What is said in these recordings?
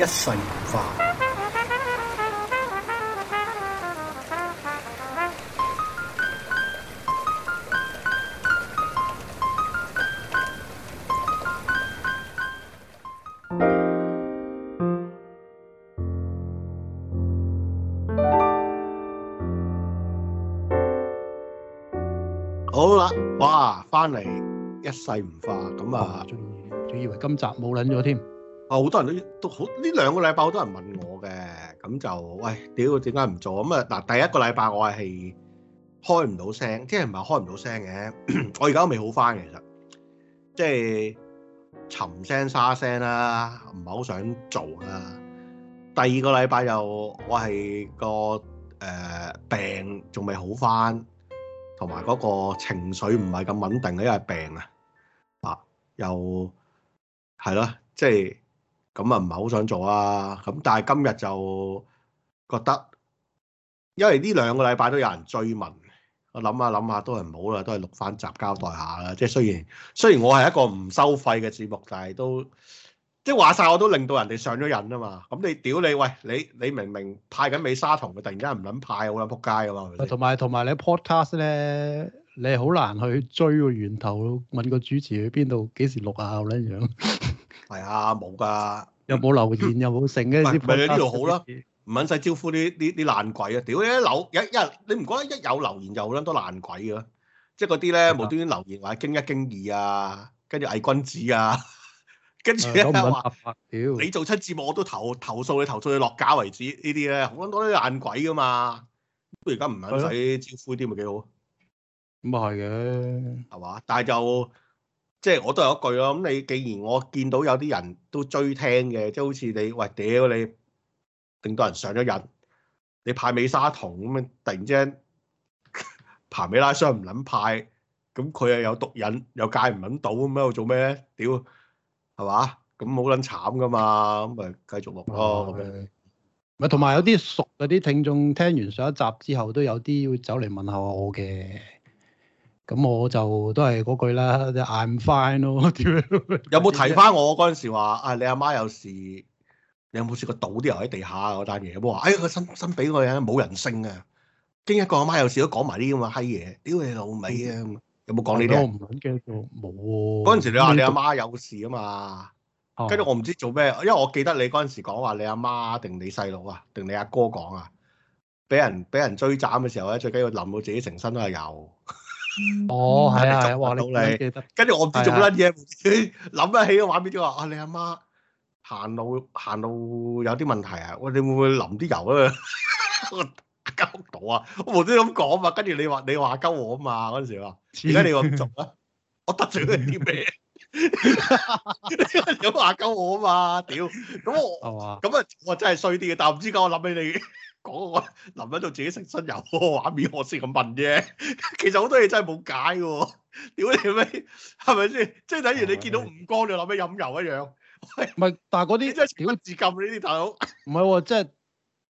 一世唔化。好啦，哇！翻嚟一世唔化，咁啊，仲以為今集冇撚咗添。啊！好多人都都好呢兩個禮拜，好多人問我嘅，咁就喂，屌點解唔做？咁啊嗱，第一個禮拜我係開唔到聲，即係唔係開唔到聲嘅？我而家都未好翻嘅，其實即係沉聲沙聲啦，啊，唔係好想做啦，啊。第二個禮拜又我係個誒、呃、病仲未好返，同埋嗰個情緒唔係咁穩定咧，因為病啊，啊又係咯，即係。咁啊，唔係好想做啊！咁但係今日就覺得，因為呢兩個禮拜都有人追問，我諗下諗下都係唔好啦，都係錄翻集交代下啦。即係雖然雖然我係一個唔收費嘅節目，但係都即係話晒我都令到人哋上咗癮啊嘛！咁你屌你喂你你明明派緊美沙酮佢突然間唔捻派好啦，仆街噶嘛。同埋同埋你 Podcast 咧，你好難去追個源頭，問個主持去邊度幾時錄啊呢樣。 係啊，冇噶，又冇留言，又冇剩嘅。呢呢度好啦，唔肯使招呼啲啲啲爛鬼啊！屌，一樓一一，你唔覺得一有留言就好多爛鬼嘅？即係嗰啲咧無端端留言話驚一驚二啊，跟住偽君子啊，跟住咧話，屌你做親節目我都投投訴你，投訴你落架為止。呢啲咧好多都係爛鬼噶嘛，都而家唔肯使招呼啲咪幾好啊？咁啊係嘅，係嘛？但係就。即係我都有一句咯，咁你既然我見到有啲人都追聽嘅，即係好似你喂，屌你，定多人上咗癮，你派美沙酮咁樣，突然之間，排美拉桑唔撚派，咁佢又有毒癮，又戒唔撚到咁喺度做咩咧？屌，係嘛？咁好撚慘㗎嘛，咁咪繼續錄咯咁樣。咪同埋有啲熟嗰啲聽眾聽完上一集之後，都有啲要走嚟問下我嘅。咁我就都係嗰句啦，I'm fine 咯、哦。 有冇提翻我嗰陣時話啊？你阿媽有事，你有冇試過倒啲油喺地下嗰單嘢？我話：哎呀，個心新俾個嘢，冇人性啊！經一個阿媽,媽有事都講埋啲咁嘅閪嘢，屌你、嗯、老味啊！有冇講呢啲我唔揾嘅，冇喎、嗯。嗰、嗯嗯、時你話、嗯、你阿媽有事啊嘛，跟住、嗯、我唔知做咩，因為我記得你嗰陣時講話你阿媽定你細佬啊，定你阿哥講啊，俾人俾人追斬嘅時候咧，最緊要淋到自己成身都係油。 哦，係啊係啊，我諗你，你記得，跟住我唔知做乜嘢，諗得、啊、起我玩邊啲話，啊你阿媽行路行路有啲問題啊，我你會唔會淋啲油啊？ 我打交到啊，我無端咁講嘛，跟住你話你話鳩我啊嘛，嗰陣時話，而家你話唔做啊， 我得罪你啲咩？咁話鳩我啊嘛，屌、 嗯，咁我咁啊， 我，我真係衰啲嘅，但唔知點解我諗起你。講我諗喺度自己食新油嗰個畫面，我先咁問啫。其實好多嘢真係冇解嘅，屌你咩？係咪先？即係等於你見到唔乾，你諗起飲油一樣。唔係，但係嗰啲即係情不自禁呢啲，大佬。 唔係喎，即係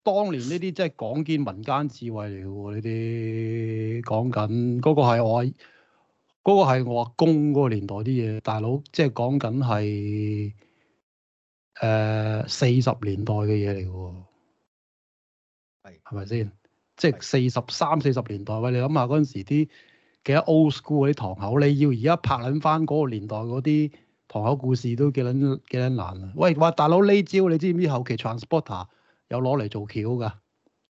當年呢啲即係港見民間智慧嚟嘅喎，呢啲講緊嗰個係我嗰個係我阿公嗰個年代啲嘢，大佬即係講緊係誒四十年代嘅嘢嚟嘅喎。係咪先？即係四十三四十年代喂是、哎，你諗下嗰陣時啲幾多 old school 嗰啲堂口，你要而家拍撚翻嗰個年代嗰啲堂口故事都幾撚幾撚難啊！喂，話大佬呢招你知唔知？後期 transporter 有攞嚟做橋㗎，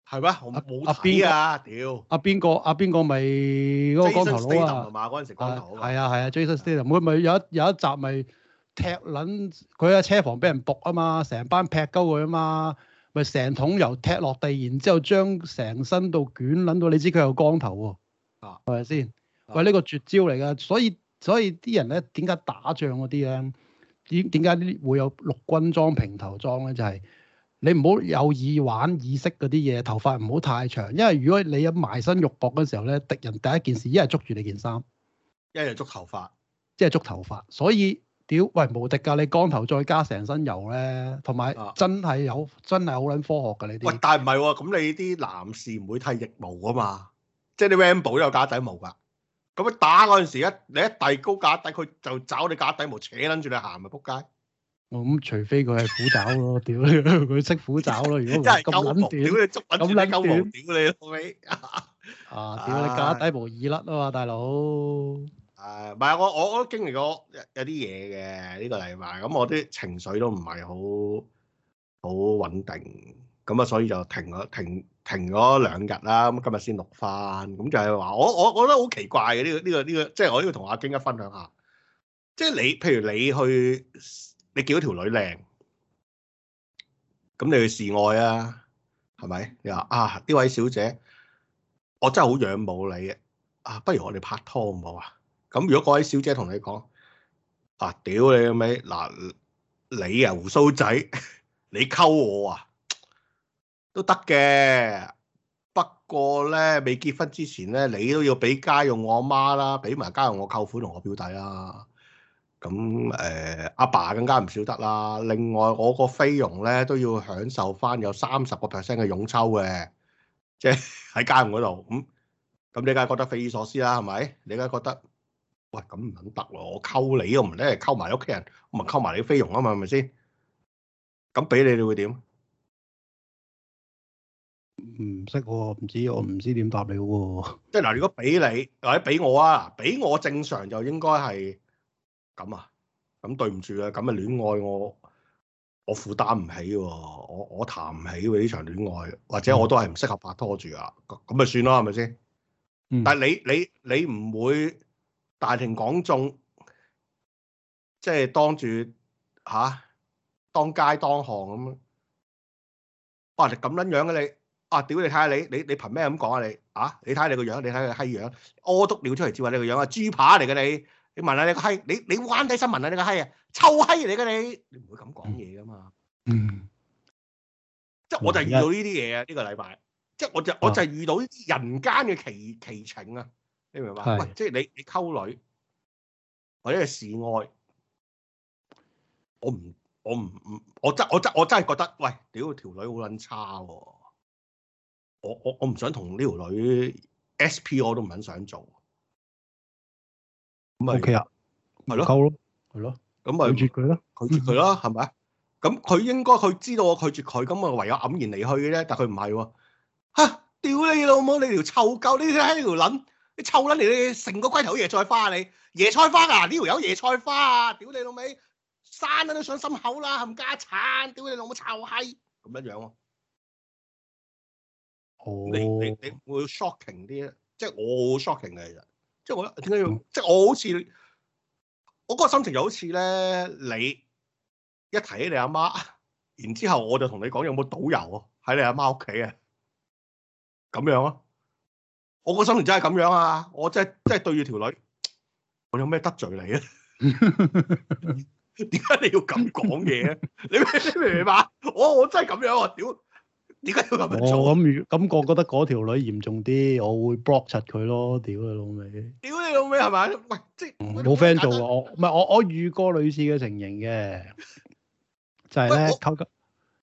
係咩？冇阿邊啊？屌阿邊個？阿邊個咪嗰個光頭佬啊？啊，嗰陣時光頭係啊係啊，啊，Jason Statham 佢咪、啊、有一有一集咪踢撚佢喺車房俾人僕啊嘛，成班劈鳩佢啊嘛。咪成桶油踢落地，然之後將成身都捲撚到，你知佢有光頭喎、哦，啊，係咪先？喂，呢、這個絕招嚟㗎，所以所以啲人咧，點解打仗嗰啲咧，點點解會有陸軍裝平頭裝咧？就係、是、你唔好有意玩意識嗰啲嘢，頭髮唔好太長，因為如果你有埋身肉搏嘅時候咧，敵人第一件事一係捉住你件衫，一係捉頭髮，即係捉頭髮，所以。屌喂，無敵噶！你光頭再加成身油咧，同埋真係有真係好撚科學噶呢啲。喂，但係唔係喎？咁你啲男士唔會剃腋毛啊嘛？即係啲 Rambo 都有假底毛噶。咁佢打嗰陣時一你一遞高假底，佢就抓你假底毛扯撚住你行咪撲街。我咁除非佢係虎爪咯，屌！佢識虎爪咯，如果真係咁撚屌你抓撚住你，咁撚鳩毛屌你老尾啊！屌你假底毛易甩啊嘛，大佬。誒，唔係、啊，我我我都經歷過有啲嘢，嘅呢個禮拜，咁我啲情緒都唔係好好穩定，咁啊，所以就停咗停停咗兩日啦，咁今日先錄翻，咁就係話我我，我覺得好奇怪嘅呢、呢個呢、呢個呢、呢個，即係我都要同阿經一分享一下，即係你譬如你去你見到條女靚，咁你去示愛啊，係咪？你話啊，呢位小姐，我真係好仰慕你啊，不如我哋拍拖好唔好啊？咁如果嗰位小姐同你講啊，屌你咁咪，嗱、啊、你又、啊、鬍鬚仔，你溝我啊都得嘅。不過咧，未結婚之前咧，你都要俾家用我阿媽啦，俾埋家用我舅父同我表弟啦。咁、啊、誒，阿爸，爸更加唔少得啦。另外我，我個菲傭咧都要享受翻有三十個 percent 嘅傭抽嘅，即係喺家用嗰度。咁咁，你梗係覺得匪夷所思啦，係咪？你梗係覺得？喂，咁唔肯得咯，我溝你，我唔咧溝埋屋企人，我咪溝埋你啲菲傭啊嘛，係咪先？咁俾你，你會點？唔識，唔知，我唔知點答你嘅、啊。即係嗱，如果俾你或者俾我啊，俾我正常就應該係咁啊。咁對唔住啊，咁嘅戀愛我我負擔唔起，我起我談唔起呢場戀愛，或者我都係唔適合拍拖住啊。咁咁咪算咯，係咪先？嗯、但係你你你唔會。大庭廣眾，即係當住吓，當街當巷咁樣。哇！你咁捻樣嘅你，啊！屌你睇下你，你你憑咩咁講啊你？啊！你睇下你個樣，你睇下個閪樣，屙督尿出嚟照下你個樣啊，豬扒嚟嘅你。你問下你個閪，你你玩底新聞啊？你個閪啊，臭閪嚟嘅你，你唔會咁講嘢噶嘛。嗯。即係我就遇到呢啲嘢啊，呢個禮拜。即係我就我就係遇到呢啲人間嘅奇奇情啊。你明白？喂，即係你你溝女或者係示愛，我唔我唔唔我真我真我真係覺得喂屌條女好撚差喎！我我我唔想同呢條女 S P，我都唔撚想做。唔係，係咯，溝咯，係咯，咁咪拒絕佢咯？拒絕佢啦，係咪？咁佢應該佢知道我拒絕佢，咁咪唯有黯然離去嘅咧。但係佢唔係喎，吓！屌你老母，你條臭狗，你睇條卵！你臭卵你，你成個龜頭椰菜花啊！你椰菜花啊？呢條友椰菜花啊！屌你老味，生得都上心口啦，冚家鏟！屌你老母臭閪，咁樣樣、啊、喎、oh。你你你會 shocking 啲，啊？即係我 shocking 嘅，其實。即係我點解要？即係我好似我嗰個心情，就好似咧你一提起你阿媽，然之後我就同你講，有冇導遊喺你阿媽屋企啊？咁樣啊。我個心裏真係咁樣啊！我真係真係對住條女，我有咩得罪你啊？點解你要咁講嘢啊？你你明唔明啊？我我真係咁樣啊！屌，點解要咁樣做？我咁咁，我覺得嗰條女嚴重啲，我會 block 實佢咯！屌你老味！屌你老味係咪？喂，即係冇 friend 做喎！我唔係我我遇過類似嘅情形嘅，就係咧，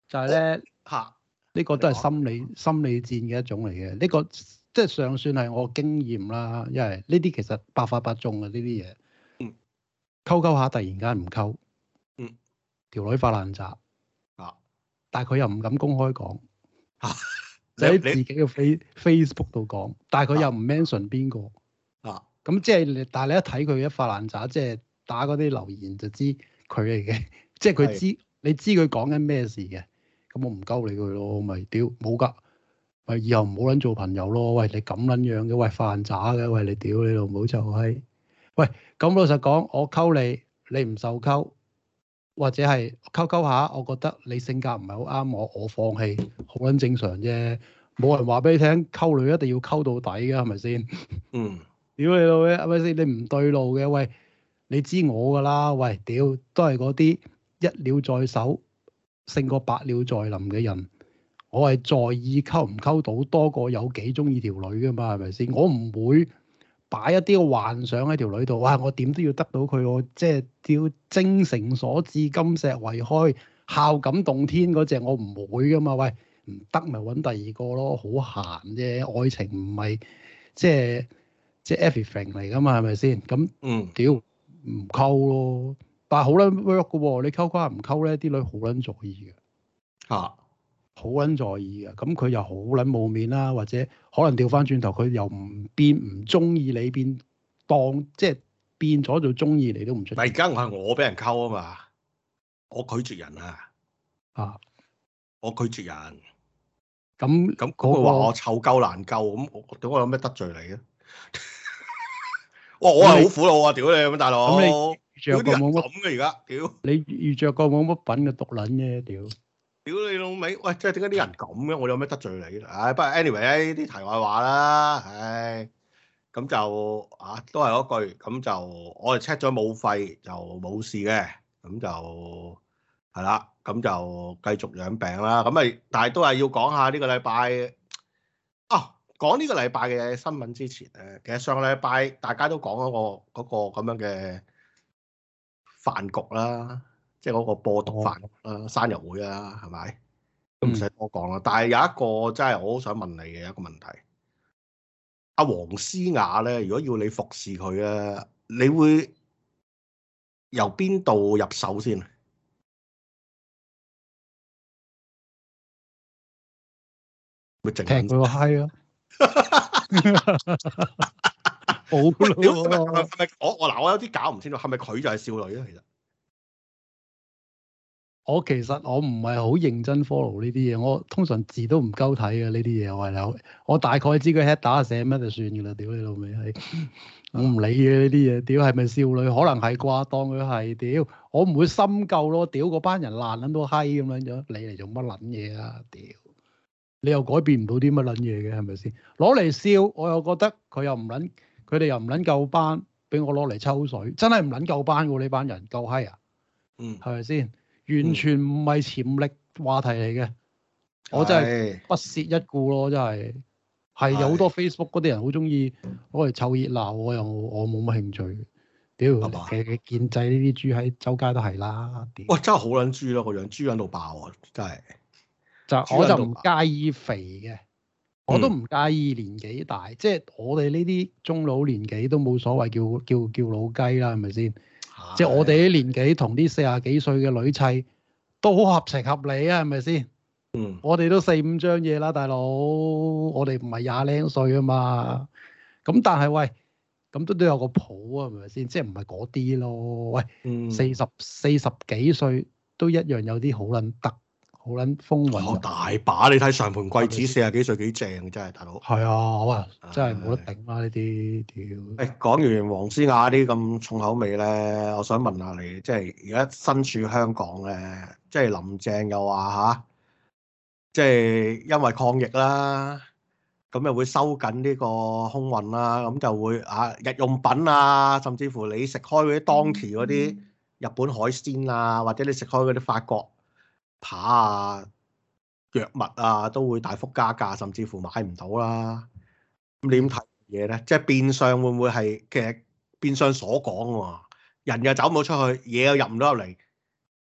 就係咧嚇，呢個都係心理心理戰嘅一種嚟嘅呢個。即係尚算係我經驗啦，因為呢啲其實百發百中嘅呢啲嘢，嗯，溝溝下突然間唔溝，嗯，條女發爛渣，啊，但係佢又唔敢公開講，啊，就 喺自己嘅 Face Facebook 度講，但係佢又唔 mention 邊個啊，咁即係你，但係你一睇佢一發爛渣，即係打嗰啲留言就知佢嚟嘅，即係佢知是你知佢講緊咩事嘅，咁我唔溝你佢咯，咪屌冇㗎。以後唔好撚做朋友咯。喂，你咁撚樣嘅，喂，犯渣嘅，喂，你屌你老母臭閪。喂，咁老實講，我溝你，你唔受溝，或者係溝溝下，我覺得你性格唔係好啱我，我放棄，好撚正常啫。冇人話俾你聽，溝女一定要溝到底㗎，係咪先？嗯。屌你老味，係咪先？你唔對路嘅，喂，你知我㗎啦。喂，屌，都係嗰啲一鳥在手勝過百鳥在林嘅人。我係在意溝唔溝到多過有幾中意條女嘅嘛，係咪先？我唔會擺一啲幻想喺條女度。哇！我點都要得到佢，我即係叫精誠所至，金石為開，孝感動天嗰隻，我唔會噶嘛。喂，唔得咪揾第二個咯，好閒啫。愛情唔係即係即係 everything 嚟噶嘛，係咪先？咁嗯，屌唔溝咯，但係好撚 work 嘅喎。你溝關唔溝咧，啲女好撚在意嘅嚇。啊好捻在意嘅，咁佢又好捻冇面啦，或者可能掉翻轉頭，佢又唔變唔中意你，變當即係變咗就中意你都唔出。但而家我係我俾人溝啊嘛，我拒絕人啊，啊，我拒絕人，咁咁嗰個話我臭鳩難救，咁我點解有咩得罪你啊？ 哇，我係好苦惱，啊你！屌你咁大佬，遇着個冇乜嘅而家，屌你遇着個冇乜品嘅毒撚啫，屌！屌屌你老味，喂，即係點解啲人咁樣？我有咩得罪你咧？唉，不過 anyway 咧，啲題外話啦，唉，咁就啊，都係嗰句，咁就我哋 check 咗冇肺，就冇事嘅，咁就係啦，咁就繼續養病啦。咁咪，但係都係要講下呢個禮拜啊，講呢個禮拜嘅新聞之前，誒，其實上個禮拜大家都講嗰個嗰個咁樣嘅飯局啦。即係嗰個播毒飯生日、哦、會啦，係咪？都唔使我講啦。但係有一個真係我好想問你嘅一個問題，阿黃思雅咧，如果要你服侍佢咧，你會由邊度入手先？哦、 會整佢個閪咯！好啦，係咪我我嗱？我有啲搞唔清楚，係咪佢就係少女咧？其實？我其實我唔係好認真 follow 呢啲嘢，我通常字都唔夠睇嘅呢啲嘢，我係我大概知佢 head 打寫乜就算噶啦，屌你老味， 我唔理嘅呢啲嘢，屌係咪少女？可能係啩，當佢係，屌我唔會深究咯，屌嗰班人爛捻到閪咁樣樣，你嚟做乜捻嘢啊？屌你又改變唔到啲乜捻嘢嘅，係咪先？攞嚟笑，我又覺得佢又唔捻，佢哋又唔捻夠班，俾我攞嚟抽水，真係唔捻夠班噶呢班人，夠閪啊，嗯，係咪先？完全唔係潛力話題嚟嘅，是我真係不屑一顧咯，真係係是有好多 Facebook 嗰啲人好中意攞嚟湊熱鬧，我又我冇乜興趣，屌吧，其嘅建制呢啲豬喺周街都係啦。哇，真係好撚豬咯，個養豬養到爆啊，真係。就、啊、我就唔介意肥嘅，我都唔介意年紀大，即係、嗯、我哋呢啲中老年紀都冇所謂叫，叫叫叫老雞啦，係咪先？即係我哋啲年紀同啲四廿幾歲嘅女砌都好合情合理啊，係咪先？嗯，我哋都四五張嘢啦，大佬，我哋唔係廿零歲啊嘛。咁、嗯、但係喂，咁都都有個譜啊，係咪先？即係唔係嗰啲咯？喂，四十四十幾歲都一樣有啲好撚得。好撚風雲大把，你睇常盤貴子四十幾歲幾正，真係大佬。係啊，好啊，啊真係冇得頂啦，呢啲屌。誒講是、哎、完黃絲呀啲咁重口味咧，我想問下你，即係而家身處香港咧，即、就、係、是、林鄭又話吓，即、啊、係、就是、因為抗疫啦，咁又會收緊呢個空運啦，咁就會啊日用品啊，甚至乎你食開嗰啲當期嗰啲日本海鮮啊，嗯、或者你食開嗰啲法國。扒啊，藥物啊，都會大幅加價，甚至乎買唔到啦。咁你點睇嘢咧？即係變相會唔會係其實變相所講喎？人又走唔到出去，嘢又入唔到入嚟，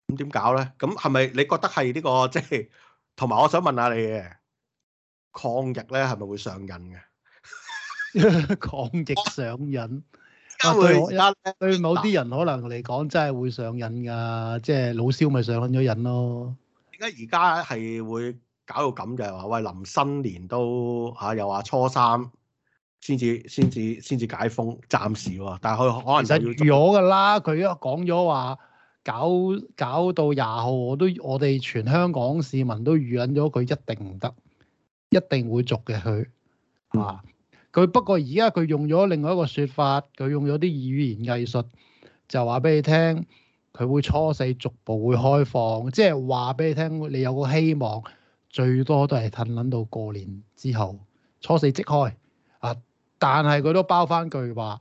咁點搞咧？咁係咪你覺得係呢個即係同埋？我想問下你嘅抗疫咧係咪會上癮嘅？抗疫上癮，對對，某啲人可能嚟講真係會上癮㗎，即係老蕭咪上咗癮咯。而家而家係會搞到咁嘅，話喂，臨新年都嚇、啊，又話初三先至先至先至解封，暫時喎。但係佢可能其實預咗㗎啦。佢一講咗話搞搞到廿號，我都我哋全香港市民都預引咗，佢一定唔得，一定會續嘅佢。啊，佢、嗯、不過而家佢用咗另外一個説法，佢用咗啲語言藝術，就話俾你聽。佢會初四逐步會開放，即係話俾你聽，你有個希望，最多都係褪撚到過年之後初四即開啊！但係佢都包翻句話，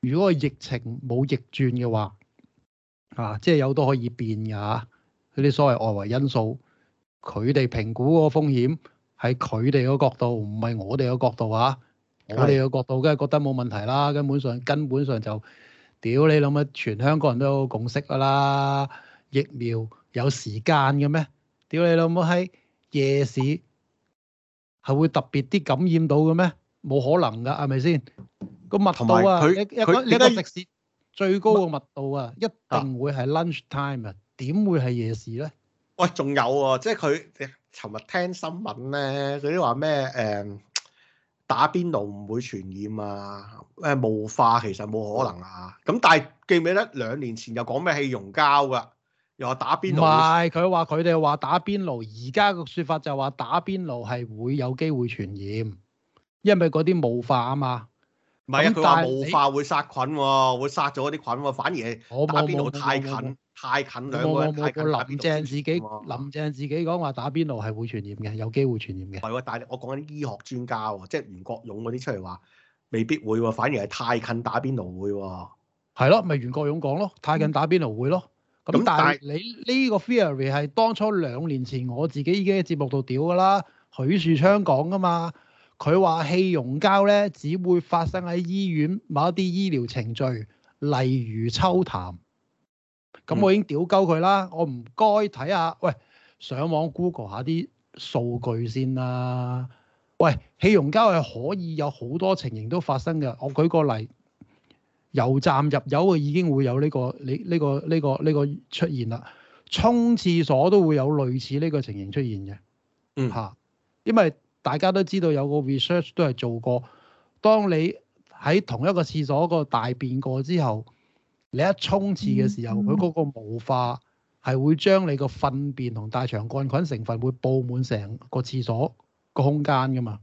如果疫情冇逆轉嘅話啊，即係有都可以變㗎嚇。啲、啊、所謂外圍因素，佢哋評估嗰個風險係佢哋個角度，唔係我哋個角度啊！的我哋個角度梗係覺得冇問題啦，根本上根本上就。屌你老母！全香港人都有共識噶啦，疫苗有時間嘅咩？屌你老母，喺夜市係會特別啲感染到嘅咩？冇可能㗎，係咪先？個密度啊，一一個一個食肆最高嘅密度啊，一定會係 lunch time 啊，點會係夜市咧？喂，仲有喎，即係佢尋日聽新聞咧，佢啲話咩誒？打邊爐唔會傳染啊！誒霧化其實冇可能啊！咁但係記唔記得兩年前又講咩氣溶膠㗎？又話打邊爐，唔係，佢話佢哋話打邊爐，而家個説法就話打邊爐係會有機會傳染，因為嗰啲霧化啊嘛。唔係啊，佢話霧化會殺菌喎、啊，你會殺咗啲菌喎、啊，反而係打邊爐太近。太近兩個太近，林鄭自己、啊、林鄭自己講話打邊爐係會傳染嘅，有機會傳染嘅。係但係我講緊啲醫學專家喎，即係袁國勇嗰啲出嚟話未必會喎，反而係太近打邊爐會喎。係咯，咪、就是、袁國勇講咯，太近打邊爐會咯。咁、嗯、但係你呢個 theory 係當初兩年前我自己已經喺節目度屌㗎啦，許樹昌講㗎嘛，佢話氣溶膠咧只會發生喺醫院某一啲醫療程序，例如抽痰。咁、嗯、我已經屌鳩佢啦！我唔該睇下，喂，上網 Google 下啲數據先啦。喂，氣溶膠係可以有好多情形都發生嘅。我舉個例，油站入油嘅已經會有呢個，你呢個呢個呢個出現啦。沖廁所都會有類似呢個情形出現嘅。嗯嚇，因為大家都知道有個 research 都係做過，當你喺同一個廁所個大便過之後。你一沖廁嘅時候，佢嗰、嗯、個霧化係會將你個糞便同大腸桿菌成分會布滿成個廁所個空間噶嘛？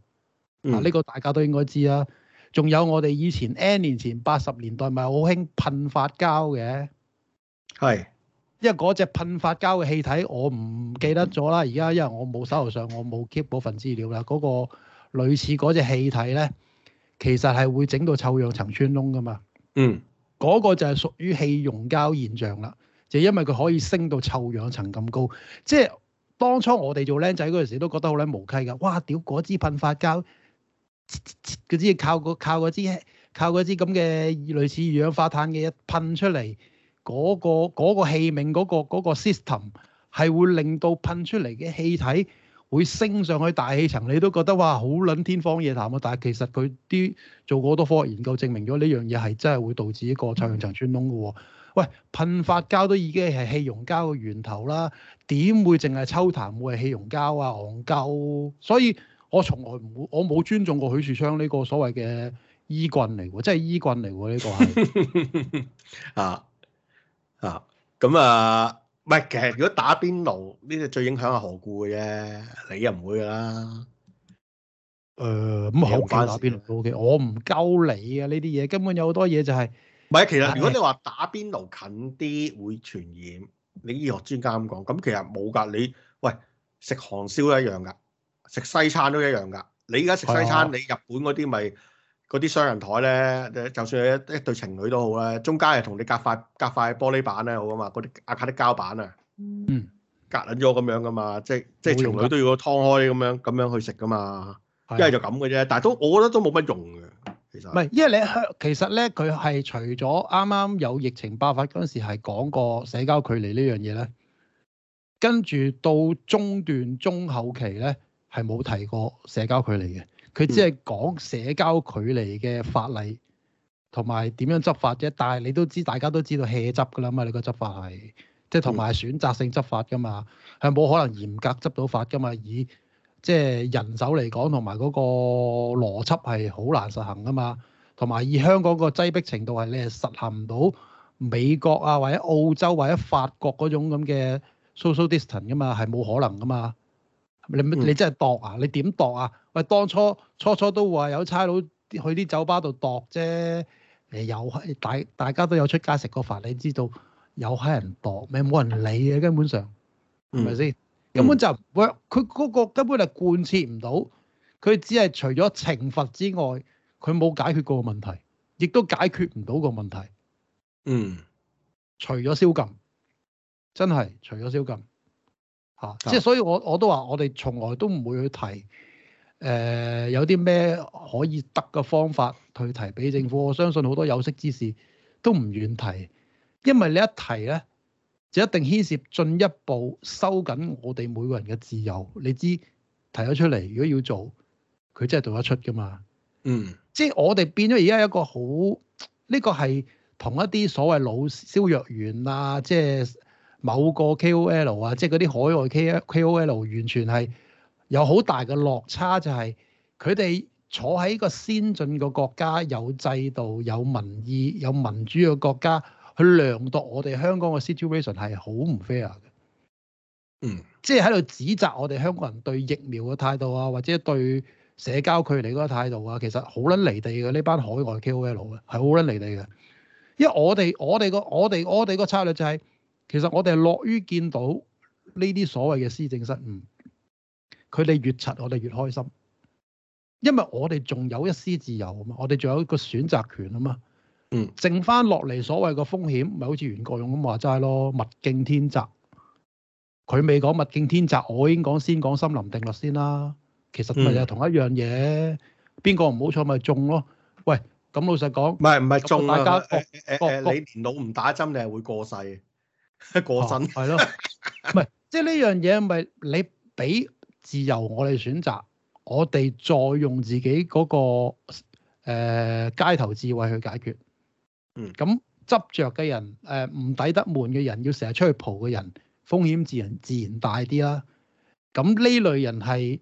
嗯、啊，呢、這個大家都應該知啦、啊。仲有我哋以前 N 年前八十年代咪好興噴髮膠嘅，係是因為嗰隻噴髮膠嘅氣體，我唔記得咗啦。而家因為我冇手頭上，我冇 keep 嗰份資料啦。嗰、那個類似嗰隻氣體咧，其實係會整到臭氧層穿窿噶嘛。嗯。嗰個就係屬於氣溶膠現象啦，就因為佢可以升到臭氧層咁高，即係當初我哋做僆仔嗰陣時都覺得好撚無稽㗎，哇！屌嗰支噴發膠，嗰支靠個靠嗰支靠支咁嘅類似二氧化碳嘅嘢噴出嚟，嗰、嗰個嗰、嗰個器皿嗰個嗰、嗰個 system 係會令到噴出嚟嘅氣體，會升上去大氣層，你都覺得哇好撚天方夜譚啊！但係其實佢啲做過好多科學研究，證明咗呢樣嘢係真係會導致一個臭氧層穿窿嘅喎。喂，噴發膠都已經係氣溶膠嘅源頭啦，點會淨係抽痰會係氣溶膠啊？戇鳩、啊，所以我從來唔會我冇尊重過許樹昌呢個所謂嘅衣棍嚟喎，即係衣棍嚟喎呢個係啊啊咁啊！啊啊唔係，其實如果打邊爐呢啲最影響係何故嘅啫，你又唔會㗎啦。誒、呃，咁好嘅打邊爐都 OK，我唔鳩你啊！呢啲嘢根本有好多嘢就係、是，唔係其實如果你話打邊爐近啲會、呃、會傳染，你醫學專家咁講，咁其實冇㗎。你喂食韓燒都一樣㗎，食西餐都一樣㗎。你而家食西餐，啊、你日本嗰啲咪？嗰啲雙人台咧，誒，就算係一一對情侶都好啦，中間係同你隔塊隔塊玻璃板咧，好啊嘛，嗰啲壓卡啲膠板啊，嗯，隔撚咗咁樣噶嘛，即係即係情侶都要劏開咁樣咁樣去食噶嘛，一係就咁嘅啫，但係都我覺得都冇乜用嘅，其實唔係，因為你其實咧佢係除咗啱啱有疫情爆發嗰陣時係講過社交距離呢樣嘢咧，跟住到中段中後期咧係冇提過社交距離嘅。佢只係講社交距離嘅法例同埋點樣執法啫，但係你都知，大家都知道 hea 執㗎啦嘛，你個執法係即係同埋選擇性執法㗎嘛，係冇可能嚴格執到法㗎嘛，以即係人手嚟講，同埋嗰個邏輯係好難實行㗎嘛，同埋以香港個擠迫程度係你係實行唔到美國啊或者澳洲或者法國嗰種咁嘅 social distance 㗎嘛，係冇可能㗎嘛。你你真係度啊！你點度啊？喂，當初初初都話有差佬去啲酒吧度度啫。誒又係大大家都有出街食過飯，你知道有係人度咩？冇人理啊。根本上，係咪先？根本就 w 佢嗰個根本係貫徹唔到。佢只係除咗懲罰之外，佢冇解決過個問題，亦都解決唔到個問題。嗯，除咗宵禁，真係除咗宵禁。啊！即係所以我，我都我都話，我哋從來都唔會去提誒、呃、有啲咩可以得嘅方法去提俾政府。我相信好多有識之士都唔願提，因為你一提咧，就一定牽涉進一步收緊我哋每個人嘅自由。你知提咗出嚟，如果要做，佢真係做得出噶嘛？嗯。即係我哋變咗而家一個好，呢、這個係同一啲所謂老蕭若元啊，即係。某個 K.O.L 啊，即係嗰啲海外 K.K.O.L，完全係有好大嘅落差，就係佢哋坐喺一個先進嘅國家，有制度、有民意、有民主嘅國家去量度我哋香港嘅 situation 係好唔 fair 嘅。嗯，即係喺度指責我哋香港人對疫苗嘅態度啊，或者對社交距離嗰個態度啊，其實好撚離地嘅。呢班海外 K.O.L 嘅係好撚離地嘅，因為我哋我哋個我哋我哋個策略就係、是。其實我哋係樂於見到呢啲所謂嘅施政失誤，佢哋越柒我哋越開心，因為我哋仲有一絲自由啊嘛，我哋仲有一個選擇權啊嘛，嗯，剩翻落嚟所謂嘅風險，咪好似袁國勇咁話齋咯，物競天擇，佢未講物競天擇，我已經講先講森林定律先啦，其實咪又同一樣嘢，邊個唔好彩咪中咯，喂，咁老實講，唔係唔係中？大家，啊啊啊、你年老唔打針，你係會過世。過身係咯，唔 係、哦、即係呢樣嘢，咪你俾自由我哋選擇，我哋再用自己嗰、那個誒、呃、街頭智慧去解決。嗯，咁執着嘅人，誒、呃、唔抵得悶嘅人，要成日出去蒲嘅人，風險自然自然大啲啦。咁呢類人係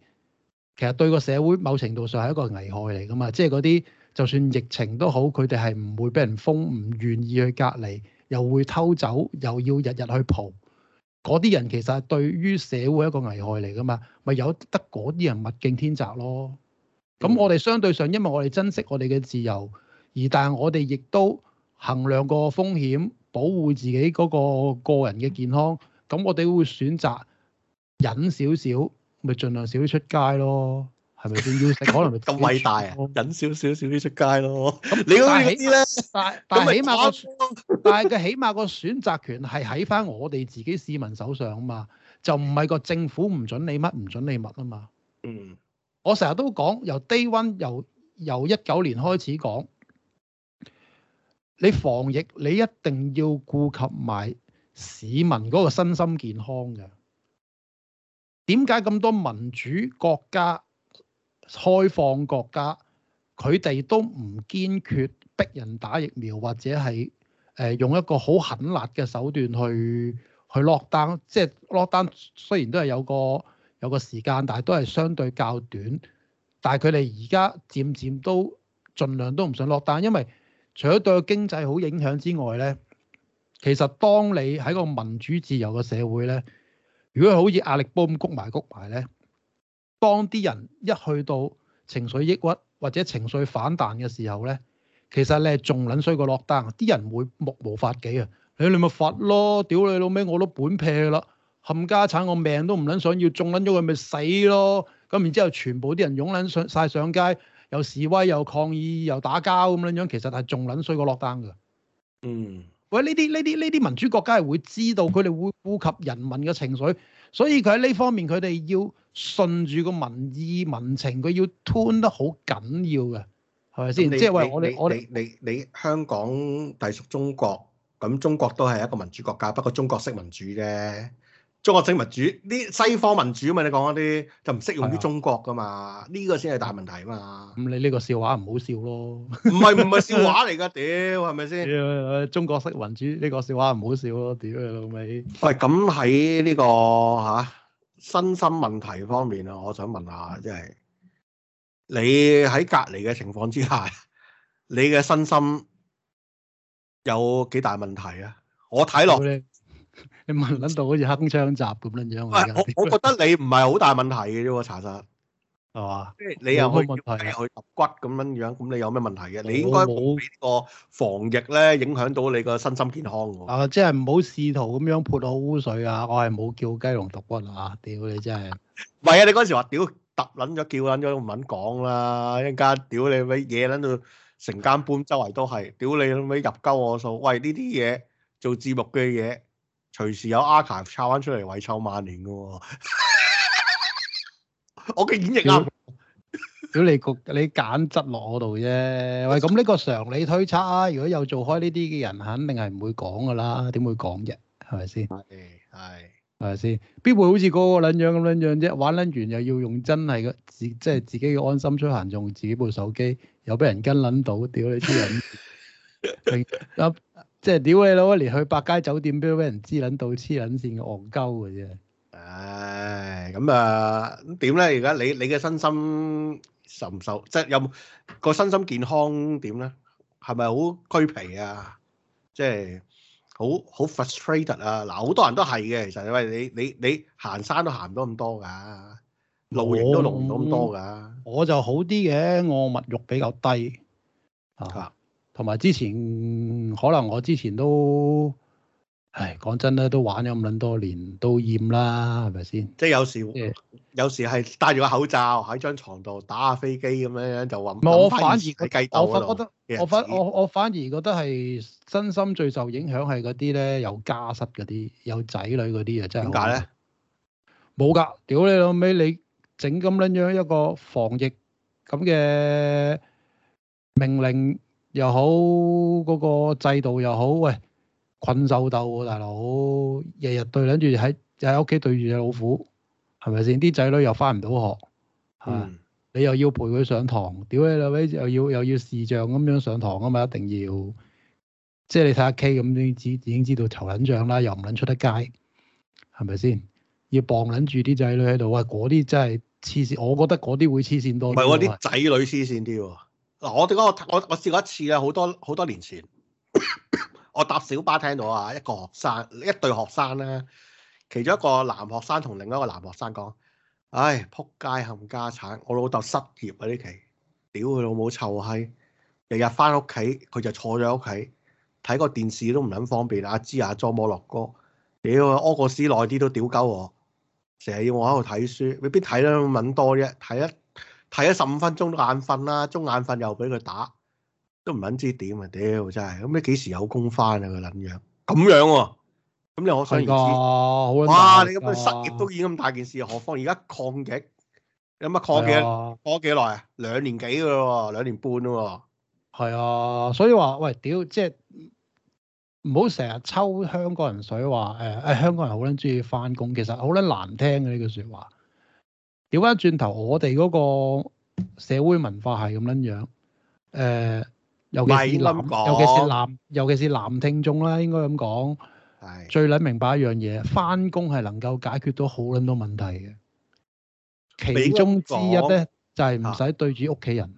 其實對個社會某程度上係一個危害嚟噶嘛，即係嗰啲就算疫情都好，佢哋係唔會俾人封，唔願意去隔離。又會偷走，又要日日去蒲，嗰啲人其實係對於社會一個危害嚟㗎嘛，咪有得嗰啲人物競天擲咯，物競天擇。咁我哋相對上，因為我哋珍惜我哋嘅自由，而但係我哋亦都衡量個風險，保護自己嗰個個人嘅健康，咁我哋會選擇忍少少，咪儘量少出街咯。係咪都要食？可能咁偉大啊！忍少少少啲出街咯。你咁起呢？但係 但係起碼個，但係佢起碼個選擇權係喺翻我哋自己市民手上啊嘛，就唔係個政府唔准你乜唔准你乜啊嘛。嗯，我成日都講由 day one 由由一九年開始講，你防疫你一定要顧及埋市民嗰個身心健康嘅。點解咁多民主國家？開放國家，佢哋都唔堅決逼人打疫苗，或者係誒用一個好狠辣嘅手段去去落單。即係落單，雖然都係有個有個時間，但係都係相對較短。但係佢哋而家漸漸都盡量都唔想落單，因為除咗對個經濟好影響之外咧，其實當你喺個民主自由嘅社會咧，如果好似壓力煲咁谷埋谷埋咧。當啲人一去到情緒抑鬱或者情緒反彈嘅時候咧，其實你係仲撚衰過落單。啲人會目無法紀啊！你你咪罰咯，屌你老味，我都本撇啦，冚家產，我命都唔撚想要，中撚咗佢咪死咯！咁然之後，全部啲人擁撚上曬上街，又示威，又抗議，又打交咁樣樣，其實係仲撚衰過落單噶。嗯，喂，呢啲呢啲呢啲民主國家係會知道佢哋會顧及人民嘅情緒，所以佢喺呢方面佢哋要，信住個民意民情，佢要吞得好緊要嘅，係咪先？你即係話我哋我哋你你，你，你，你香港隸屬中國，咁中國都係一個民主國家，不過中國式民主啫。中國式民主啲西方民主啊嘛，你講嗰啲就唔適用於中國噶嘛？呢、啊、個先係大問題嘛。咁你呢個笑話唔好笑咯，唔係唔係笑話嚟㗎，屌係咪先？中國式民主呢、呢個笑話唔好笑咯，屌你老味。 喂，咁喺呢個嚇。啊 身心問題方面啊，我想問下，即係你喺隔離嘅情況之下，你嘅身心有幾大問題啊？我睇落你問撚到好似鏗鏘集咁樣樣，是樣我我覺得你唔係好大問題嘅啫喎，查實。係嘛？即係你又可以叫雞去揼骨咁樣樣，咁你有咩問題嘅？ 你應該冇俾個防疫咧影響到你個身心健康喎。啊，即係唔好試圖咁樣潑我污水啊！我係冇叫雞龍揼骨啊！屌你真係！唔係啊！你嗰、 啊、時話屌揼撚咗，叫撚咗，都唔肯講啦！一陣間屌你咪嘢撚到成間搬，周圍都係屌你咪入鳩我數。喂，呢啲嘢做節目嘅嘢，隨時有阿卡抄翻出嚟遺臭萬年嘅喎。 我嘅演繹啊！屌 你局你揀質落我度啫，喂咁呢個常理推測啊，如果有做開呢啲嘅人，肯定係唔會講㗎喇，點會講啫？係咪先？係係係咪先？必會好似個個撚樣咁撚樣啫？玩撚完又要用真係嘅自，即係自己嘅安心出行，用自己部手機又俾人跟撚到，屌你黐撚！即係屌你老，連去百佳酒店都俾人知撚到黐撚線嘅戇鳩嘅啫～唉，咁啊，咁點咧？而家你你嘅身心受唔受，即係有個身心健康點咧？係咪好俱疲啊？即係好好 frustrated 啊！嗱，好多人都係嘅，其實喂，你你你行山都行唔到咁多㗎，露營都露唔到咁多㗎。我就好啲嘅，我物欲比較低嚇，同埋啊之前可能我之前都。係講真咧，都玩咗咁捻多年，都厭啦，係咪先？即係有時，有時係戴住個口罩喺張床度打下飛機咁樣樣就搵。我反而計，我覺得我反我我反而覺得係身心最受影響係嗰啲咧，有家室嗰啲，有仔女嗰啲啊，真係點解咧？冇㗎，屌你老味，你整咁捻樣一個防疫咁嘅命令又好，嗰個制度又好，喂！困獸鬥喎，啊，大佬，日日對撚住喺喺屋企對住隻老虎，係咪先？啲仔女又翻唔到學，嚇、嗯、你又要陪佢上堂，屌你老味又要又要視像咁樣上堂啊嘛，一定要，即係你睇下 K 咁，你已經知道頭撚像啦，又唔撚出得街，係咪先？要傍撚住啲仔女喺度，哇！嗰啲真係黐線，我覺得嗰啲會黐線多啲。唔係，我啲仔女黐線啲喎。嗱，我哋講我我我試過一次啦，好多好多年前。 我搭小巴聽到啊，一個學生一對學生啦，其中一個男學生同另一個男學生講，唉，撲街冚家鏟，我老豆失業啊！呢期，屌佢老母臭閪，日日返屋企佢就坐咗喺屋企睇個電視都唔肯方便啊，知下裝網落歌，屌，屙個屎耐啲都屌鳩我，成日要我喺度睇書，未必睇得咁多啫，睇一睇咗十五分鐘都眼瞓啦，中眼瞓又俾佢打。都唔捻知點啊！屌真係咁你幾時有工翻啊？個捻樣咁樣喎？咁你可想而知。哇！你咁嘅失業都已經咁大件事，何況而家抗疫有乜抗疫？過咗幾耐啊？兩年幾噶咯？兩年半咯？係啊，所以話喂，屌即係唔好成日抽香港人水，話誒誒，香港人好捻中意翻工，其實好捻難聽嘅呢句說話。調翻轉頭，我哋嗰個社會文化係咁捻樣誒。哎尤其是男，尤其是男，尤其是男聽眾啦，應該咁講。係。最撚明白一樣嘢，翻工係能夠解決到好撚多問題嘅。其中之一咧，就係唔使對住屋企人。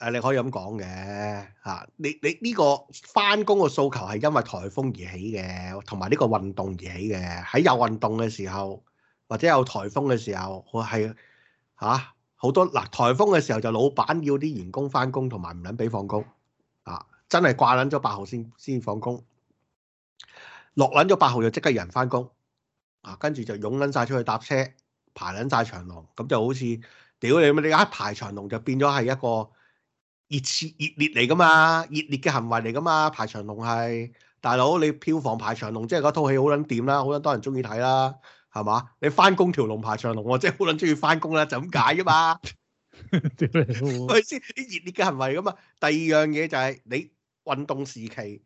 誒，你可以咁講嘅嚇。你你呢個翻工嘅訴求係因為颱風而起嘅，同埋呢個運動而起嘅。喺有運動嘅時候，或者有颱風嘅時候，我係嚇。好多嗱，颱風嘅時候就老闆要啲員工返工，同埋唔撚俾放工啊！真係掛撚咗八號先先放工，落撚咗八號就即刻有人返工啊！跟住就擁撚晒出去搭車，排撚晒長龍，咁就好似屌你，咪你一排長龍就變咗係一個熱切熱烈嚟㗎嘛，熱烈嘅行為嚟㗎嘛，排長龍係大佬，你票房排長龍，即係嗰套戲好撚掂啦，好撚多人鍾意睇啦。係、就是、嘛？你翻工條龍排長龍，我真係好捻中意翻工啦，就咁解啊嘛。係咪先？啲熱烈嘅行為咪咁嘛。第二樣嘢就係你運動時期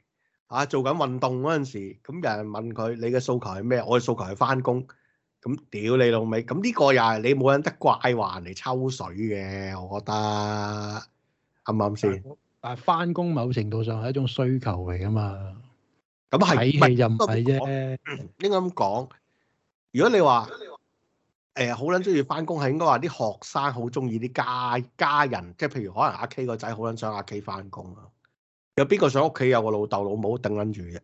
啊，做緊運動嗰陣時，咁有人，人問佢你嘅訴求係咩？我嘅訴求係翻工。咁屌你老味。咁呢個又係你冇人得怪話嚟抽水嘅，我覺得啱唔啱先？但係翻工某程度上係一種需求嚟噶嘛。咁係唔係啫？應該咁講。如果你話誒好捻中意翻工，係、呃、應該話啲學生好中意啲家家人，即係譬如可能阿 K 個仔好捻想阿 K 翻工啊。有邊個想屋企有個老豆老母頂捻住嘅？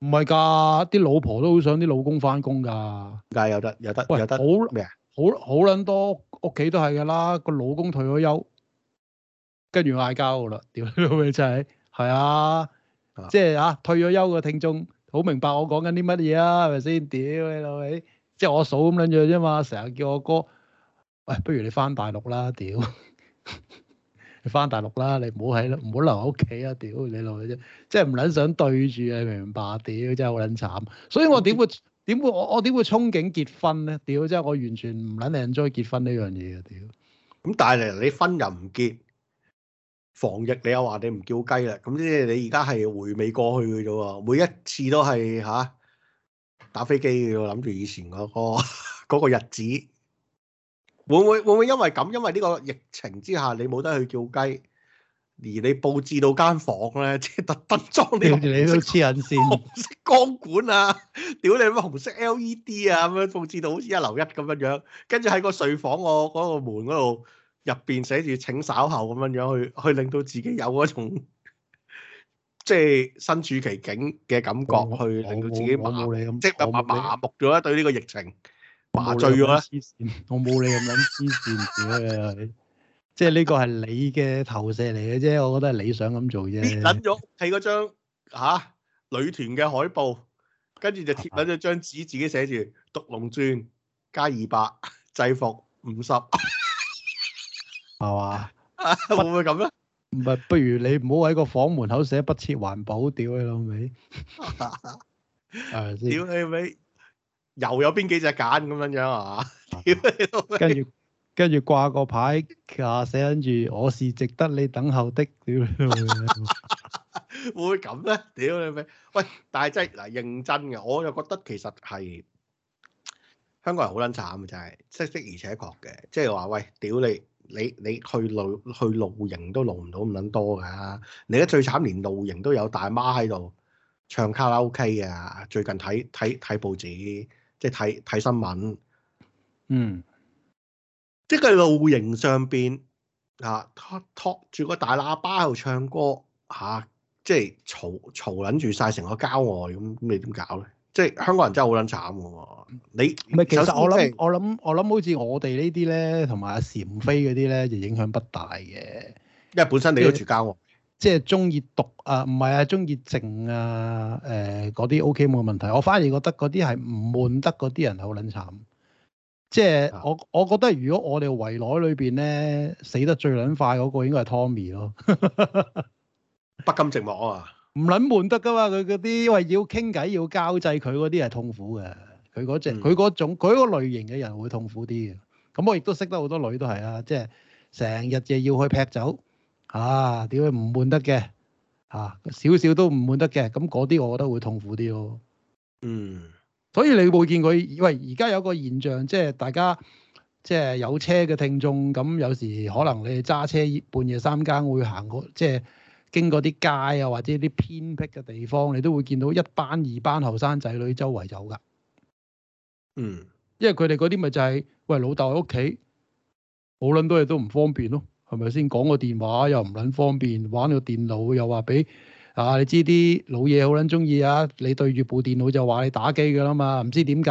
唔係噶，啲老婆都好想啲老公翻工噶。梗係有得有得喂有得好咩啊麼？好好捻多屋企都係噶啦，個老公退咗休，跟住嗌交噶啦。屌你真係係啊，即係啊，退咗休嘅聽眾。好明白我講緊啲乜嘢啊？係咪先？屌你老味，即係我嫂咁樣樣啫嘛！成日叫我哥，喂，不如你翻大陸啦！屌，你翻大陸啦！你唔好喺唔好留喺屋企啊！屌你老味啫，即係唔撚想對住啊！明白？屌真係好撚慘，所以我點會點會我我點會憧憬結婚咧？屌真係我完全唔撚 enjoy 結婚呢樣嘢啊！屌，咁但係你婚又唔結。防疫你又話你唔叫雞啦，咁即係你而家係回味過去嘅啫喎，每一次都係嚇、啊、打飛機嘅，諗住以前嗰、嗰個、 個日子，會唔會會唔會因為咁，因為呢個疫情之下你冇得去叫雞，而你佈置到間房咧，即係特登裝啲紅色恆線、紅色光管啊，屌 你乜紅色 LED 啊，咁樣佈置到好似一樓一咁樣樣，跟住喺個睡房個嗰個門嗰度。入邊寫住請稍後咁樣樣，去去令到自己有嗰種即係身處其境嘅感覺，我去令到自己冇冇你咁，即係麻木咗啦，對呢個疫情麻醉咗啦。黐線， 我冇 你咁樣黐線嘅，即係呢個係你嘅投射嚟嘅啫。我覺得係你想咁做啫。貼緊咗喺嗰張吓女團嘅海報，跟住就貼緊咗張紙，自己寫住《毒龍鑽》加二百制服五十。50. 係嘛？ 會唔會咁咧？唔 係，不如你唔好喺個房門口寫不設環保，屌你老味！誒，屌你味！又有邊幾隻揀咁樣樣啊？屌你老味！跟住跟住掛個牌啊，寫跟住我是值得你等候的，屌你老味！會唔會咁咧？屌你味！喂，但係真嗱認真嘅，我又覺得其實係香港人好捻慘就係識識而且確嘅，即係話喂，屌你！你你去露去露營都露唔到咁撚多㗎、啊，你而家最慘連露營都有大媽喺度唱卡拉 OK 嘅，最近睇睇睇報紙即係睇睇新聞，嗯，即係露營上邊嚇托住個大喇叭喺度唱歌嚇、啊，即係嘈嘈撚住晒成個郊外咁，嗯嗯、你點搞咧？即係香港人真係好撚慘喎！你唔係其實我諗，就係，我諗我諗好似我哋呢啲咧，同埋阿蟬飛嗰啲咧，就影響不大嘅。因為本身你都住家喎，啊，即係中意獨啊，唔係啊，中意靜啊，誒嗰啲 OK 冇問題。我反而覺得嗰啲係唔悶得嗰啲人好撚慘。即係的我我覺得如果我哋圍內裏邊咧死得最撚快嗰個應該係 Tommy 咯， 不甘寂寞啊！唔撚悶得㗎嘛，佢嗰啲因為要傾偈要交際，佢嗰啲係痛苦嘅。佢嗰佢嗰種佢嗰、嗯、類型嘅人會痛苦啲嘅。咁我亦都識得好多女都係啊，即係成日就要去劈酒啊，點解唔悶得嘅？嚇少少都唔悶得嘅。咁嗰啲我覺得會痛苦啲咯。嗯，所以你會見佢，喂，而家有個現象，即係大家即係有車嘅聽眾，咁有時可能你揸車半夜三更會行過，即係。經過啲街啊，或者啲偏僻嘅地方，你都會見到一班二班後生仔女周圍走㗎。嗯，因為佢哋嗰啲咪就係、是，喂老豆喺屋企，好撚多嘢都唔方便咯、啊，係咪先？講個電話又唔撚方便，玩個電腦又話俾啊，你知啲老嘢好撚中意啊。你對住部電腦就話你打機㗎啦嘛。唔知點解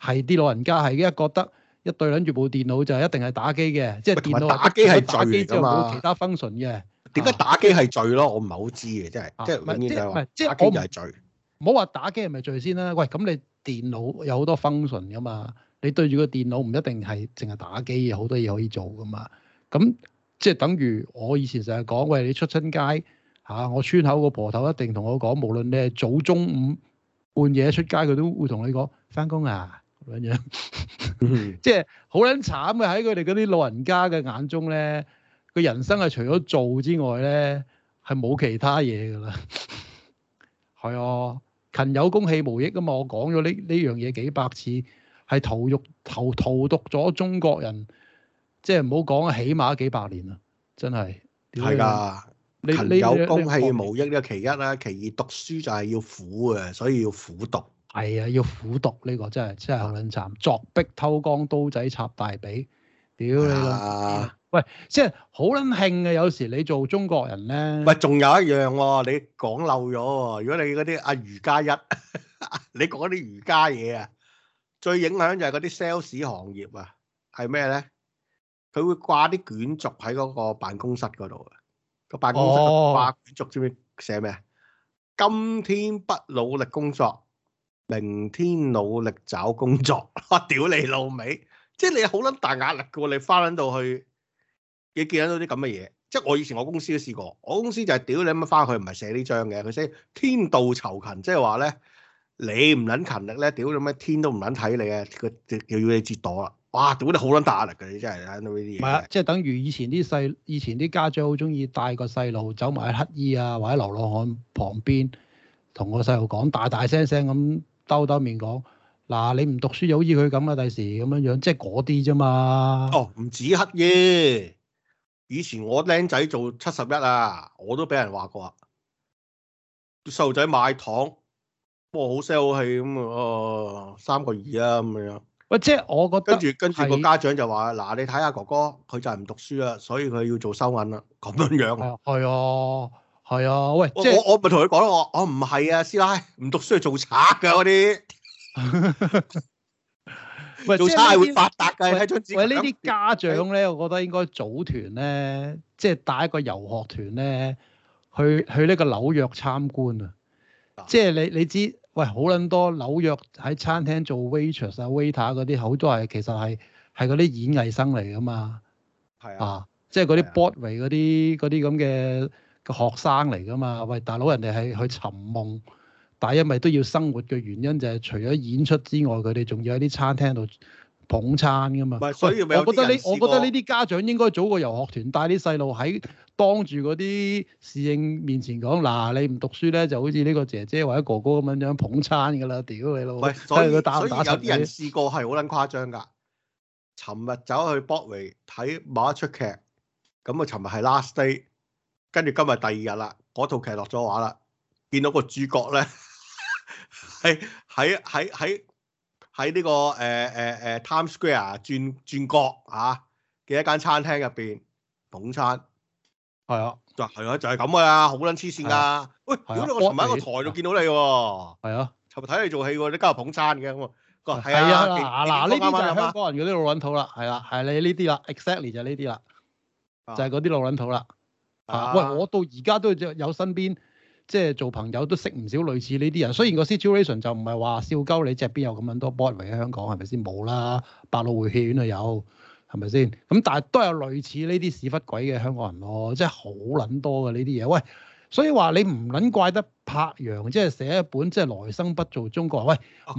係啲老人家係一覺得一對撚住部電腦就一定係打機嘅，即係電腦打機係打機啫嘛，冇其他 function 嘅。點解、啊、打機係罪咯？我唔係好知嘅，真係、啊，啊、即係永遠就係話打機就係罪、啊。唔好話打機係咪罪先、啊、啦？喂，咁你電腦有好多 function 噶嘛？你對住個電腦唔一定係淨係打機，有好多嘢可以做噶嘛。咁即係等於我以前成日講，喂，你出親街嚇、啊，我村口個婆頭一定同我講，無論你係早、中午、半夜出街，佢都會同你講翻工啊咁樣。即係好撚慘嘅，喺佢哋嗰啲老人家嘅眼中咧。佢人生係除咗做之外咧，係冇其他嘢噶啦。係 啊，勤有功，氣無益啊嘛！我講咗呢呢樣嘢幾百次，係荼毒、荼荼毒咗中國人，即係唔好講起碼幾百年啊，真係係㗎。勤有功，氣無益咧，其一啦，其二讀書就係要苦嘅，所以要苦讀。係啊，要苦讀呢、呢個真係真係好撚慘，鑿壁偷光，刀仔插大髀，屌你老！喂，即係好撚興嘅，有時你做中國人咧。喂，仲有一樣喎，你講漏咗喎。如果你嗰啲阿儒家一，你講啲儒家嘢啊，最影響就係嗰啲 sales 行業啊，係咩咧？佢會掛啲卷軸喺嗰個辦公室嗰度嘅，個辦公室掛卷軸知唔知寫咩啊？今天不努力工作，明天努力找工作，我屌你老味，即係你好撚大壓力嘅喎，你翻撚到去。你見到啲咁嘅嘢，即係我以前我公司都試過，我公司就係屌你咁樣翻去，唔係寫呢張嘅，佢寫天道酬勤，即係話咧你唔撚勤力咧，屌你乜天都唔撚睇你嘅，佢又要你折墮啦，哇！屌你好撚大壓力㗎，你真係睇到呢啲嘢。唔係啊，即係等於以前啲細，以前啲家長好中意帶個細路走埋喺乞兒啊或者流浪漢旁邊，同個細路講大大聲聲咁兜兜面講，嗱，你唔讀書就好似佢咁啊，第時咁樣樣，即係嗰啲啫嘛。哦，唔止乞兒。以前我僆仔做七十一啊，我都俾人話過，細路仔買糖，不過好 sell 係咁三個二啊咁、嗯、樣。喂，即係我覺得跟住跟住個家長就話，嗱是你睇下哥哥，佢就係唔讀書啊，所以佢要做收銀啦，咁樣樣。係啊，係啊,啊,啊，喂，我即係我我咪同佢講我，我唔係啊，師奶唔讀書做賊噶嗰啲。 喂，做差係會發達嘅。喂，呢啲家長咧， 我覺得應該組團咧，即係帶一個遊學團咧，去去呢個紐約參觀啊！ 即係你你知，喂，好撚多紐約喺餐廳做 waitress 啊、waiter 嗰啲，好多係其實係係嗰啲演藝生嚟噶嘛。係啊，即係嗰啲 Broadway 嗰啲啲咁嘅個學生嚟噶嘛。喂，大佬，人哋係去尋夢。但係因為都要生活嘅原因，就係除咗演出之外，佢哋仲要喺啲餐廳度捧餐噶嘛。所以有，有我覺得呢，我覺得呢啲家長應該組個遊學團，帶啲細路喺當住嗰啲侍應面前講：嗱、啊，你唔讀書咧，就好似呢個姐姐或者哥哥咁樣樣捧餐噶啦！屌你老，所以打打所打有啲人試過係好撚誇張噶。尋日走去博維睇某一出劇，咁啊尋日係 last day，跟住今日第二日啦，嗰套劇落咗畫啦，見到個主角咧。喺喺喺喺喺呢個誒誒、呃、誒、uh, Times Square 轉轉角啊嘅一間餐廳入邊捧餐，係 說 啊，就係 啊，就係咁噶啦，好撚黐線噶。喂，如果我尋晚喺個台度見到你喎，係啊，尋日睇你做戲喎，你今日捧餐嘅咁啊，啊，嗱呢啲就係香港人嗰啲老撚土啦，係啦、啊，係你呢啲啦，exactly 就係呢啲啦，就係嗰啲老撚土啦、啊。喂，我到而家都仲有身邊。即係做朋友都識唔少類似呢啲人，雖然個 situation 就唔係話笑鳩你，即係邊有咁樣多 boy 圍喺香港係咪先冇啦？百老匯戲院啊有係咪先？咁但係都有類似呢啲屎忽鬼嘅香港人咯，即係好撚多嘅呢啲嘢。喂，所以話你唔撚怪得柏楊，即、就、係、是、寫一本即係來生不做中國人。喂，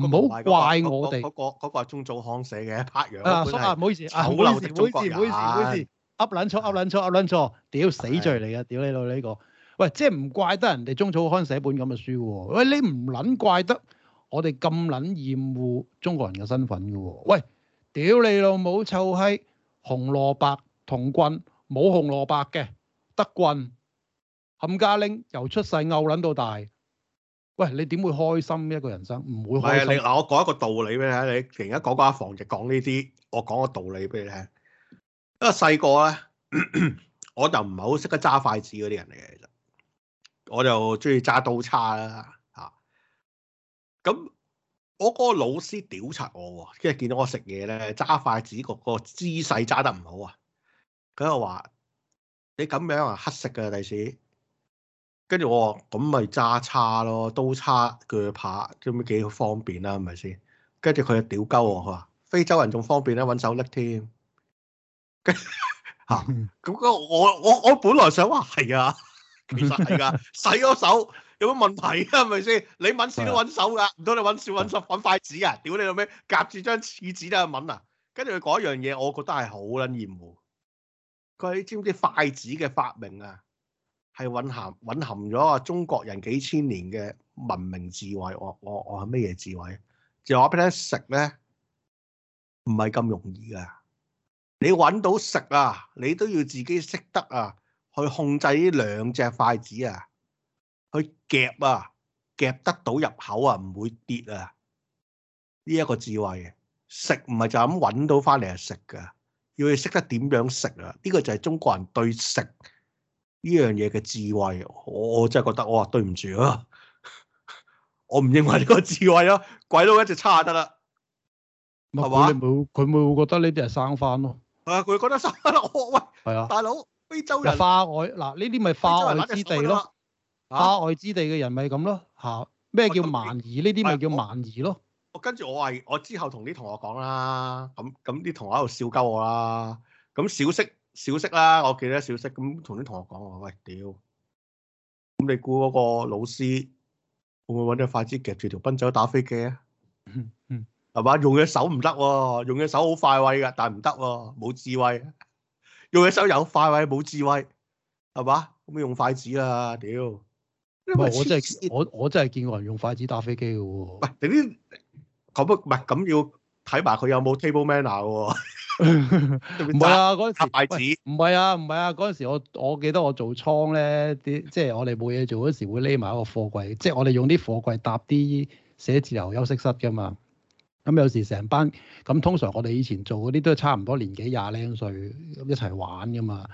唔好、啊、怪我哋。嗰個嗰個係鍾祖康寫嘅柏楊啊！啊唔好意思啊，好啦，唔好意思，啊、好意思，啊、好意思，噏撚錯，噏撚錯，噏撚錯，屌死罪嚟嘅，屌你老呢個！喂，即係唔怪得人哋鍾祖康寫本咁嘅書喎。喂，你唔撚怪得我哋咁撚厭惡中國人嘅身份嘅喎。喂，屌你老母臭閪紅蘿蔔同棍冇紅蘿蔔嘅得棍冚家拎，由出世拗撚到大。喂，你點會開心一個人生？唔會開心。嗱，我講一個道理俾你聽。而家講個防疫就講呢啲，我講個道理俾你聽。因為細個咧，我就唔係好識得揸筷子嗰啲人嚟嘅，我就中意揸刀叉啦嚇！咁、啊、我嗰個老師屌柒我、啊，跟住見到我食嘢咧揸筷子個姿勢揸得唔好啊！佢又話你咁樣啊黑色噶第時，跟住我話咁咪揸叉咯，刀叉鋸扒做咩幾好方便啦、啊，係咪先？跟住佢就屌鳩我，佢話非洲人仲方便咧、啊，搵手拎添。嚇、啊！咁、啊、我我我本來想話係啊。哎其實係噶，洗咗手有乜問題啊？係咪先？你搵屎都搵手噶，唔通你搵屎搵手搵筷子啊？屌你老味，夾住張廁紙去搵啊！跟住佢講一樣嘢，我覺得係好捻厭惡。佢知唔知筷子嘅發明啊？係蘊含蘊含咗啊！中國人幾千年嘅文明智慧，我我我係咩嘢智慧？就話俾你食咧唔係咁容易噶。你搵到食啊，你都要自己識得啊。去控制呢兩隻筷子啊，去夾啊，夾得到入口啊，唔會跌啊。呢一個智慧，食唔係就咁揾到翻嚟啊食噶，要你識得點樣食啊。呢個就係中國人對食呢樣嘢嘅智慧。我我真係覺得，我話對唔住啊，我唔認為呢個智慧咯，鬼佬一直叉就得啦，係嘛？佢冇佢冇會覺得呢啲係生翻咯，係啊，佢覺得生翻咯，我喂，係啊，大佬。非洲人化外嗱，呢啲咪化外之地咯，化外之地嘅人咪咁咯，吓，咩叫蠻夷？呢啲咪叫蠻夷咯。我跟住我係我之後同啲同學講啦，咁咁啲同學喺度笑鳩我啦，咁小息，小息啦，我記得小息。咁同啲同學講，我話，喂屌，咁你估嗰個老師會唔會揾隻筷子夾住條賓周打飛機啊？嗯嗯，係嘛？用隻手唔得喎，用隻手好快威㗎，但係唔得喎，冇智慧。用隻手有快，位冇智慧，係嘛？咁用筷子啊，屌不！唔係我真係我我真係見過人用筷子搭飛機嘅喎、哦。唔啲，不唔係咁要睇埋佢有冇 table manner 喎、哦。唔 係 啊，嗰陣時搭筷子。唔係啊，唔係啊，嗰陣時我我記得我做倉咧，啲即係我哋冇嘢做嗰時會匿埋一個貨櫃，即係我哋用啲貨櫃搭啲寫字樓休息室嘅嘛。咁有時成班咁，通常我哋以前做嗰啲都係差唔多年紀廿零歲一齊玩㗎嘛。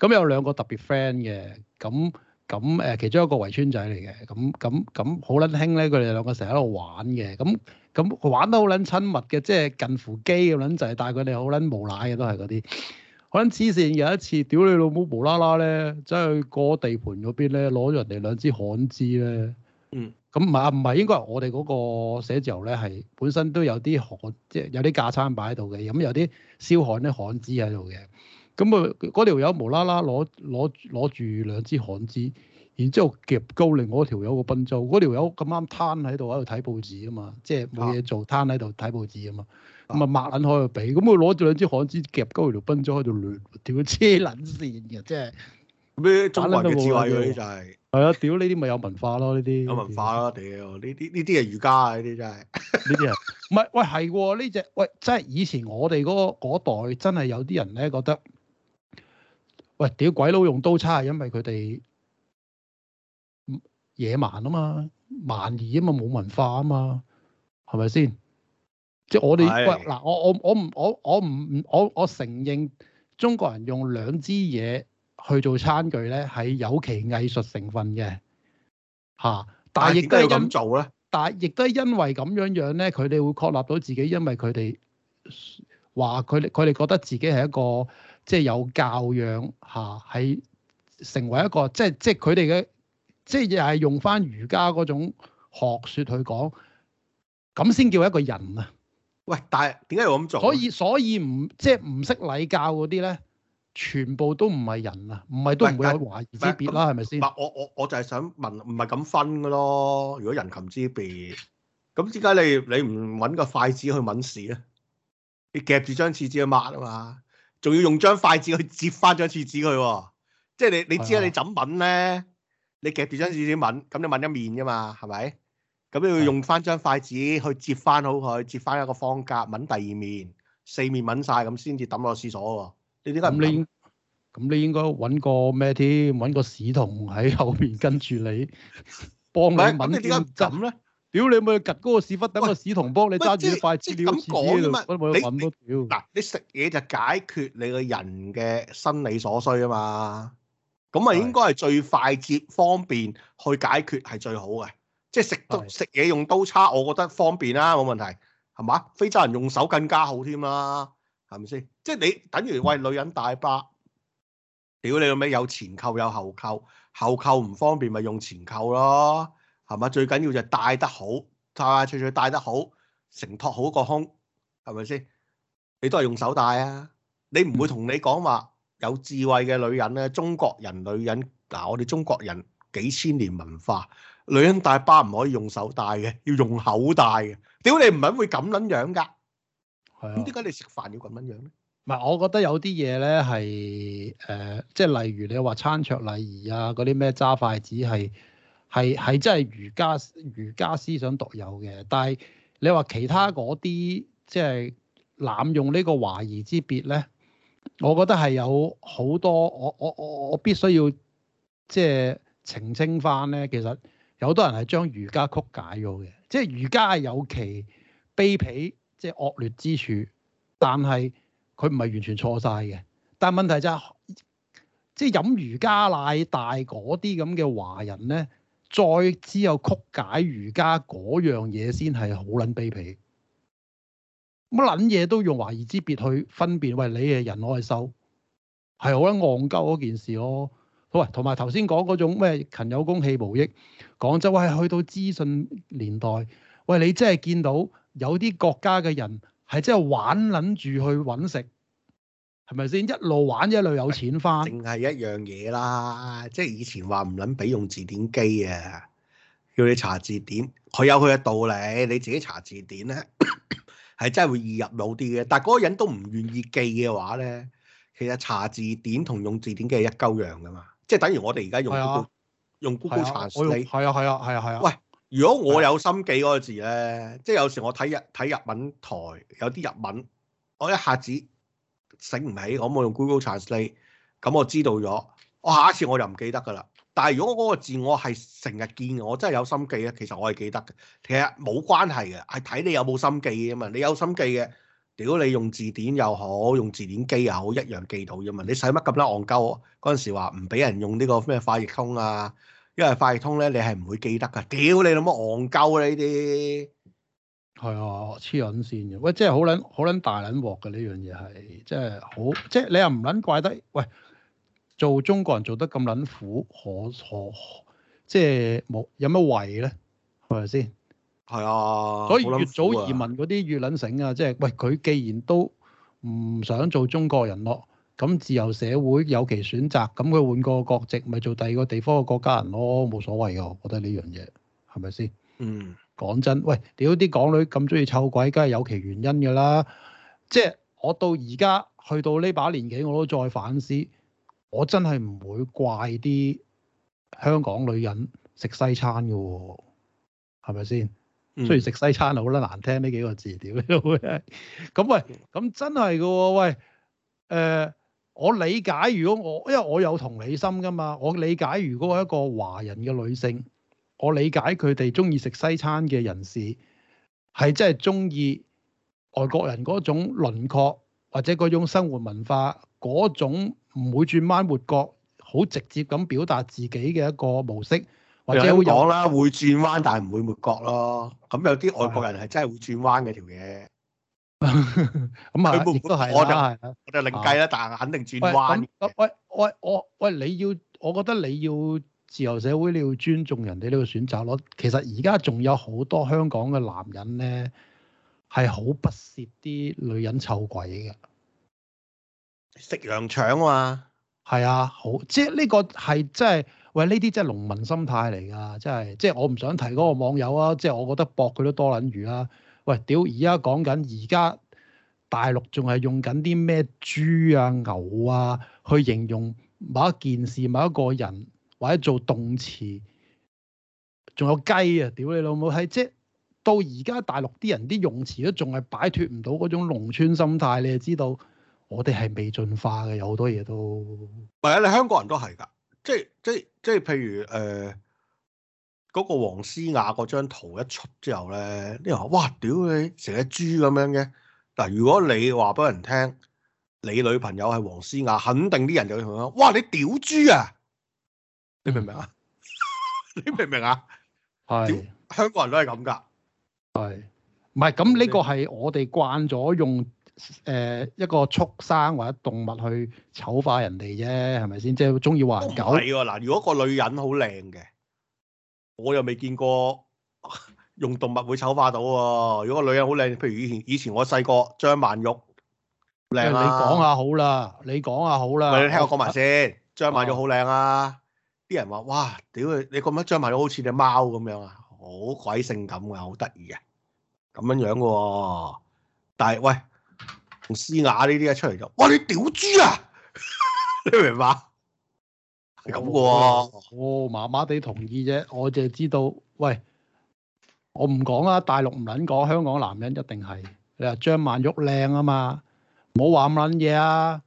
咁有兩個特別 friend 嘅，咁咁誒，其中一個圍村仔嚟嘅，咁咁咁好撚興咧。佢哋兩個成日喺度玩嘅，咁咁玩得好撚親密嘅，即係近乎基咁撚滯。但係佢哋好撚無賴嘅，都係嗰啲可撚黐線。有一次，屌你老母無啦啦咧，走去過地盤嗰邊咧，攞咗人哋兩支旱枝咧。嗯。咁唔係啊，唔係應該係我哋嗰個寫字樓咧，係本身都有啲焊，即係有啲架撐擺喺度嘅，咁有啲燒焊啲焊枝喺度嘅。咁啊，嗰條友無啦啦攞攞攞住兩支焊枝，然之後夾高另外一條友個賓周。嗰條友咁啱攤喺度喺度睇報紙啊嘛，即係冇嘢做，攤喺度睇報紙啊嘛。咁啊，擘撚開個髀，咁佢攞住兩支焊枝夾高條賓周喺度亂條車撚線嘅，即係咩中國人嘅智慧嗰啲就係、是。係啊！屌呢啲咪有文化咯？呢啲有文化咯！屌呢啲呢啲係瑜伽啊！呢啲真係呢啲啊！唔係喂係喎呢隻喂，真係以前我哋嗰、嗰個、代真係有啲人咧覺得，喂屌鬼佬用刀叉係因為佢哋野蠻啊蠻嘛，蠻夷啊嘛，冇文化啊嘛，係咪先？即係我哋嗱、哎，我我我唔我我唔我我，我，我，我承認中國人用兩支嘢。去做餐具咧係有其藝術成分嘅嚇、啊，但係亦都係咁做咧，但係亦都係因為咁樣樣咧，佢哋會確立到自己，因為佢哋話佢哋佢哋覺得自己係一個即係有教養嚇，喺、啊、成為一個即係即係佢哋嘅，即係又係用翻儒家嗰種學説去講，咁先叫一個人啊！喂，但係點解要咁做所？所以所以唔即係唔識禮教嗰啲咧。全部都唔係人啊，唔係但都唔會有壞之別啦，係咪先？唔，我我我就係想問，唔係咁分嘅咯。如果人禽之別，咁點解你你唔揾個筷子去揾屎咧？你夾住張廁紙去抹啊嘛，仲要用張筷子去接翻張廁紙佢喎。即係你你知啦，你怎揾咧？你夾住張廁紙揾，咁你揾一面啫嘛，係咪？咁要用翻張筷子去接翻好佢，接翻一個方格，揾第二面，四面揾晒咁先至抌落廁所喎。咁你咁你應該揾個咩添？揾個屎童喺後邊跟住你，幫你揾啲咁咧？屌你冇去及嗰個屎窟，等個屎童幫你揸住塊資料咁喺嗱，你食嘢就解決你個人嘅生理所需啊嘛，咁啊應該係最快捷方便去解決係最好嘅，的即係食都食嘢用刀叉，我覺得方便啦，冇問題，係嘛？非洲人用手更加好添啦、啊，係咪先？即係你等於喂，女人帶巴，屌你個咩？有前扣有後扣，後扣唔方便咪用前扣咯，係咪？最緊要就帶得好，係咪？脆脆帶得好，承托好個胸，係咪先？你都係用手帶啊！你唔會同你講話，有智慧嘅女人咧，中國人女人嗱、啊，我哋中國人幾千年文化，女人帶巴唔可以用手帶嘅，要用口帶嘅。屌你唔係會咁撚樣㗎，咁點解你食飯要咁撚樣咧？唔係，我覺得有啲嘢咧係誒，即係例如你話餐桌禮儀啊，嗰啲咩揸筷子係係係真係儒家儒家思想獨有嘅。但係你話其他嗰啲即係濫用呢個華夷之別咧，我覺得係有好多我我我我必須要即係澄清翻咧。其實有多人係將儒家曲解咗嘅，即係儒家係有其卑鄙即係、就是、惡劣之處，但係。佢唔係完全錯晒嘅，但係問題就係、是，即係飲儒家奶大嗰啲咁嘅華人咧，再只有曲解儒家嗰樣嘢先係好撚卑鄙。乜撚嘢都用華夷之別去分辨，喂，你係人我係秀，係好撚戇鳩嗰件事咯。喂，同埋頭先講嗰種咩勤有功，氣無益。講真、就是、喂，去到資訊年代，喂，你真係見到有啲國家嘅人。係真係玩捻住去揾食，係咪先？一路玩一路有錢返，定係一樣嘢啦。即係以前話唔捻俾用字典機啊，叫你查字典，佢有佢嘅道理。你自己查字典咧，係 真係會易入腦啲嘅。但係嗰人都唔願意記嘅話咧，其實查字典同用字典機係一鳩樣噶嘛。即係等於我哋而家用 Google 用 Google Translate 係啊係啊係啊係如果我有心記嗰個字咧，即係有時我睇日睇日文台有啲日文，我一下子醒唔起，我冇用 Google Translate，咁我知道咗，我、哦、下一次我就唔記得噶啦。但係如果嗰個字我係成日見嘅，我真係有心記咧，其實我係記得嘅。其實冇關係嘅，係睇你有冇心記啫嘛。你有心記嘅，屌你用字典又好，用字典機又好，一樣記到啫嘛。你使乜咁撚戇鳩？嗰陣時話唔俾人用呢個咩快譯通啊？因為快通咧，你係唔會記得噶。屌你老母戇鳩啦呢啲！係啊，黐撚線嘅。喂，真係好撚好撚大撚鑊嘅呢樣嘢係，真係好即係你又唔撚怪得？喂，做中國人做得咁撚苦，可可即係冇有乜為咧？係咪先？係啊，所以越早、啊、移民嗰啲越撚醒啊！即係喂，佢既然都唔想做中國人咯。咁自由社會有其選擇，咁佢換個國籍，咪做第二個地方嘅國家人咯，冇所謂噶，我覺得呢樣嘢係咪先？是是嗯，講真，喂，屌啲港女咁中意臭鬼，梗係有其原因㗎啦。即係我到而家去到呢把年紀，我都再反思，我真係唔會怪啲香港女人食西餐㗎喎，係咪先？嗯、雖然食西餐好啦，難聽呢幾個字點都好聽。咁喂，咁真係㗎喎，喂，誒。我理解，如果我因為我有同理心噶嘛，我理解如果一個華人嘅女性，我理解佢哋中意食西餐嘅人士，係真係中意外國人嗰種輪廓或者嗰種生活文化嗰種唔會轉彎抹角，好直接咁表達自己嘅一個模式，或者會講啦，會轉彎但係唔會抹角咯。咁有啲外國人係真係會轉彎嘅條嘢。咁、 嗯、啊，都係我我就、啊、我哋另計啦，啊、但係肯定轉彎。喂，我我喂，你要，我覺得你要自由社會，你要尊重人哋呢個選擇咯。其實而家仲有好多香港嘅男人咧，係好不屑啲女人臭鬼嘅，食洋腸啊！嘛係啊，好即係呢個係即係喂呢啲，即係農民心態嚟噶，即係即係我唔想提嗰個網友啊，即係我覺得搏佢都多撚魚啦。喂，屌！而家講緊，而家大陸仲係用緊啲咩豬啊牛啊去形容某一件事、某一個人，或者做動詞，仲有雞啊！屌你老母，係即到而家大陸啲人啲用詞都仲係擺脫唔到嗰種農村心態，你就知道我哋係未進化嘅，有好多嘢都唔係啊！你香港人都係㗎，即係即係即係，即譬如誒。呃嗰個黃思雅嗰張圖一出之後咧，啲人話：哇，屌你成隻豬咁樣嘅！但如果你話俾人聽你女朋友係黃思雅，肯定啲人就會同你話：哇，你屌豬啊！你明唔明啊？ 你明唔明啊？係是香港人都係咁噶。係，唔係咁，呢個係我哋慣咗用誒、呃、一個畜生或者動物去醜化人哋啫，係咪先？即係中意話人狗。你喎，嗱，如果個女人好靚嘅。我又未見過用動物會醜化到喎。如果個女人好靚，譬如以前以前我細個張曼玉靚，啊、你講下好啦，你講下好啦。你聽我講埋先，張曼玉好靚啊！啲、啊哦、人話，哇，屌佢，你覺唔覺得張曼玉好似隻貓咁樣啊？好鬼性感啊，好得意啊，咁樣樣噶。但係喂，同詩雅呢啲一出嚟，就，哇！你屌豬啊？ 你明唔明？咁嘅喎，我麻麻地同意啫，我就知道。喂，我唔講啊，大陸唔捻講，香港男人一定係你話張曼玉靚啊嘛，冇話咁捻嘢啊。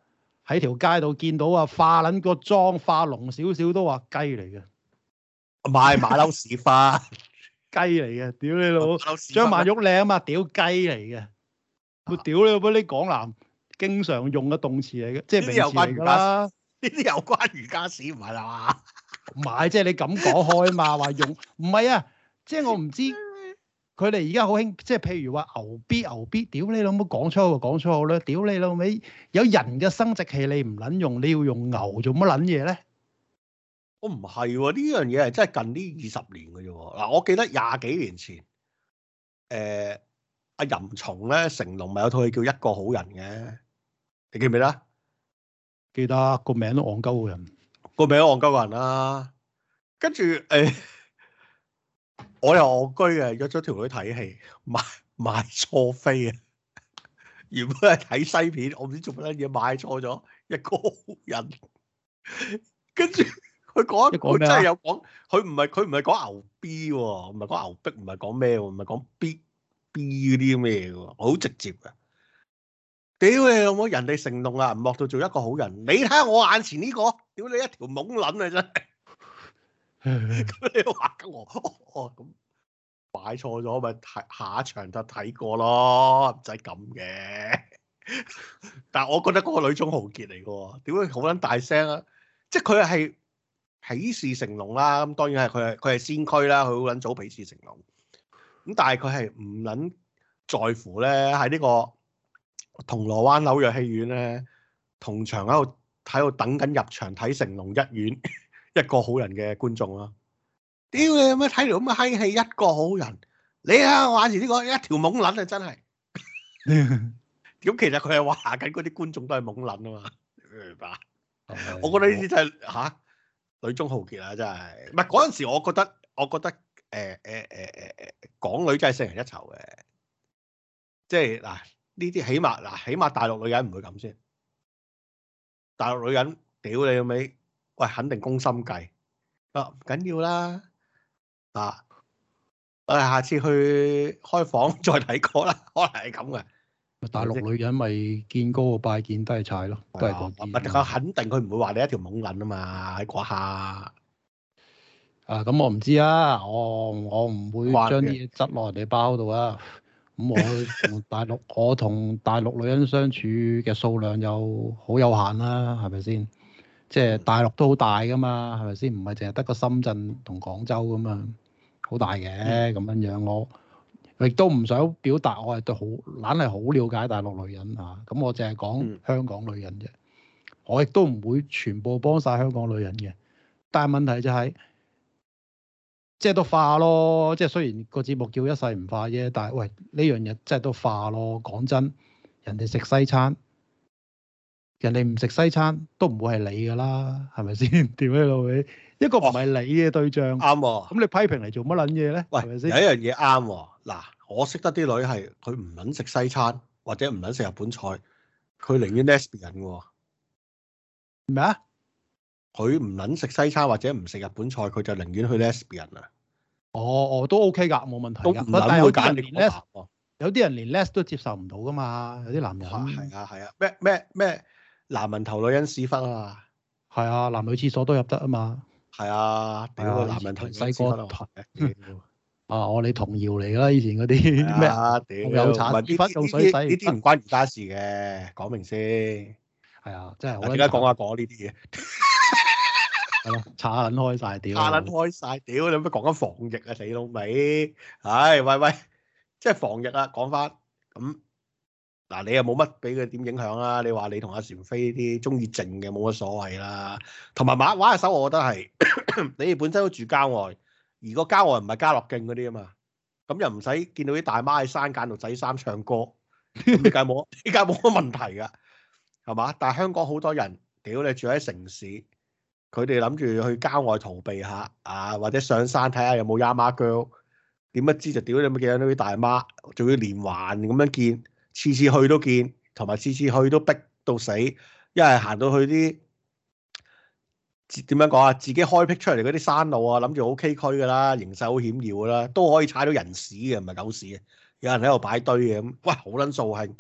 喺條街度見到啊，化捻個妝，化濃少少都話雞嚟嘅，唔係馬騮屎花雞嚟嘅，屌你老母！張曼玉靚啊嘛，屌雞嚟嘅，佢屌你老母！你港男經常用嘅動詞嚟嘅，即係名詞嚟噶啦。呢啲有關瑜家史唔係啊嘛？唔係即係你咁講開啊嘛？話用唔係啊？即係我唔知佢哋而家好興，即係譬如話牛逼牛逼，屌你老母講粗口講粗口啦！屌你老味，有人嘅生殖器你唔撚用，你要用牛做乜撚嘢咧？我唔係喎，呢樣嘢係真係近呢二十年嘅啫喎。嗱，我記得廿幾年前，誒阿任重咧，成龍咪有套戲叫《一個好人》嘅，你記唔記得？記得，個名都戇鳩嘅人。個名都戇鳩嘅人啦。跟住誒，我又戇居呀，約咗條女睇戲，買買錯飛呀。原本係睇西片，我唔知做乜嘢買錯咗一個人。跟住佢講，佢真係有講，佢唔係佢唔係講牛逼喎，唔係講牛逼，唔係講咩，唔係講 B B 嗰啲咩喎，好直接嘅。屌你老母，人哋成龍啊，唔落到做一個好人，你睇下我眼前呢個，屌你一條懵捻啊真係。咁你話咁我，咁擺錯咗咪睇下一場就睇過咯，唔使咁嘅。 但係我覺得嗰個女中豪傑嚟嘅，屌你好捻大聲啊！即係佢係鄙視成龍啦，咁當然係佢係佢係先驅啦，佢好捻早鄙視成龍。咁但係佢係唔捻在乎咧，喺呢個。銅鑼灣紐約戲院咧，同場喺度喺度等緊入場睇《成龍一院一個好人》嘅觀眾啦。屌你乜睇條咁閪戲《一個好人》？你睇我眼前呢個一條懵撚啊！真係。咁其實佢係話緊嗰啲觀眾都係懵撚啊嘛，明白？我覺得呢啲真係係女中豪傑啊！真係。唔係嗰陣時，我覺得我覺得誒誒誒誒誒，港女真係勝人一籌嘅，即係嗱。呢啲起碼嗱，起碼大陸女人唔會咁先。大陸女人屌你尾，喂，肯定攻心計啊，唔緊要啦啊！我哋下次去開房再睇過啦，可能係咁嘅。大陸女人咪見高拜見低踩咯，都係嗰啲。我肯定佢唔會話你一條懵撚啊嘛喺嗰下。啊咁，我唔知啊，我我唔會將啲嘢執落人哋包度啊。咁、 嗯、我同大陸，我同大陸女人相處嘅數量又好有限啦、啊，係咪先？即、就、係、是、大陸都好大噶嘛，係咪先？唔係淨係得個深圳同廣州咁啊，好大嘅咁樣樣。我亦都唔想表達我係對好懶係好了解大陸女人嚇，咁、啊、我淨係講香港女人啫。我亦都唔會全部幫晒香港女人嘅。但係問題就係、是。即係都化咯，即係雖然個節目叫一世唔化啫，但係喂呢樣嘢真係都化咯。講真，人哋食西餐，人哋唔食西餐都唔會係你噶啦，係咪先？點咧老味？一個唔係你嘅對象，啱喎、哦。咁、啊、你批評嚟做乜撚嘢咧？喂，係咪先？有一樣嘢啱喎。嗱，我識得啲女係佢唔撚食西餐或者唔撚食日本菜，佢寧願 nice 啲人喎、哦。咩？佢唔捻食西餐或者唔食日本菜，佢就寧願去 Lesbian 哦，哦，都 OK 噶，冇問題噶。唔有啲人、啊、人連 Les 都接受唔到噶嘛？有啲男人係啊，係啊，咩咩咩，男人頭女人屎忽啊！係啊，男女廁所都入得啊嘛！係啊，屌男人頭細個、啊、頭啊！我哋童謠嚟啦，以前嗰啲咩有產屎忽，呢啲呢啲唔關人家事嘅，講明先。係啊，真係我而家講下講呢啲嘢？係咯，叉撚開曬屌！叉撚開曬屌！你乜講緊防疫啊？死老味！唉喂喂，即係防疫啊！講翻咁嗱，你又冇乜俾佢點影響啊？你話你同阿船飛啲中意靜嘅冇乜所謂啦。同埋玩玩下手，我覺得係你本身都住郊外，而個郊外唔係家樂徑嗰啲啊嘛，咁又唔使見到啲大媽喺山間度洗衫唱歌，你介冇？你介冇乜問題㗎？係嘛？但係香港好多人，屌你住喺城市，佢哋諗住去郊外逃避下啊，或者上山睇下有冇 Yama Girl。點不知就屌你乜嘢都見到啲大媽，仲要連環咁樣見，次次去都見，同埋次次去都逼到死。一係行到去啲點樣講啊？自己開辟出嚟嗰啲山路啊，諗住好崎嶇㗎啦，形勢好險要㗎啦，都可以踩到人屎嘅，唔係狗屎嘅，有人喺度擺堆嘅咁。喂，好撚掃興！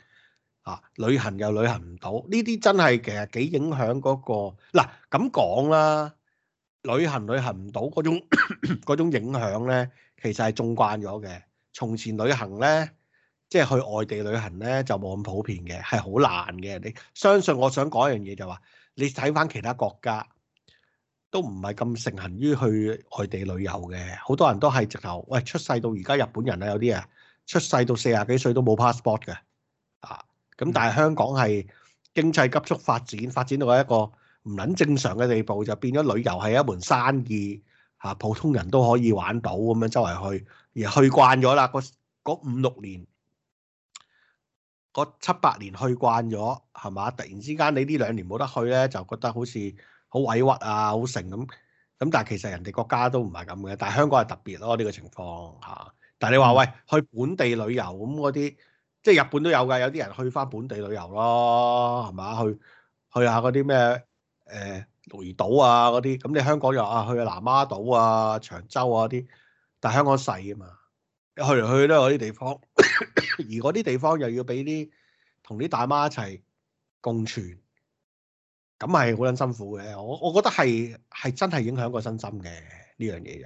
啊、旅行又旅行唔到，呢啲真係其實幾影響嗰、嗰個嗱。咁講啦，旅行旅行唔到嗰種影響呢，其實係縱慣咗嘅。從前旅行呢，即係去外地旅行呢，就冇咁普遍嘅，係好難嘅。你相信我想講一樣嘢就話，你睇翻其他國家都唔係咁盛行於去外地旅遊嘅，好多人都係直頭喂出世到而家日本人啊有啲啊，出世到四十幾歲都冇 passport 嘅啊。咁但係香港係經濟急速發展，發展到一個唔撚正常嘅地步，就變咗旅遊係一門生意，嚇普通人都可以玩到咁樣周圍去，而去慣咗啦，嗰五六年、嗰七八年去慣咗，係嘛？突然之間你呢兩年冇得去呢，就覺得好似好委屈啊，好剩咁。咁但係其實人哋國家都唔係咁嘅，但係香港係特別咯，呢個情況嚇。但係你話喂，去本地旅遊咁嗰啲。那那即係日本都有㗎，有啲人去返本地旅遊咯，係嘛？去去下嗰啲咩誒鹿兒島啊嗰啲，咁你香港又啊去下南丫島啊、長洲啊啲，但係香港細啊嘛，去嚟去，去都有嗰啲地方， 而嗰啲地方又要俾啲同啲大媽一齊共存，咁係好撚辛苦嘅。我我覺得係係真係影響個身心嘅呢樣嘢又。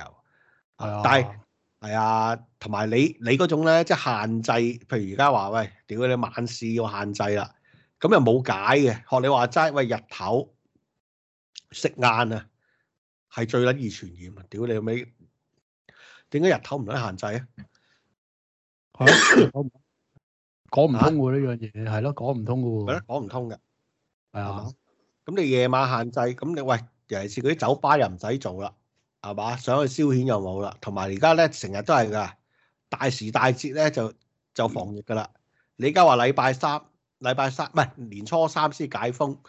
係啊，是啊但係。係啊，同埋你你嗰種咧，即係限制。譬如而家話喂，屌你晚市要限制啦，咁又冇解嘅。學你話齋，喂，日頭食晏啊，係最撚易傳染啊！屌你咪點解日頭唔撚限制啊？講唔通喎呢樣嘢，係咯，講唔通嘅喎。講唔通嘅。係啊，咁你夜晚限制，咁你喂尤其是嗰啲酒吧又唔使做啦。係嘛？想去消遣又冇啦。同埋而家咧，成日都係噶大時大節咧，就就防疫噶啦。你而家話禮拜三、禮拜三唔係年初三先解封，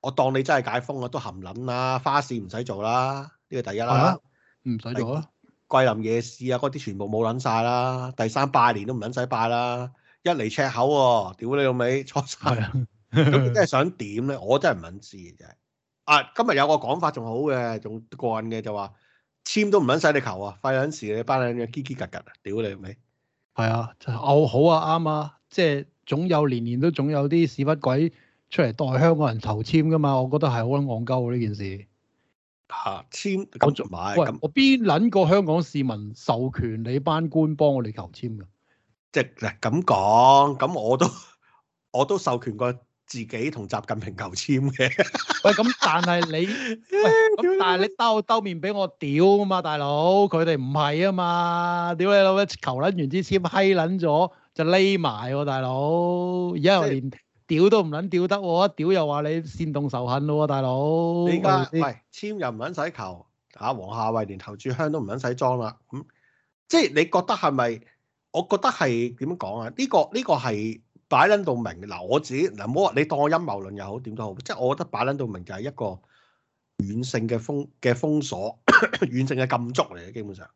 我當你真係解封啊，都含撚啦，花市唔使做啦，呢個第一啦，唔使、啊、做啦。桂林夜市啊，嗰啲全部冇撚晒啦。第三拜年都唔撚使拜啦，一嚟赤口喎、啊，屌你老味，初三是啊！咁 佢真係想點咧？我真係唔撚知嘅。真啊，今日有個講法仲好嘅，仲過癮嘅就話簽都唔肯使你求啊，快撚事你班人嘅，啲啲格格啊，屌你咪，係啊，就哦，好啊，啱啊，即係總有年年都總有啲屎忽鬼出嚟代香港人投簽㗎嘛，我覺得係好撚戇鳩喎呢件事。嚇、啊、簽，咁仲埋。我喂，那我邊撚個香港市民授權你班官幫我哋求簽㗎？即係咁講，咁我都我都授權過。自己同習近平求簽嘅 ，喂咁但係你，但係你兜兜面俾我屌啊嘛，大佬佢哋唔係啊嘛，屌你老味，求撚完支簽閪撚咗就匿埋喎，大佬而家又連屌都唔撚屌得喎，屌又話你煽動仇恨咯，大佬依家吧喂簽又唔撚使求，阿、啊、黃夏蕙連頭炷香都唔撚使裝啦，咁、嗯、即係你覺得係咪？我覺得係點講啊？呢、呢個呢、呢個係。擺撚到明嗱，我自己嗱，唔好話你當我陰謀論又好，點都好，即係我覺得擺撚到明就係一個軟性嘅封嘅封鎖，軟性嘅禁足嚟嘅。基本上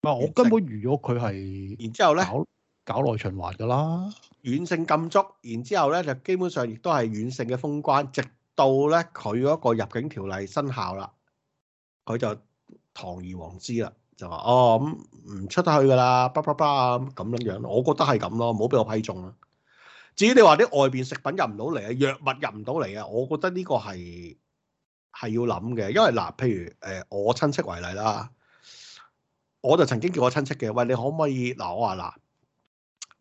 唔係，我根本預咗佢係，然之後咧搞搞內循環噶啦，軟性禁足，然之後咧就基本上亦都係軟性嘅封關，直到咧佢嗰個入境條例生效啦，佢就堂而皇之啦，就話哦咁唔出得去噶啦，叭叭叭咁樣樣。我覺得係咁咯，唔好俾我批中啊！至於你話啲外邊食品入唔到嚟啊，藥物入唔到嚟啊，我覺得呢個係係要諗嘅。因為嗱，譬如誒、呃、我親戚為例啦，我就曾經叫我親戚嘅，喂，你可唔可以嗱？我話嗱，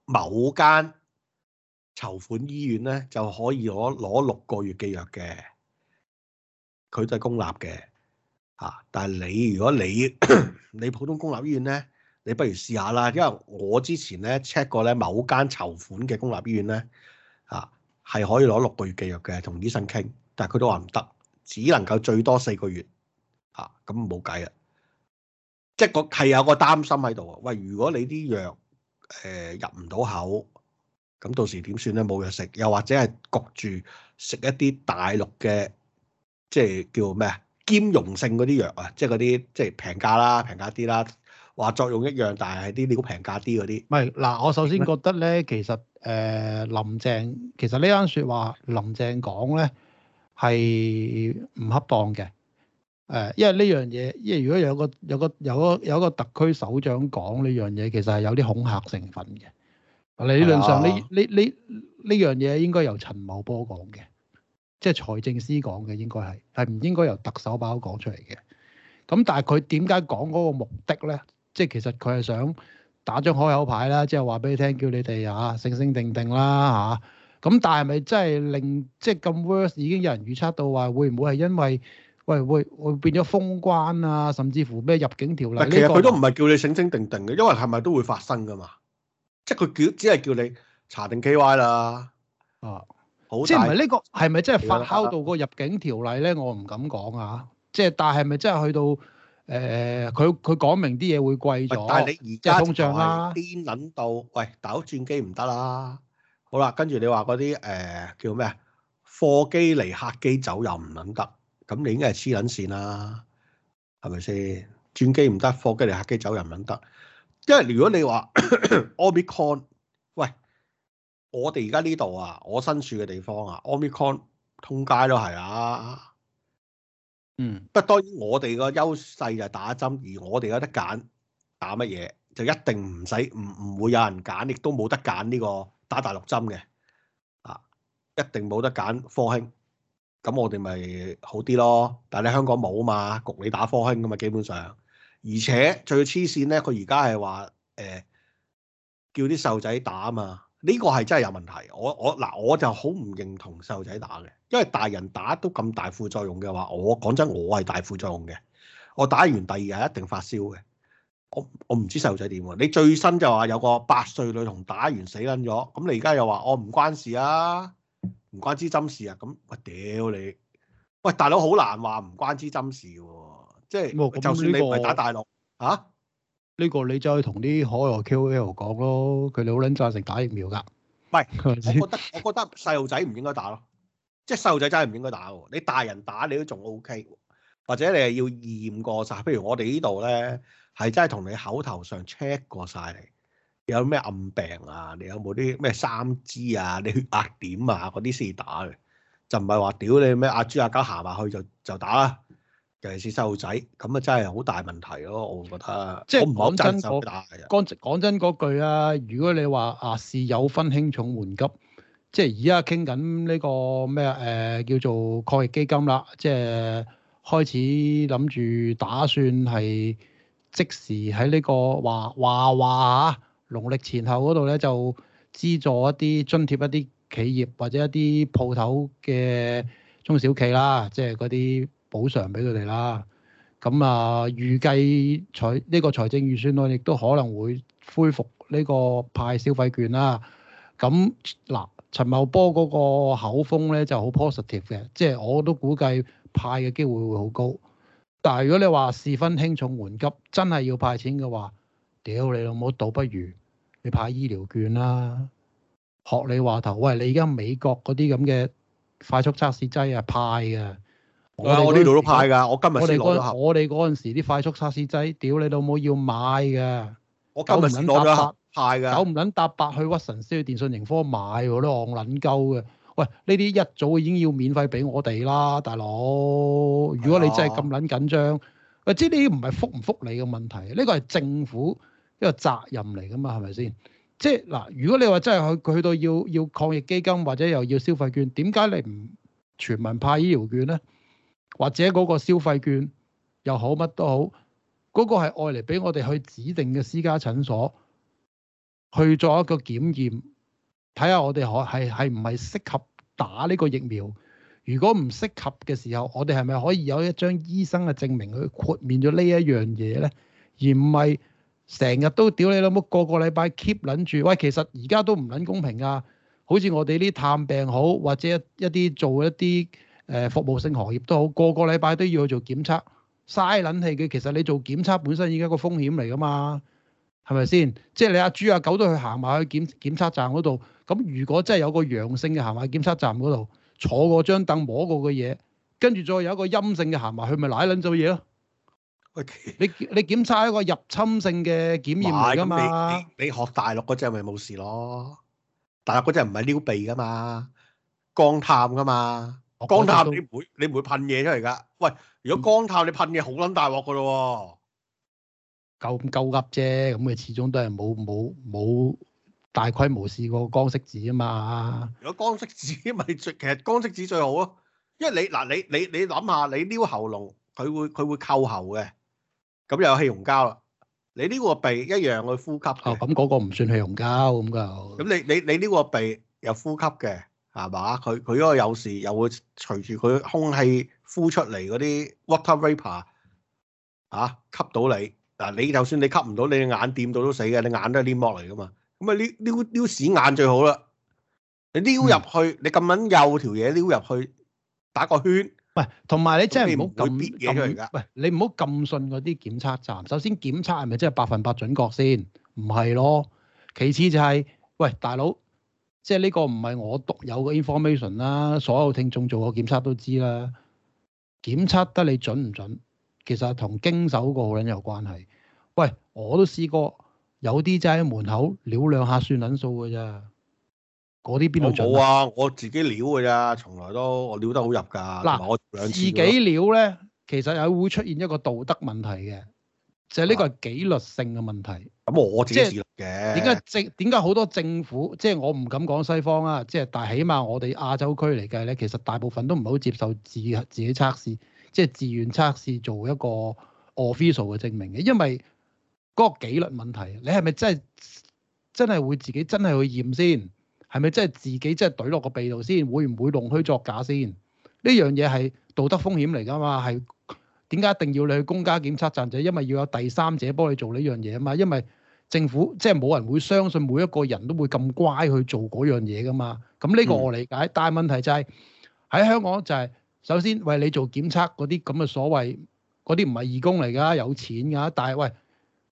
某間籌款醫院咧就可以攞攞六個月嘅藥嘅，佢就係公立嘅，嚇、啊！但係你如果你 你普通公立醫院咧？你不如試下啦，因為我之前咧 check 過咧某間籌款嘅公立醫院咧，啊，係可以攞六個月嘅藥嘅，同醫生傾，但係佢都話唔得，只能夠最多四個月，啊，咁冇計啦，即係個係有個擔心喺度啊。喂，如果你啲藥誒、呃、入唔到口，咁到時點算咧？冇藥食，又或者係焗住食一啲大陸嘅，即係叫咩啊？兼容性嗰啲藥啊，即係嗰啲即係平價啦，平價啲啦。話作用一樣，但係啲料平價啲嗰啲。唔係嗱，我首先覺得咧，其實誒、呃、林鄭其實呢單説話林鄭講咧係唔恰當嘅。誒、呃，因為呢樣嘢，因為如果有一個有一個有個有個特區首長講呢樣嘢，其實係有啲恐嚇成分嘅。理論上呢呢呢呢樣嘢應該由陳茂波講嘅，即係財政司講嘅應該係係唔應該由特首把口講出嚟嘅。咁但係佢點解講嗰個目的咧？即係其實佢係想打張開口牌啦，即係話俾你聽，叫你哋啊醒醒定定啦嚇。咁、啊、但係咪真係令即係咁 worse 已經有人預測到話會唔會係因為喂會會變咗封關啊，甚至乎咩入境條例？其實佢都唔係叫你醒醒定定嘅，因為係咪都會發生噶嘛？即係佢叫只係叫你查定 KY 啦。啊，大即係唔係呢個係咪真係發酵到個入境條例咧？我唔敢講啊。即、啊、係但係係咪真係去到？誒，佢佢講明啲嘢會貴，但係你而家通脹啦，邊諗到？喂，大佬轉機唔得啦，好啦，跟住你話嗰啲誒叫咩啊？貨機嚟，客機走又唔捻得，咁你應該係黐捻線啦，係咪先？轉機唔得，貨機嚟，客機走又唔捻得，因為如果你話 Omicron， 喂，我哋而家呢度啊，我身處嘅地方啊，Omicron 通街都係啊。嗯，不過當然我哋個優勢就係打針，而我哋有得揀打乜嘢，就一定唔使唔唔會有人揀，亦都冇得揀呢個打大陸針嘅啊，一定冇得揀科興，咁我哋咪好啲咯。但係香港冇嘛，局你打科興噶嘛，基本上，而且最黐線咧，佢而家係話誒叫啲細路仔打啊嘛。呢個係真係有問題，我我嗱我就好唔認同細路仔打嘅，因為大人打都咁大副作用嘅話，我講真我係大副作用嘅，我打完第二日一定發燒嘅，我我唔知細路仔點喎。你最新就話有個八歲女童打完死撚咗，咁你而家又話我唔關事啊，唔關支針事啊，咁我屌你，喂，大佬好難話唔關支針事喎、啊，即、就、係、是、就算你唔係打大陸嚇。啊。呢個你再同啲海外 KOL 講咯，佢哋好撚贊成打疫苗㗎。喂，唔係，我覺得我覺得細路仔唔應該打咯，即係細路仔真係唔應該打喎。你大人打你都仲 OK，或者你係要驗過晒。譬如我哋呢度咧係真係同你口頭上 check 過曬，你有咩暗病啊？你有冇啲咩三脂啊？你血壓點啊？嗰啲先打嘅，就唔係話屌你咩阿豬阿狗行下去就就打啦。尤其是細路仔，咁啊真係好大問題咯，啊！我覺得，即係講真嗰講真嗰句啊，如果你話啊是有分輕重緩急，即係而家傾緊呢個咩誒、呃、叫做抗疫基金啦，即係開始諗住打算係即時喺呢、呢個華華華啊，農曆前後嗰度咧就資助一啲津貼、一啲企業或者一啲鋪頭嘅中小企啦，即係嗰啲。補償俾佢哋啦，咁啊預計財呢個財政預算案亦都可能會恢復呢個派消費券啦。咁嗱，陳茂波嗰個口風咧就好 positive 嘅，即係我都估計派嘅機會會好高。但係如果你話事分輕重緩急，真係要派錢嘅話，屌你老母，倒不如你派醫療券啦。學你話頭，喂，你而家美國嗰啲咁嘅快速測試劑啊，派嘅。我呢度都派噶，我今日先攞咗我哋嗰陣時啲快速測試劑，屌你老母要買嘅的。我今日先攞咗派嘅，九唔撚搭八去屈臣氏、電訊、盈科買我都戇撚鳩嘅。喂，呢啲一早已經要免費俾我哋啦，大佬。如果你真係咁撚緊張，即係呢啲唔係福唔福利嘅問題，呢個係政府一個責任嚟㗎嘛，係咪先？即係嗱，如果你話真係去去到要要抗疫基金或者又要消費券，點解你唔全民派醫療券咧？或者嗰個消費券又好乜都好，嗰個係愛嚟俾我哋去指定嘅私家診所去做一個檢驗，睇下我哋可係係唔係適合打呢個疫苗？如果唔適合嘅時候，我哋係咪可以有一張醫生嘅證明去豁免咗呢一樣嘢咧？而唔係成日都屌你老母，個個禮拜 keep 諗住，喂，其實而家都唔撚公平啊！好似我哋啲探病好，或者一啲做一啲。誒服務性行業都好，個個禮拜都要去做檢測，嘥撚氣嘅。其實你做檢測本身已經係個風險嚟噶嘛，係咪先？即係你阿豬阿狗都去行埋去檢檢測站嗰度，咁如果真係有個陽性嘅行埋去檢測站嗰度，坐過張凳摸過個嘢，跟住再有一個陰性嘅行埋去，咪舐撚做嘢咯。喂 Okay.，你你檢測一個入侵性嘅檢驗嚟噶嘛？ 你你學大陸嗰隻咪冇事咯，大陸嗰隻唔係撩鼻噶嘛，光探噶嘛。光探你唔會你唔會噴嘢出嚟㗎。喂，如果光探你噴嘢好撚大鑊㗎咯喎，夠夠噏啫。咁你始終都係冇冇冇大規模試過光色紙啊嘛。如果光色紙咪最其實光色紙最好咯，因為你嗱你你你諗下，你撩喉嚨佢會佢會扣喉嘅，咁又有氣溶膠啦。你呢個鼻一樣去呼吸嘅。咁嗰、哦、個唔算氣溶膠咁噶。咁你你你呢個鼻又呼吸嘅。係嘛？佢佢嗰個有時又會隨住佢空氣呼出嚟嗰啲 water vapor 啊，吸到你。嗱，你就算你吸唔到，你眼掂到都死嘅，你眼都係黏膜嚟噶嘛。咁啊，撩撩撩屎眼最好啦。你撩入去，嗯、你咁撚幼條嘢撩入去，打個圈。唔同埋你真係唔好咁，唔係、呃、你唔好咁信嗰啲檢測站。首先檢測係咪真係百分百準確先？唔係咯。其次就係、是，喂，大佬。即係呢個唔係我獨有嘅 information 啦，所有聽眾做個檢測都知啦。檢測得你準唔準，其實同經手個人有關係。喂，我都試過有啲就喺門口撩兩下算撚數嘅啫，嗰啲邊度做？我啊，我自己撩嘅咋，從來都我撩得好入㗎。嗱，我，喏我自己撩咧，其實係會出現一個道德問題嘅。就係呢個係紀律性嘅問題。咁我自己嘅。點解政點解好多政府？即係我唔敢講西方啊！即係但係起碼我哋亞洲區嚟計咧，其實大部分都唔好接受自己自己測試，即係自願測試做一個 official 嘅證明嘅，因為嗰個紀律問題。你係咪真係真係會自己真係去驗先？係咪真係自己真係懟落個鼻度先？會唔會弄虛作假先？呢樣嘢係道德風險嚟㗎嘛，係。點解一定要你去公家檢測站？就係因為要有第三者幫你做呢樣嘢啊嘛。因為政府即係冇人會相信每一個人都會咁乖去做嗰樣嘢㗎嘛。咁呢個我理解，但係問題就係喺香港就係首先為你做檢測嗰啲咁嘅所謂嗰啲唔係義工嚟㗎，有錢㗎。但係喂，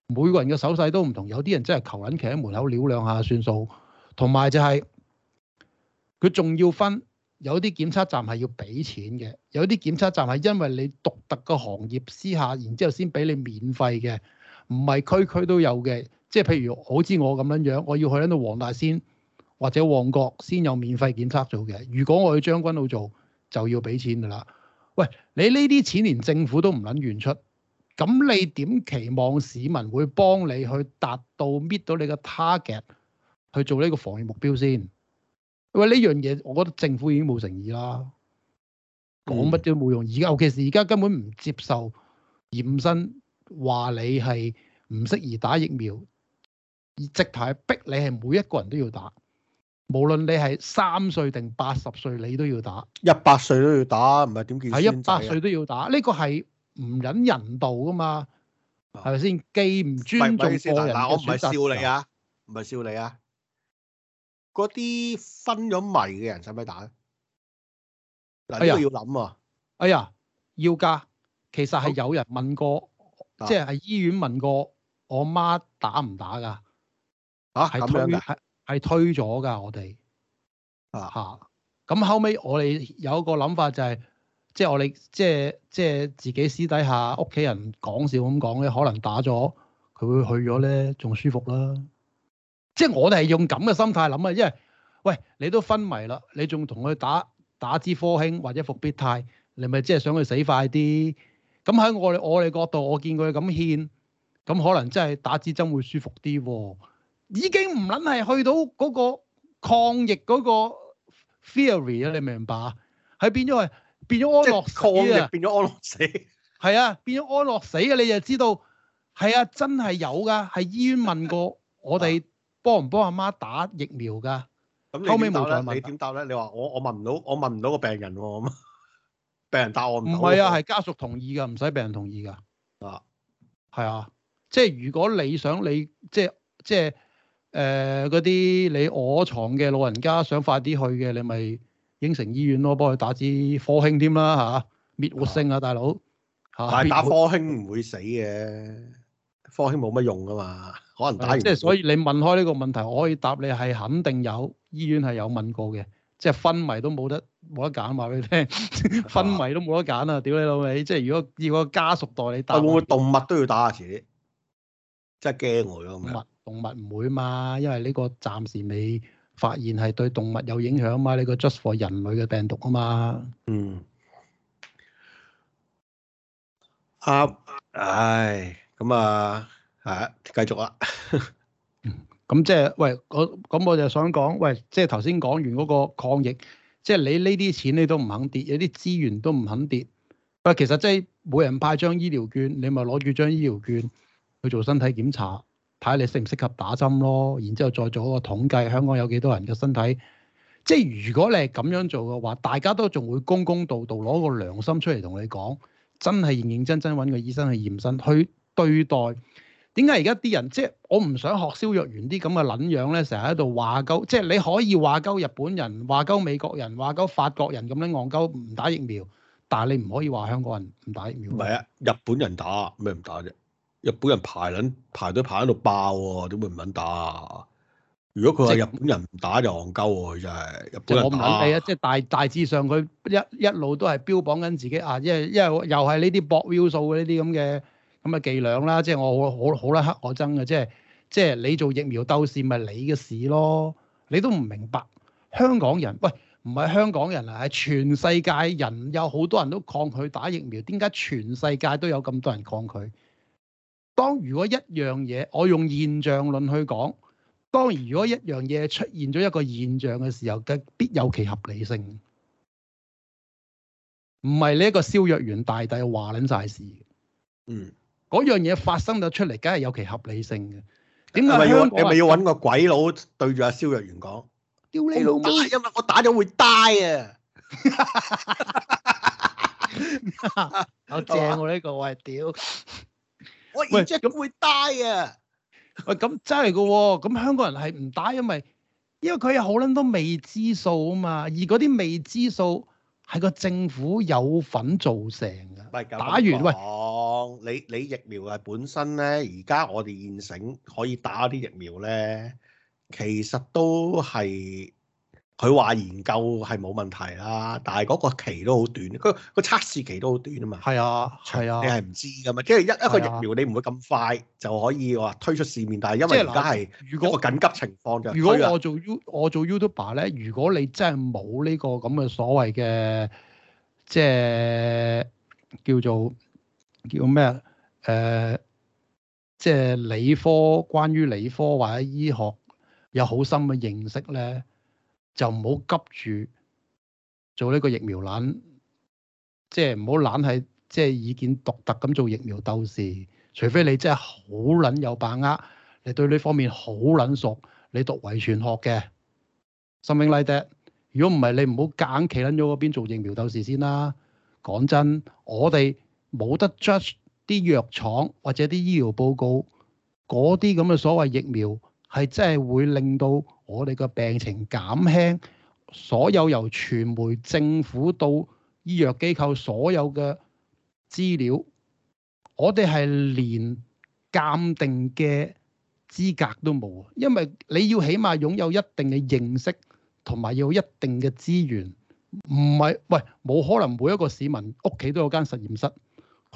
每個人嘅手勢都唔同，有啲人真係求緊企喺門口撩兩下算數，同埋就係佢仲要分。有啲檢測站係要俾錢嘅，有啲檢測站係因為你獨特個行業私下，然之後先俾你免費嘅，唔係區區都有嘅。即係譬如，好似我咁樣樣，我要去喺度黃大仙或者旺角先有免費檢測做嘅。如果我去將軍澳做，就要俾錢㗎啦。喂，你呢啲錢連政府都唔撚願出，咁你點期望市民會幫你去達到搣到你個 target 去做呢個防疫目標先？因為，呢樣嘢我覺得政府已經冇誠意啦，講乜都冇用。而家尤其是而家根本唔接受驗身，話你係唔適宜打疫苗，而直頭係逼你係每一個人都要打，無論你係三歲定八十歲，你都要打。一百歲都要打，唔係點叫、啊？係一百歲都要打，呢、這個係唔忍人道㗎嘛？係咪先？既唔尊重個人嘅選擇。嗱我唔係笑你啊，唔係笑你啊。嗰啲昏咗迷嘅人使唔使打咧？嗱呢、哎、呀要諗啊！哎呀，要噶，其實係有人問過，即係喺醫院問過我媽打唔打噶？啊，係咁推樣係推咗噶，我哋啊吓。咁、啊、後尾我哋有一個諗法就係、是，即、就、係、是、我哋即係即係自己私底下屋企人講笑咁講咧，可能打咗佢會去咗咧，仲舒服啦。即係我哋係用咁嘅心態諗啊，因為喂你都昏迷啦，你仲同佢打打支科興或者伏必泰，你咪即係想佢死快啲。咁喺我哋我哋角度，我見佢咁獻，咁可能真係打支針會舒服啲，哦。已經唔撚係去到嗰個抗疫嗰個 theory 啊，你明唔明白？係變咗係變咗安樂死啊！抗疫變咗安樂死，係啊，變咗安樂死啊！你就知道係啊，真係有㗎，係醫院問過我哋。 幫唔幫阿媽打疫苗噶？後尾冇再問，你點答咧？你話我我問唔到，我問唔到個病人喎，啊，阿 病人答我唔係啊，係家屬同意嘅，唔使病人同意噶。啊，係啊，即係如果你想你即係即係誒嗰啲你臥牀嘅老人家想快啲去嘅，你咪應承醫院咯，幫佢打支科興添啦嚇，滅活性啊，大佬嚇，啊，但係打科興唔會死嘅，科興冇乜用噶嘛。可能打，即係所以你問開呢個問題，我可以答你係肯定有醫院係有問過嘅，即係昏迷都冇得冇得揀，話俾你聽， 昏迷都冇得揀啊，屌你老味！即係如果要個家屬代你打，會唔會動物都要打 下遲啲真係驚我咁啊！動物唔會嘛，因為呢個暫時未發現係對動物有影響嘛，呢個 just for 人類嘅病毒啊嘛。嗯。阿唉咁啊。係啊，繼續啊。咁即係喂，我咁我就想講，喂，即係頭先講完嗰個抗疫，即係你呢啲錢你都唔肯跌，有啲資源都唔肯跌。嗱，其實即係每人派張醫療券，你咪攞住張醫療券去做身體檢查，睇下你適唔適合打針咯。然之後再做一個統計，香港有幾多人嘅身體。即係如果你係咁樣做嘅話，大家都仲會公公道道攞個良心出嚟同你講，真係認認真真揾個醫生去驗身，去對待。點解而家啲人即係我唔想學蕭若元啲咁嘅撚樣咧，成日喺度話鳩，即係你可以話鳩日本人、話鳩美國人、話鳩法國人咁樣戇鳩唔打疫苗，但係你唔可以話香港人唔打疫苗。唔係啊，日本人打咩唔打啫？日本人排撚排都排喺度爆喎，啊，點會唔肯打啊？如果佢話日本人唔打就戇鳩喎，佢就係日本人打。我唔肯睇啊！即係大大致上佢一一,一路都係標榜緊自己啊，因為因為又係呢啲博 view 數嘅呢啲咁嘅。這咁嘅伎倆啦，即係我好好啦，黑我憎嘅，即係即係你做疫苗鬥士，咪、就是、你嘅事咯。你都唔明白香港人，喂，唔係香港人啊，係全世界人，有好多人都抗拒打疫苗，點解全世界都有咁多人抗拒？當如果一樣嘢，我用現象論去講，當如果一樣嘢出現咗一個現象嘅時候，嘅必有其合理性，唔係呢一個蕭若元大帝話撚晒事。嗯。嗰樣嘢發生咗出嚟，梗係有其合理性嘅。點解？你咪要揾個鬼佬對住阿蕭若元講？屌你老母！因為我打咗會 die 啊！好正喎呢個，喂屌！我而家會 die 啊！ 喂，咁真係噶喎！咁香港人係唔打因，因為因為佢有好撚多未知數啊嘛，而嗰啲未知數。係個政府有份做成㗎，打完喂，你你疫苗係本身咧，而家我哋現成可以打啲疫苗咧，其實都係。佢話研究係冇問題啦，但係嗰個期都好短，個個測試期都好短啊嘛。係啊，係啊，你係唔知噶嘛？即係一一個疫苗，你唔會咁快就可以話推出市面，啊、但係因為而家係如果個緊急情況就。如果我做 You 我做 Youtuber 咧，如果你真係冇呢個咁嘅所謂嘅，即係叫做叫咩啊？誒、呃，即係理科關於理科或者醫學有好深嘅認識咧。就唔好急住做呢個疫苗撚，即係唔好撚係即係意見獨特咁做疫苗鬥士，除非你真係好撚有把握，你對呢方面好撚熟，你讀遺傳學嘅 something like that。如果唔係，你唔好夾硬企撚咗嗰邊做疫苗鬥士先啦。講真，我哋冇得 judge 啲藥廠或者啲醫療報告嗰啲咁嘅所謂疫苗係真係會令到我哋嘅病情減輕，所有由傳媒、政府到醫藥機構所有嘅資料，我哋係連鑑定嘅資格都冇啊！因為你要起碼擁有一定嘅認識，同埋要有一定嘅資源，唔係喂，冇可能每一個市民屋企都有間實驗室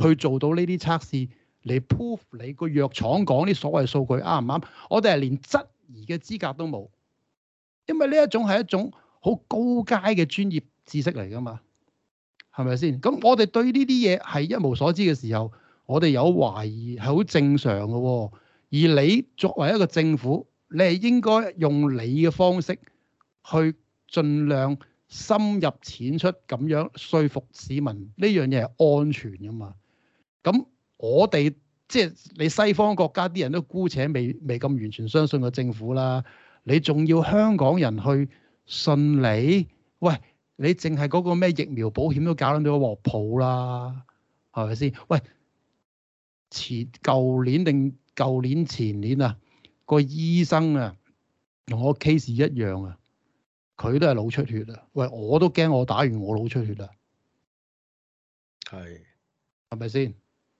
去做到呢啲測試嚟 prove 你個藥廠講啲所謂數據啱唔啱？我哋係連質疑嘅資格都冇。因為呢一種係一種好高階嘅專業知識嚟㗎嘛，係咪先？咁我哋對呢啲嘢係一無所知嘅時候，我哋有懷疑係好正常嘅喎哦。而你作為一個政府，你係應該用你嘅方式去盡量深入淺出咁樣說服市民，呢樣嘢係安全㗎嘛。咁我哋即係你西方國家啲人都姑且未未咁完全相信個政府啦。你仲要香港人去信你？喂，你淨係嗰個咩疫苗保險都搞咗一鑊泡啦，係咪先？喂，前舊年定舊年前年啊，個醫生啊，同我 case 一樣啊，佢都係腦出血啊！喂，我都驚我打完我腦出血啊！係是，係咪先？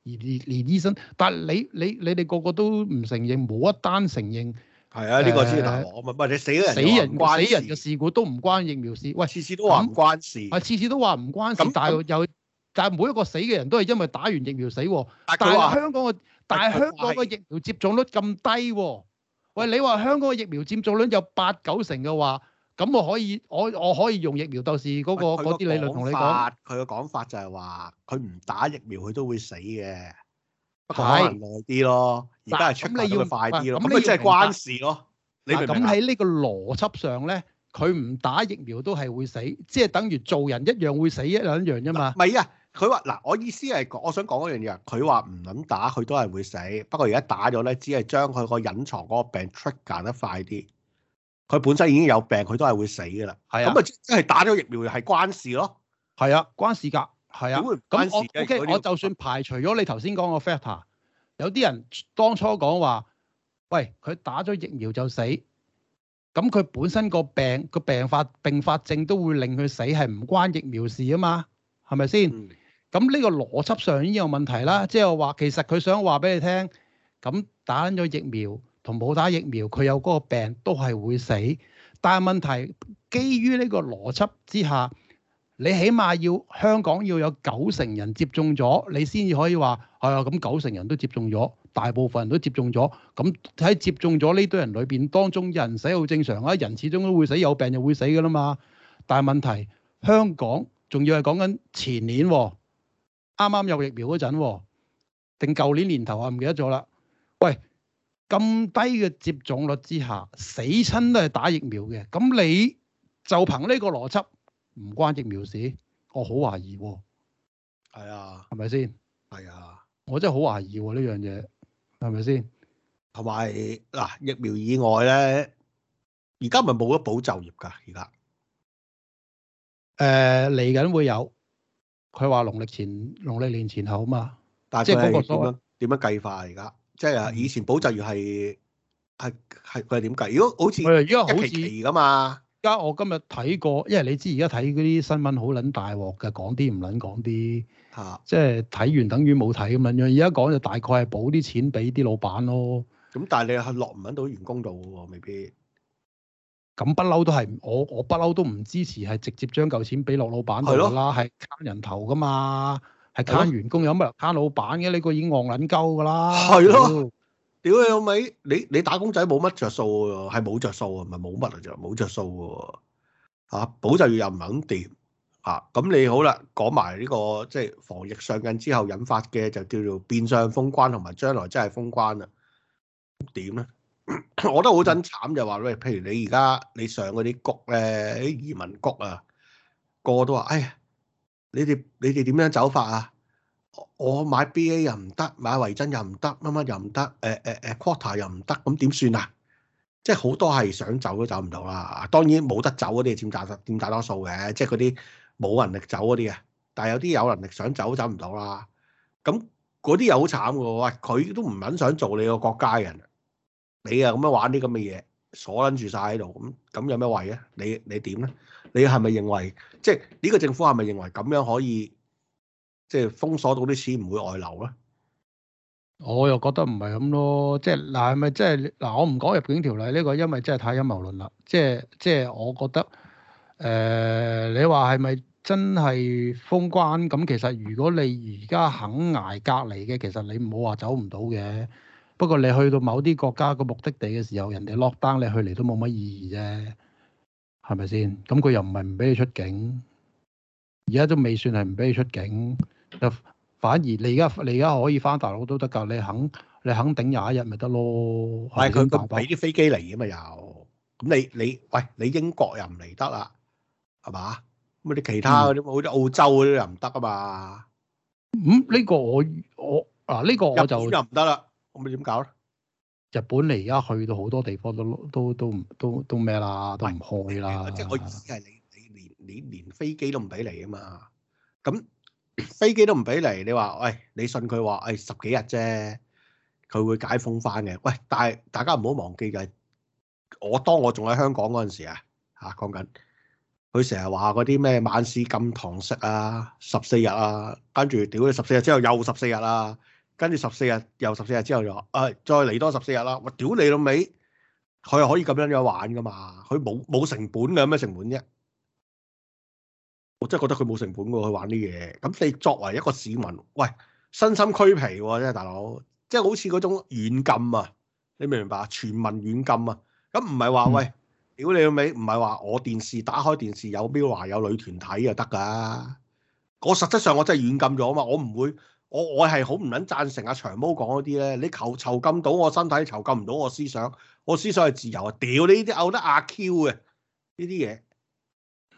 而而而醫生，但係你你你哋個個都唔承認，冇一單承認。係啊，呢個先係我咪唔係你死嘅人關事，死人嘅事故都唔關疫苗事。喂，次次都話唔關事，喂，次次都話唔關事。但係又但係每一個死嘅人都係因為打完疫苗死喎。但係香港嘅但係香港嘅疫苗接種率咁低喎。喂，你話香港嘅疫苗接種率有八九成嘅話，咁我可以我我可以用疫苗鬥士嗰個嗰啲理論同你講。佢嘅講法，就係話，佢唔打疫苗佢都會死嘅，可能耐啲咯。而家係出你要快啲咯，咁佢即係關事咯。你咁喺呢個邏輯上咧，佢唔打疫苗都係會死，即係等於做人一樣會死一兩樣啫嘛。唔係啊，佢話嗱，我意思係，我想講一樣嘢。佢話唔諗打，佢都係會死。不過而家打咗咧，只係將佢個隱藏嗰個病 trigger 得快啲。佢本身已經有病，佢都係會死噶啦。係啊，咁啊，即係打咗疫苗係關事咯。係啊，關事㗎。係啊，咁我 OK，我就算排除咗你頭先講個 factor。有啲人當初講話，喂，佢打咗疫苗就死，咁佢本身個病個病發並發症都會令佢死，係唔關疫苗事啊嘛，係咪先？咁呢、嗯、個邏輯上已經有問題啦，即係話其實佢想話俾你聽，咁打咗疫苗同冇打疫苗，佢有嗰個病都係會死，但係問題基於呢個邏輯之下。你起碼要香港要有九成人接種咗，你先至可以話係啊，咁九成人都接種咗，大部分人都接種咗，咁喺接種咗呢堆人裏邊，當中人死好正常啊！人始終都會死，有病就會死㗎喇嘛。但係問題，香港仲要係講緊前年喎，啱啱有疫苗嗰陣喎，定舊年年頭啊？唔記得咗啦。喂，咁低嘅接種率之下，死親都係打疫苗嘅。咁你就憑呢個邏輯？唔關疫苗、啊、事，我好懷疑喎。係啊，係咪先？係啊，我真係好懷疑呢樣嘢，係咪先？同埋嗱，疫苗以外咧，而家咪冇得保就業噶，而家。誒嚟緊會有，佢話農曆前、農曆年前後啊嘛。但係，即係嗰個點點樣計法而家？即係啊，以前保就業係係係佢點計？如果好似，如果好似一期期㗎嘛。而家我今日睇過，因為你知而家睇嗰啲新聞好撚大鑊嘅，講啲唔撚講啲，嚇、啊，即係睇完等於冇睇咁樣樣。而家講就大概係補啲錢俾啲老闆咯。咁但係你落唔撚到員工度喎，未必。咁不嬲都係，我我不嬲都唔支持係直接將嚿錢俾落老闆度啦，係攤的人頭噶嘛，係攤員工又唔係攤老闆嘅，呢個已經戇撚鳩噶啦。係咯。屌你老味，你你打工仔冇乜著數喎，係冇著數啊，唔係冇乜啊，就冇著數喎。嚇，保濟丸又唔係咁掂嚇，咁你好啦，講埋呢個即係防疫上癮之後引發嘅就叫做變相封關同埋將來真係封關啦。點咧？我覺得好真慘就話喂，譬如你而家你上嗰啲國誒啲移民國啊，個個都話：哎呀，你哋你哋點樣走法啊？我買 BA 又唔得，買維珍又唔得，乜乜又唔得，誒誒誒 quota 又唔得，咁點算啊？即係好多係想走都走唔到啦。當然冇得走嗰啲佔大多佔大多數嘅，即係嗰啲冇能力走嗰啲啊。但係有啲有能力想走走唔到啦。咁嗰啲又好慘喎，喂、呃，佢都唔肯想做你個國家人，你又咁樣玩啲咁嘅嘢，鎖撚住晒喺度，咁咁有咩位啊？你你點咧？你係咪認為即係呢個政府係咪認為咁樣可以？即係封鎖到啲市唔會外流啦，我又覺得唔係咁咯。即係嗱，係咪即係嗱？我唔講入境條例呢個，因為真係太陰謀論啦。即係即係，我覺得誒、呃，你話係咪真係封關？咁其實如果你而家肯捱隔離嘅，其實你唔好話走唔到嘅。不過你去到某啲國家個目的地嘅時候，人哋落單你去嚟，都冇乜意義啫，係咪先？咁佢又唔係唔俾你出境，而家都未算係唔俾你出境。就反而你而家你而家可以翻大陸都得噶，你肯你肯頂廿一日咪得咯。但係佢佢唔俾啲飛機嚟噶嘛又，咁你你喂，你英國又唔嚟得啦，係嘛？咁你其他啲，好似、嗯、澳洲啲又唔得啊嘛。咁呢、嗯這個我我啊呢、這個就又唔得啦，咁咪點搞咧？日本嚟而家去到好多地方都都都都都咩啦，都唔開啦。即係我意思係你是你連是你連飛機都唔俾嚟啊嘛，咁。飛機都唔俾嚟，你話喂，你信佢話，誒十幾日啫，佢會解封翻嘅。喂，但係大家唔好忘記嘅，我當我仲喺香港嗰陣時啊，啊，嚇講緊，佢成日話嗰啲咩晚市禁堂食啊，十四日啊，跟住屌你十四日之後又十四日啊，跟住十四日又十四日之後就，話誒再嚟多十四日啦。我屌你老味，佢可以咁樣樣玩噶嘛？佢冇冇成本嘅，有咩成本啫？我真係覺得佢冇成本㗎，佢玩啲嘢。咁你作為一個市民，喂，身心俱疲喎，啊，真係大佬，即係好似嗰種軟禁啊！你明唔明白？全民軟禁啊！咁唔係話喂，屌你老味，唔係話我電視打開電視有邊個話有女團睇又得㗎？我實質上我真係軟禁咗啊嘛！我唔會，我我係好唔撚贊成阿長毛講嗰啲咧。你囚囚禁到我身體，囚禁唔到我思想，我思想係自由啊！屌你呢啲嘔得阿 Q 嘅呢啲嘢。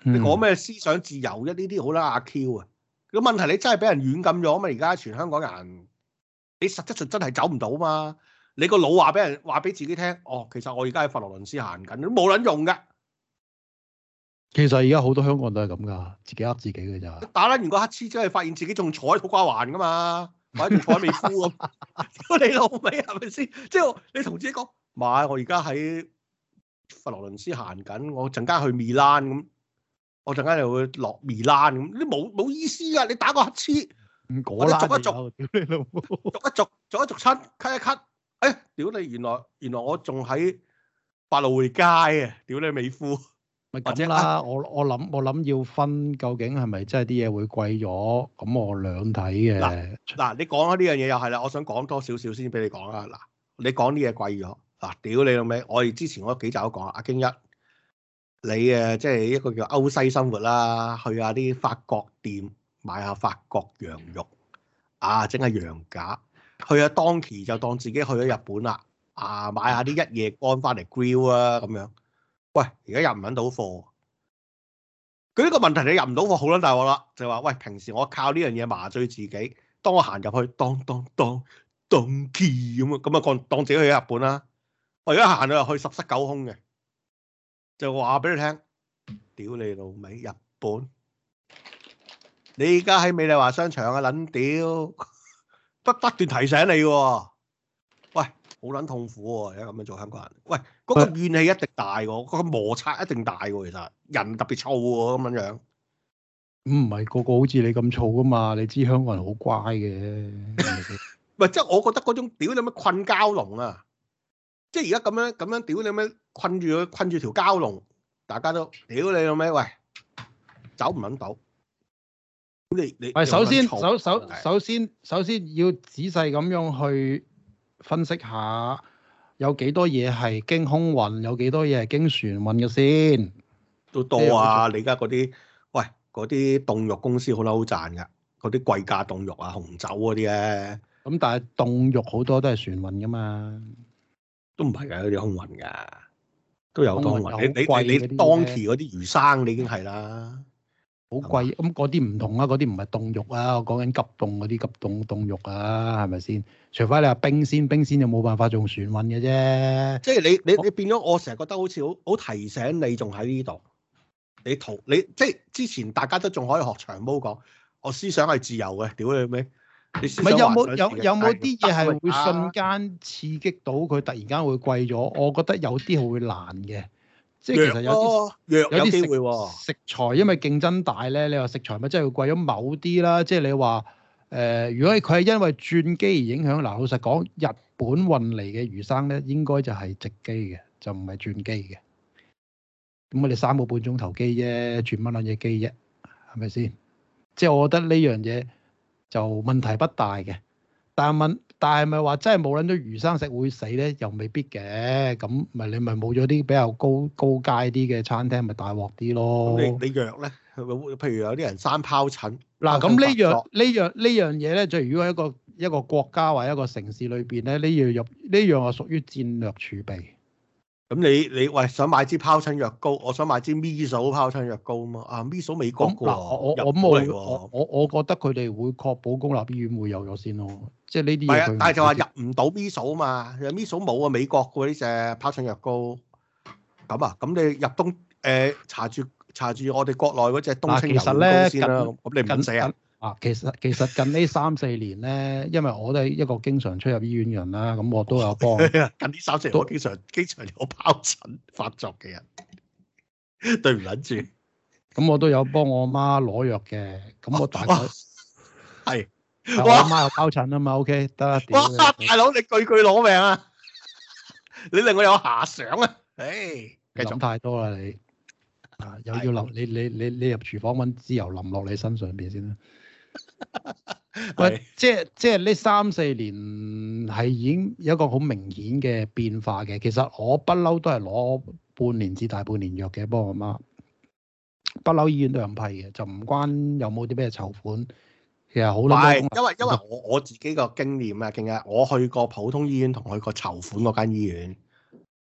嗯、你講咩思想自由一呢啲好啦、啊，阿 Q 啊！個問題你真係俾人軟禁咗嘛？而家全香港人，你實質上真係走唔到嘛？你個腦話俾人話俾自己聽，哦，其實我而家喺佛羅倫斯行緊，冇撚用嘅。其實而家好多香港人都係咁噶，自己呃自己嘅咋。打甩完個黑黐之後，發現自己仲坐喺土瓜灣噶嘛，咪坐喺美孚咁， 你老味係咪先？即係、就是、你同自己講，咪我而家喺佛羅倫斯行緊，我陣間去米蘭咁。我陣間又會落咪拉咁，你冇冇意思啊！你打個乞嗤，唔講啦。我逐一逐，屌你老母，逐一逐，逐一逐親，咳一咳。哎，屌你！原來原來我仲喺百老匯街啊！屌你美夫，咪咁啫。我我諗我諗要分，究竟係咪真係啲嘢會貴咗？咁我兩睇嘅。嗱嗱，你講呢樣嘢又係啦，我想講多少少先俾你講啊。嗱，你講啲嘢貴咗，嗱，屌你老味！我哋之前我幾集都講啊，阿經一。你誒、啊，即係一個叫歐西生活啦，去下啲法國店買下法國羊肉，啊，整下羊架，去下當期就當自己去咗日本啦，啊，買一下啲一,一夜乾翻嚟 grill 啊，咁樣。喂，而家入唔到貨，佢呢個問題你入唔到貨好撚大鑊啦，就話喂，平時我靠呢樣嘢麻醉自己，當我行入去，當當當當期咁啊，咁啊，當當,當,當,當,當,當,當,當自己去咗日本啦、啊。我而家行到入去十室九空嘅。就話俾你聽，屌你老味！日本，你而家喺美麗華商場啊，撚屌！不不斷提醒你喎、啊，喂，好撚痛苦喎、啊，而家咁樣做香港人。喂，嗰、那個怨氣一定大嘅，嗰、那個摩擦一定大嘅，其實人特別躁嘅，咁樣樣、嗯。唔係個個好似你咁燥噶嘛？你知香港人好乖嘅。唔係 即係我覺得嗰種屌你乜困膠籠啊！即係而家咁樣咁樣屌你老味困住佢困住條蛟龍，大家都屌你老味，喂，走唔揾到。咁你你喂首先首首首先首先要仔細咁樣去分析下有幾多嘢係經空運，有幾多嘢係經船運嘅先。都多啊！你而家嗰啲，喂，嗰啲凍肉公司好撈好賺㗎，嗰啲貴價凍肉啊、紅酒嗰啲咧。咁但係凍肉好多都係船運㗎嘛。都唔係㗎，嗰啲空運㗎，都有空運。空運你。你你你當期嗰啲魚生你已經係啦，好貴。咁嗰啲唔同啊，嗰啲唔係凍肉啊，我講緊急凍嗰啲急凍凍肉啊，係咪先？除非你話冰鮮，冰鮮就冇辦法仲船運嘅啫。即係你你你變咗，我成日覺得好似好好提醒你仲喺呢度。你逃你即係之前大家都仲可以學長毛講，我思想係自由嘅，屌你咩？唔係有冇有有冇啲嘢係會瞬間刺激到佢突然間會貴咗？我覺得有啲係會難嘅，即係其實有啲有啲食有會、哦、食材，因為競爭大咧。你話食材咪真係會貴咗某啲啦。即係你話誒、呃，如果佢係因為轉機而影響嗱，老實講，日本運嚟嘅魚生咧，應該就係直機嘅，就唔係轉機嘅。咁我哋三個半鐘頭機啫，轉乜撚嘢機啫？係咪先？即係我覺得呢樣嘢。就問題不大嘅，但問但係咪話真係冇撚到魚生食會死咧？又未必嘅，咁咪你咪冇咗啲比較高高階啲嘅餐廳，咪、就是、大鑊啲咯。你你藥咧？譬如有啲人生疱疹，嗱咁呢樣呢樣呢樣嘢咧，就如果喺一個一個國家或者一個城市裏邊咧，呢樣入呢樣係屬於戰略儲備。咁你你喂想買支拋親藥膏，我想買支咪 i s o 拋親藥膏嘛？啊 m i、啊、美國嘅喎，入嚟喎。我我我，我覺得佢哋會確保公立醫院會有咗先咯，即係呢啲嘢。但係就話入唔到咪 i 啊嘛，咪 i 冇啊，美國嘅呢隻拋親藥膏。咁啊，咁你入東誒、呃、查住查住我哋國內嗰隻冬青油膏先啦，咁你唔死啊？近啊，其實其實近呢三四年咧，因為我都係一個經常出入醫院嘅人啦，咁我都有幫。 近呢三四年我經常經常有疱疹發作嘅人，對唔住，咁 我都有幫我媽攞藥嘅，咁我大概係，我阿媽有疱疹啊嘛，OK 得。哇，大佬你句句攞命啊！你令我有遐想啊！誒，你諗太多啦你。啊，啊啊啊又要留你你你你你你你淋你你你你入廚房揾油淋落你身上邊先啦。喂 是、嗯，即係即係呢三四年係已經有一個好明顯嘅變化嘅。其實我不嬲都係攞半年至大半年藥嘅，不過阿媽。不嬲醫院都唔批嘅，就唔關有冇啲咩籌款。其實好難。因為因為我我自己個經驗啊，勁啊，我去過普通醫院同去過籌款嗰間醫院，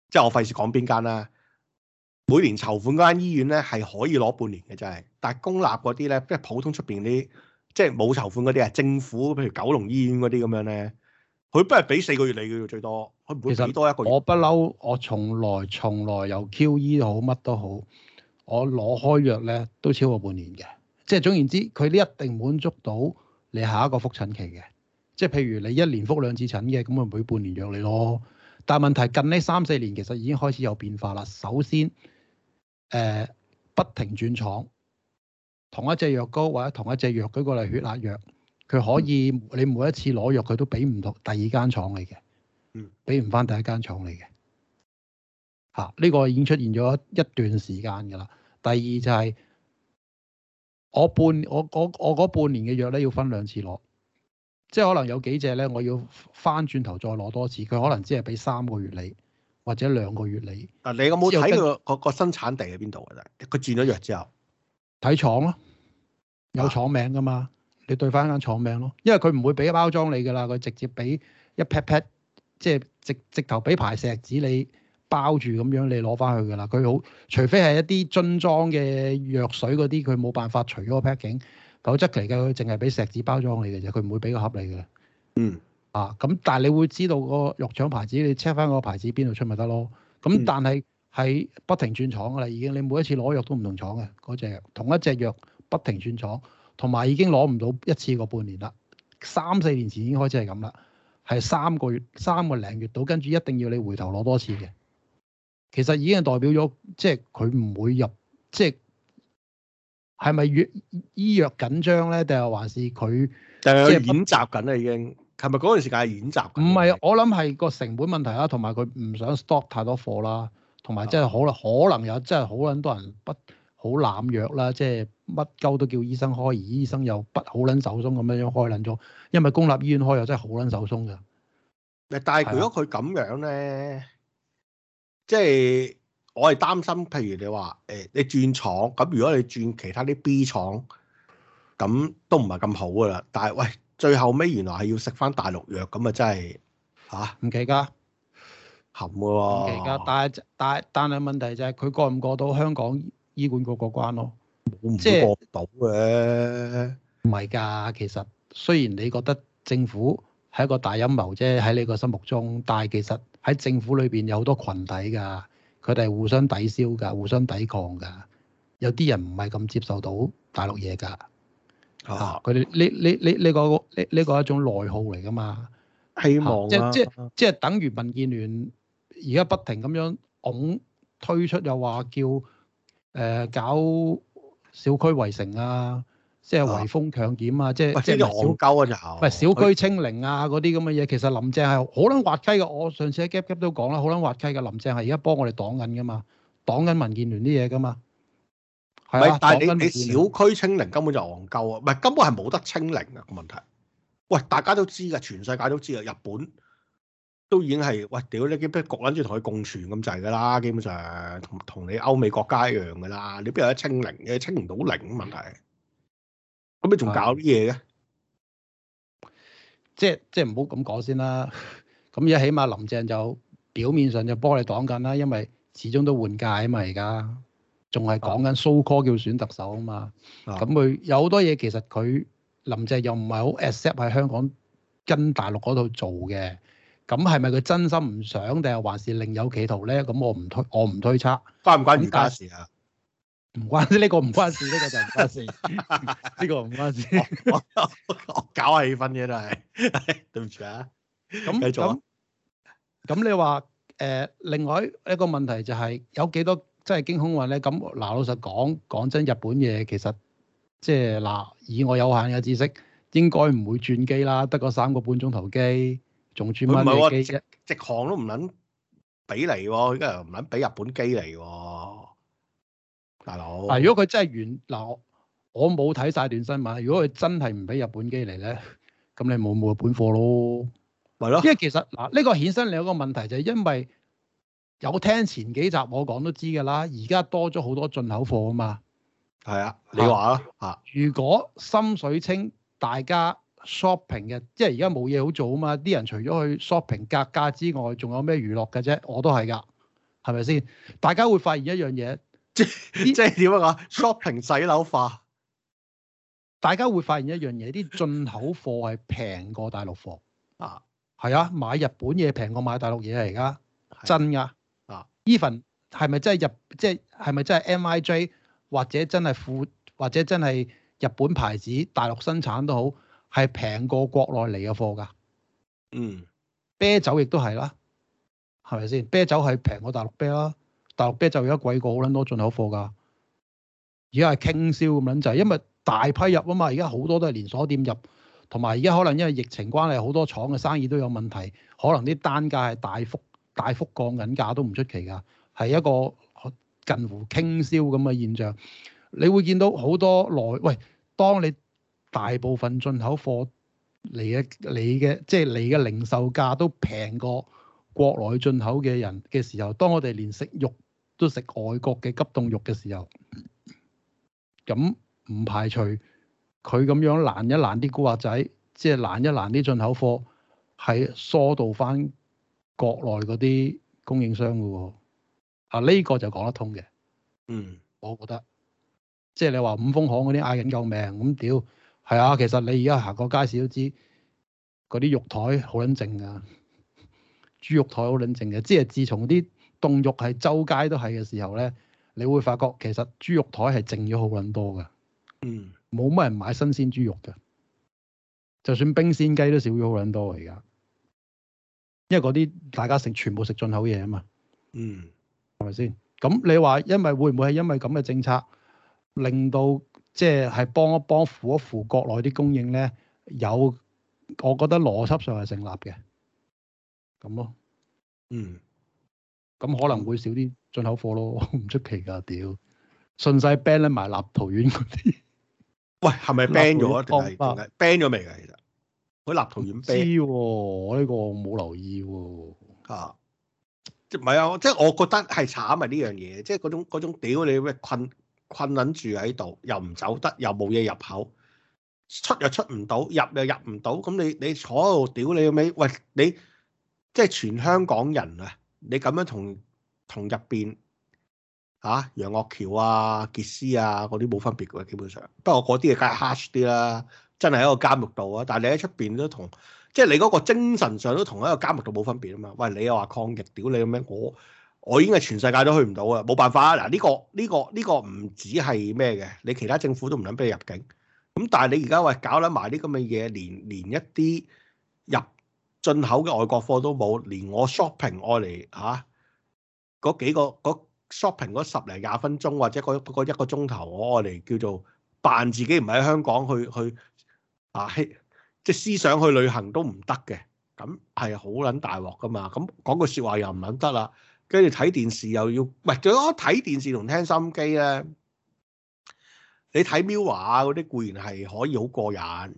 即係我費事講邊間啦。每年籌款嗰間醫院咧，係可以攞半年嘅，真係。但係公立嗰啲咧，即係普通出邊啲。即係冇籌款嗰啲啊，政府譬如九龍醫院嗰啲咁樣咧，佢不係俾四個月你嘅藥最多，佢唔會俾多一個月。其實我不嬲，我從來從來由 QE 好乜都好，我攞開藥咧都超過半年嘅。即係總言之，佢呢一定滿足到你下一個復診期嘅。即係譬如你一年復兩次診嘅，咁咪每半年約你咯。但係問題近呢三四年其實已經開始有變化啦。首先，誒、呃、不停轉廠。同一隻藥膏或者同一隻藥，舉過嚟血壓藥，佢可以你每一次攞藥佢都俾唔到第二間廠嚟嘅，嗯，俾唔翻第一間廠嚟嘅，吓、啊、呢、這個已經出現咗一段時間噶啦。第二就係、是、我半我我，我，我半年嘅藥咧，要分兩次攞，即係可能有幾隻咧，我要翻轉頭再攞多次，佢可能只係俾三個月你或者兩個月你。嗱，你有冇睇佢個生產地喺邊度啊？真係佢轉咗藥之後。睇廠咯，有廠名噶嘛？你對翻間廠名咯，因為佢唔會俾包裝你噶啦，佢直接俾一 package，即係直直頭俾排石子你包住咁樣，你攞翻去噶啦。佢好，除非係一啲樽裝嘅藥水嗰啲，佢冇辦法除咗 package，否則嚟嘅，佢淨係俾石子包裝你嘅啫，佢唔會俾個盒你嘅。嗯，啊，咁但係你會知道個藥廠牌子，你 check 翻個牌子邊度出咪得咯。咁但係。嗯係不停轉廠㗎啦，已經你每一次攞藥都唔同廠嘅嗰隻藥，同一隻藥不停轉廠，同埋已經攞唔到一次過半年啦，三四年前已經開始係咁啦，係三個月三個零月到，跟住一定要你回頭攞多次嘅，其實已經係代表咗即係佢唔會入，即係係咪藥醫藥緊張咧？定係還是佢？即係演習緊啦，已經。係咪嗰段時間係演習緊？唔係，我諗係個成本問題啦、啊，同埋佢唔想 stop 太多貨啦。同埋真係好啦，可能有真係好撚多人不好濫藥啦，即係乜鳩都叫醫生開，而醫生又不好撚手鬆咁樣樣開撚咗，因為公立醫院開又真係好撚手鬆㗎。但係如果佢咁樣呢，即係是、啊、我係擔心，譬如你話誒、欸，你轉廠咁，如果你轉其他啲 B 廠，咁都唔係咁好㗎啦。但係喂，最後尾原來係要食翻大陸藥，咁啊真係嚇唔計㗎。含噶，但係但係但係問題就係佢過唔過到香港醫管局個關咯？即係過到嘅、就是，唔係噶。其實雖然你覺得政府係一個大陰謀啫，喺你個心目中，但係其實喺政府裏邊有好多群體噶，佢哋係互相抵消噶，互相抵抗噶。有啲人唔係咁接受到大陸嘢噶。啊，啊，佢哋呢？呢呢呢個呢個一種內耗嚟噶嘛？希望、啊啊、即係即係等於民建聯。而家不停咁樣拱推出，又話叫誒搞小區圍城啊，即係圍封強檢啊，即係即係戇鳩啊就，唔係小區清零啊嗰啲咁嘅嘢。其實林鄭係好撚滑稽嘅。我上次喺 gap gap 都講啦，好撚滑稽嘅林鄭係而家幫我哋擋緊嘅嘛，擋緊民建聯啲嘢嘅嘛。係咪？但係你小區清零根本就戇鳩啊，唔係根本係冇得清零啊。個問題。喂，大家都知嘅，全世界都知啊，日本。都已經係喂屌你，幾多國人撚住同佢共存咁滯㗎啦！基本上同同你歐美國家一樣㗎啦，你邊有得清零嘅？清唔到零嘅問題，咁你仲搞啲嘢嘅？即係即係唔好咁講先啦。咁而家起碼林鄭就表面上就幫你擋緊啦，因為始終都換屆啊嘛，而家仲係講緊 so call 叫選特首啊嘛。咁佢有好多嘢其實佢林鄭又唔係好 accept 喺香港跟大陸嗰度做嘅。咁係咪佢真心唔想，定係還是另有企圖咧？咁我唔推，我唔推測。關唔關唔關事啊？唔關，呢個唔關事，呢個就唔關事。呢個唔關事。我搞下氣氛啫，都係對唔住啊！咁繼續啊！咁你話誒，另外一個問題就係有幾多真係驚恐嘅話咧？咁嗱，老實講講真，日本嘢其實即係嗱，以我有限嘅知識，應該唔會轉機啦，得個三個半鐘頭機。仲轉乜機？啊、直直航都唔捻俾嚟，而家又唔捻俾日本機嚟，啊。大佬，嗱，如果佢真係完，嗱，我冇睇晒段新聞。如果佢真係唔俾日本機嚟咧，咁你冇冇日本貨咯？係咯的。因為其實嗱，呢、這個衍生你有個問題就係因為有聽前幾集我講都知噶啦，而家多咗好多進口貨啊嘛。係啊，你話啊，啊。如果深水清大家。shopping 嘅，Shop ping，即係而家冇嘢好做啊嘛！啲人除咗去 shopping 格價之外，仲有咩娛樂嘅啫？我都係㗎，係咪先？大家會發現一樣嘢， 即即係點啊？shopping 洗樓化，大家會發現一樣嘢，啲進口貨係平過大陸貨啊，係 啊，買日本嘢平過買大陸嘢的的啊！而家真㗎啊，even 係咪真係日即係係咪真係 M I J 或者真係富或者真係日本牌子大陸生產都好。係平過國內嚟嘅貨㗎，嗯，啤酒亦都係啦，係咪先？啤酒係平過大陸啤啦，大陸啤酒而家貴過好撚多進口貨㗎，而家係傾銷咁撚滯，就係因為大批入啊嘛，而家好多都係連鎖店入，同埋而家可能因為疫情關係，好多廠嘅生意都有問題，可能啲單價係大幅大幅降緊價都唔出奇㗎，係一個近乎傾銷咁嘅現象。你會見到好多內喂，當你大部分進口貨嚟嘅、嚟嘅，即係嚟嘅零售價都平過國內進口嘅人嘅時候，當我哋連食肉都食外國嘅急凍肉嘅時候，咁唔排除佢咁樣攔一攔啲古惑仔，即係攔一攔啲進口貨，係疏導翻國內嗰啲供應商噶喎、哦。啊，呢、呢個就講得通嘅。嗯，我覺得，即係你話五豐行嗰啲嗌緊救命咁屌。嗯係啊，其實你而家行個街市都知，嗰啲肉台好撚靜噶，豬肉台好撚靜嘅。即係自從啲凍肉係周街都係嘅時候咧，你會發覺其實豬肉台係靜咗好撚多噶。嗯，冇乜人買新鮮豬肉嘅，就算冰鮮雞都少咗好撚多而家，因為嗰啲大家食全部食進口嘢啊嘛。嗯，係咪先？咁你話因為會唔會係因為咁嘅政策令到？即係幫一幫、扶一扶國內啲供應咧，有我覺得邏輯上係成立嘅，咁咯，嗯，咁可能會少啲進口貨咯，唔出奇㗎，屌，順勢 ban 埋立陶宛嗰啲，喂，係咪 ban 咗？定係定係 ban 咗未㗎？其實，佢立陶宛 ban？知我呢個冇留意喎，即唔係啊，即係、啊、我覺得係慘啊呢樣嘢，即係嗰種嗰種屌你咩困。困撚住喺度，又唔走得，又冇嘢入口，出又出唔到，入又入唔到，咁你你坐喺度屌你嘅尾，喂你即係全香港人啊！你咁樣同同入邊啊，楊岳橋啊、傑斯啊嗰啲冇分別嘅，基本上，不過嗰啲嘢梗係 hush 啲啦，真係喺個監獄度啊！但係你喺出邊都同，即係你嗰個精神上都同一個監獄度冇分別啊嘛！喂，你又話抗疫屌你嘅咩？我。我已經係全世界都去唔到啊！冇辦法啊！嗱，呢個呢個呢個唔止係咩嘅？你其他政府都唔想俾你入境。咁但係你而家，喂，搞捻埋啲咁嘅嘢，連連一啲入進口嘅外國貨都冇，連我 shopping 愛嚟嚇嗰幾個 shopping 嗰十零廿分鐘或者嗰一個鐘頭，我愛嚟叫做扮自己唔喺香港去去啊，即係思想去旅行都唔得嘅。咁係好撚大鑊噶嘛？咁講句説話又唔撚得啦～跟住睇電視又要，咪最多睇電視同聽收音機咧。你睇 MIRROR 嗰啲固然係可以好過癮，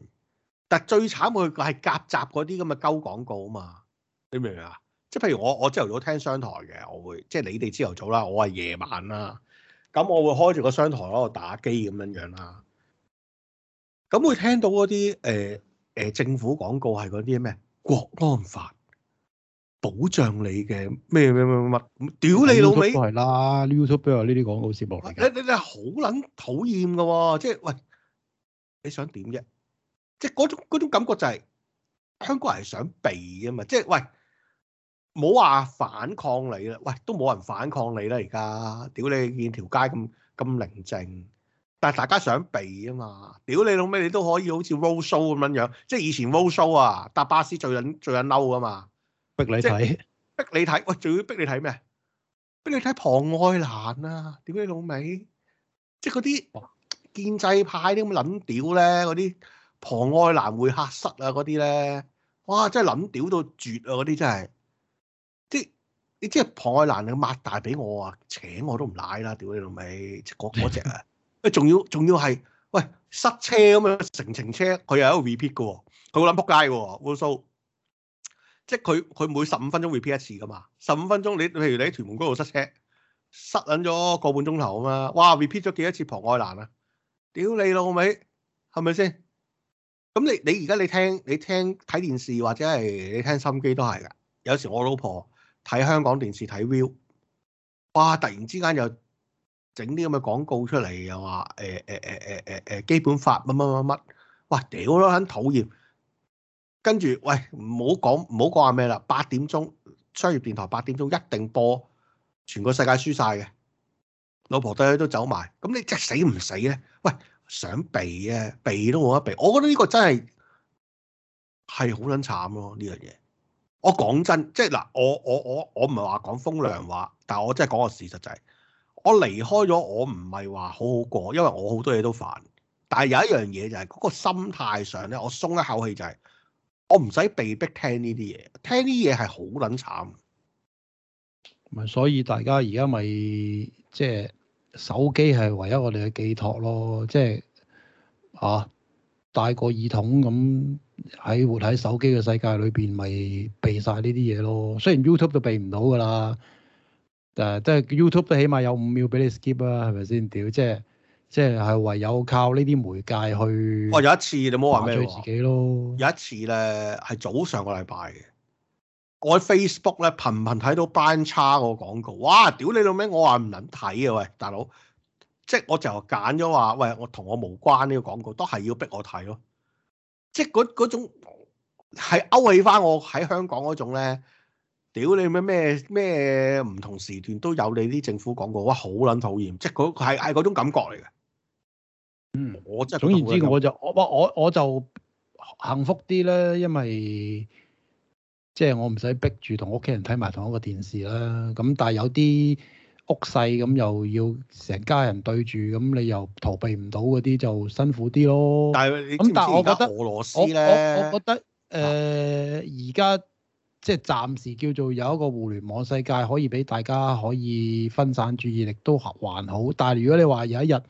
但最慘佢個係夾雜嗰啲咁嘅鳩廣告啊嘛。你明唔明啊？即係譬如我我朝頭早聽商台嘅，我會即係你哋朝頭早啦，我係夜晚啦，咁我會開住個商台喺度打機咁樣樣啦。咁會聽到嗰啲誒誒政府廣告係嗰啲咩國安法？保障你嘅咩咩咩乜？屌 你老味，YouTube 都係啦，YouTube 呢啲廣告視幕嚟嘅。你你你好撚討厭嘅喎，即係喂，你想點啫？即係嗰種，嗰種感覺就係、係、香港人係想避啊嘛，即係喂，冇話反抗你啦，喂都冇人反抗你啦而家。屌你見條街咁咁寧靜，但係大家想避啊嘛。屌你老味，你都可以好似 Roadshow 咁樣樣，即係以前 Roadshow 啊，搭巴士最撚最撚嬲啊嘛。逼你睇，逼你睇，喂，仲要逼你睇咩？逼你睇龐愛蘭啊！屌你老味，即係嗰啲建制派啲咁嘅撚屌咧，嗰啲龐愛蘭會嚇失啊，嗰啲咧，哇，真係撚屌到絕啊！嗰啲真係，即係你知係龐愛蘭，你擘大俾我啊，請我都唔奶啦，屌你老味，即係嗰嗰隻啊！誒，仲要仲要係喂塞車咁樣成程車，佢又喺度 repeat 嘅，佢會撚扑街嘅，烏蘇。即係佢佢每十五分鐘 repeat 一次噶嘛，十五分鐘你譬如你喺屯門嗰度塞車，塞緊咗個半鐘頭啊嘛哇，哇 repeat 咗幾多次龐愛蘭啊，屌 你老味，係咪先？咁你你而家你聽你聽睇電視或者係你聽收音機都係噶，有時我老婆睇香港電視睇 Viu，哇，突然之間又整啲咁嘅廣告出嚟，又話誒誒誒誒誒基本法乜乜乜乜，哇，屌啦很討厭。跟住，喂，唔好講唔好講啊！咩啦？八點鐘商業電台八點鐘一定播，全個世界輸晒嘅老婆對佢都走埋。咁你即係死唔死呢？喂，想避啊，避都冇得避。我覺得呢個真係係好撚慘咯呢樣嘢。我講真，即係嗱，我我我我唔係話講風涼話，但係我真係講個事實就係，我離開咗，我唔係話好好過，因為我好多嘢都煩。但係有一樣嘢就係，嗰個心態上呢，我鬆一口氣就係。我唔使被逼聽呢啲嘢，聽呢啲嘢係好撚慘。咪所以大家而家咪即係手機係唯一我哋嘅寄託咯，即係啊帶個耳筒咁喺活喺手機嘅世界裏邊，咪避晒呢啲嘢咯。雖然 YouTube 都避唔到㗎啦，但係即係 YouTube 都起碼有五秒俾你 skip 啦，啊，係咪先？屌即係。即係唯有靠呢啲媒介去。我有一次你唔好話咩喎，有一次咧係早上個禮拜嘅，我喺 Facebook 咧頻頻睇到班差個廣告，哇！屌你老咩！我話唔撚睇啊！喂，大佬，即係我就揀咗話喂，我同我無關呢個廣告，都係要逼我睇咯，即係嗰嗰種係勾起翻我喺香港嗰種咧，屌你咩咩咩唔同時段都有你啲政府廣告，哇！好撚討厭，即係嗰係嗰種感覺嚟嘅。嗯，我總言之我就我我我就幸福啲啦，因為即係、就是、我唔使逼住同屋企人睇埋同一個電視啦。咁但係有啲屋細咁又要成家人對住，咁你又逃避唔到嗰啲，就辛苦啲咯。但係咁，但係我覺得俄羅斯咧，我覺得誒，而家即係暫時叫做有一個互聯網世界，可以俾大家可以分散注意力，都還好。但係如果你話有一日，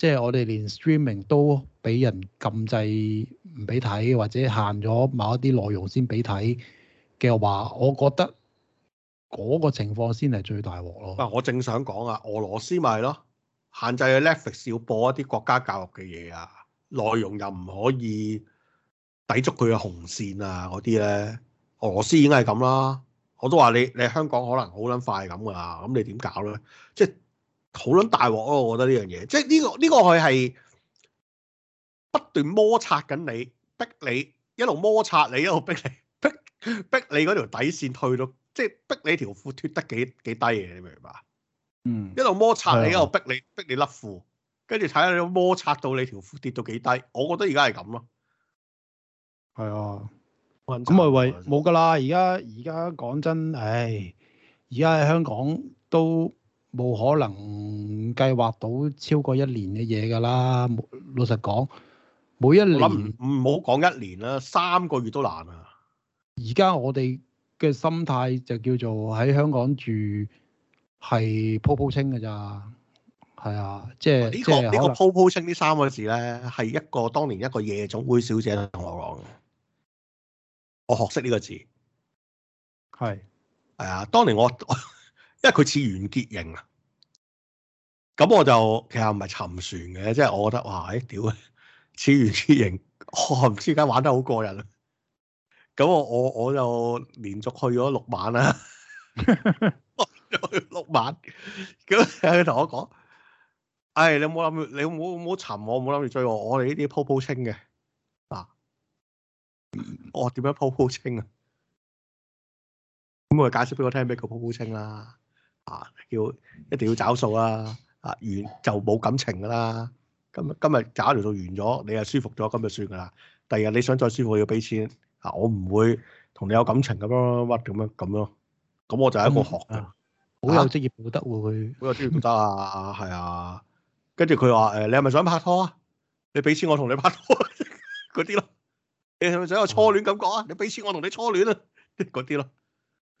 即係我哋連 streaming 都俾人禁制，唔俾睇或者限咗某一啲內容先俾睇嘅話，我覺得嗰個情況先係最大鑊咯。我正想講啊，俄羅斯咪係咯，限制 Netflix 要播一啲國家教育嘅嘢啊，內容又唔可以抵觸佢嘅紅線啊嗰啲咧，俄羅斯已經係咁啦。我都話你，你香港可能好撚快係咁㗎啦，咁你點搞咧？即好卵大鑊咯！我覺得呢樣嘢，即係呢個呢個佢係不斷摩擦緊你，逼你一路摩擦你，一路逼你逼逼你嗰條底線退到，即係逼你條褲脫得幾幾低嘅，你明唔明白？嗯，一路摩擦你，一路逼你，逼你甩褲，跟住睇下你摩擦到你條褲跌到幾低。我覺得而家係咁咯。係啊，咁咪喂，冇㗎喇！而家而家講真，唉，而家喺香港都～冇可能計劃到超過一年嘅嘢㗎啦！老實講，每一年唔好講一年啦，三個月都難啊！而家我哋嘅心態就叫做喺香港住係鋪鋪清㗎咋，係啊，即係呢、這個呢個鋪鋪清呢三個字咧，係一個當年一個夜總會小姐同我講嘅，我學識呢個字係係是啊，當年我。因為佢似完結型啊，咁我就其實唔係沉船嘅，即係我覺得哇，唉、哎，屌，似完結型，我唔知點解玩得好過癮，咁我我我就連續去咗六晚啦，六晚，咁佢同我講，唉、哎，你冇諗，你冇冇沉我，冇諗住追我，我哋呢啲鋪鋪清嘅，啊，我點樣鋪鋪清啊？咁佢解釋俾我聽咩叫鋪鋪清啦。啊！要一定要找數啊！啊完就冇感情噶啦，咁今日找條數完咗，你係舒服咗，咁就算噶啦。第二日你想再舒服，要俾錢啊！我唔會同你有感情咁樣屈咁樣咁咯。咁我就喺度學嘅，好有職業道德喎佢，好有職業道德啊，係啊。跟住佢話誒，你係咪想拍拖啊？你俾錢我同你拍拖嗰啲咯。你係咪想有初戀感覺啊？唉你俾錢我同你初戀啊，嗰啲咯。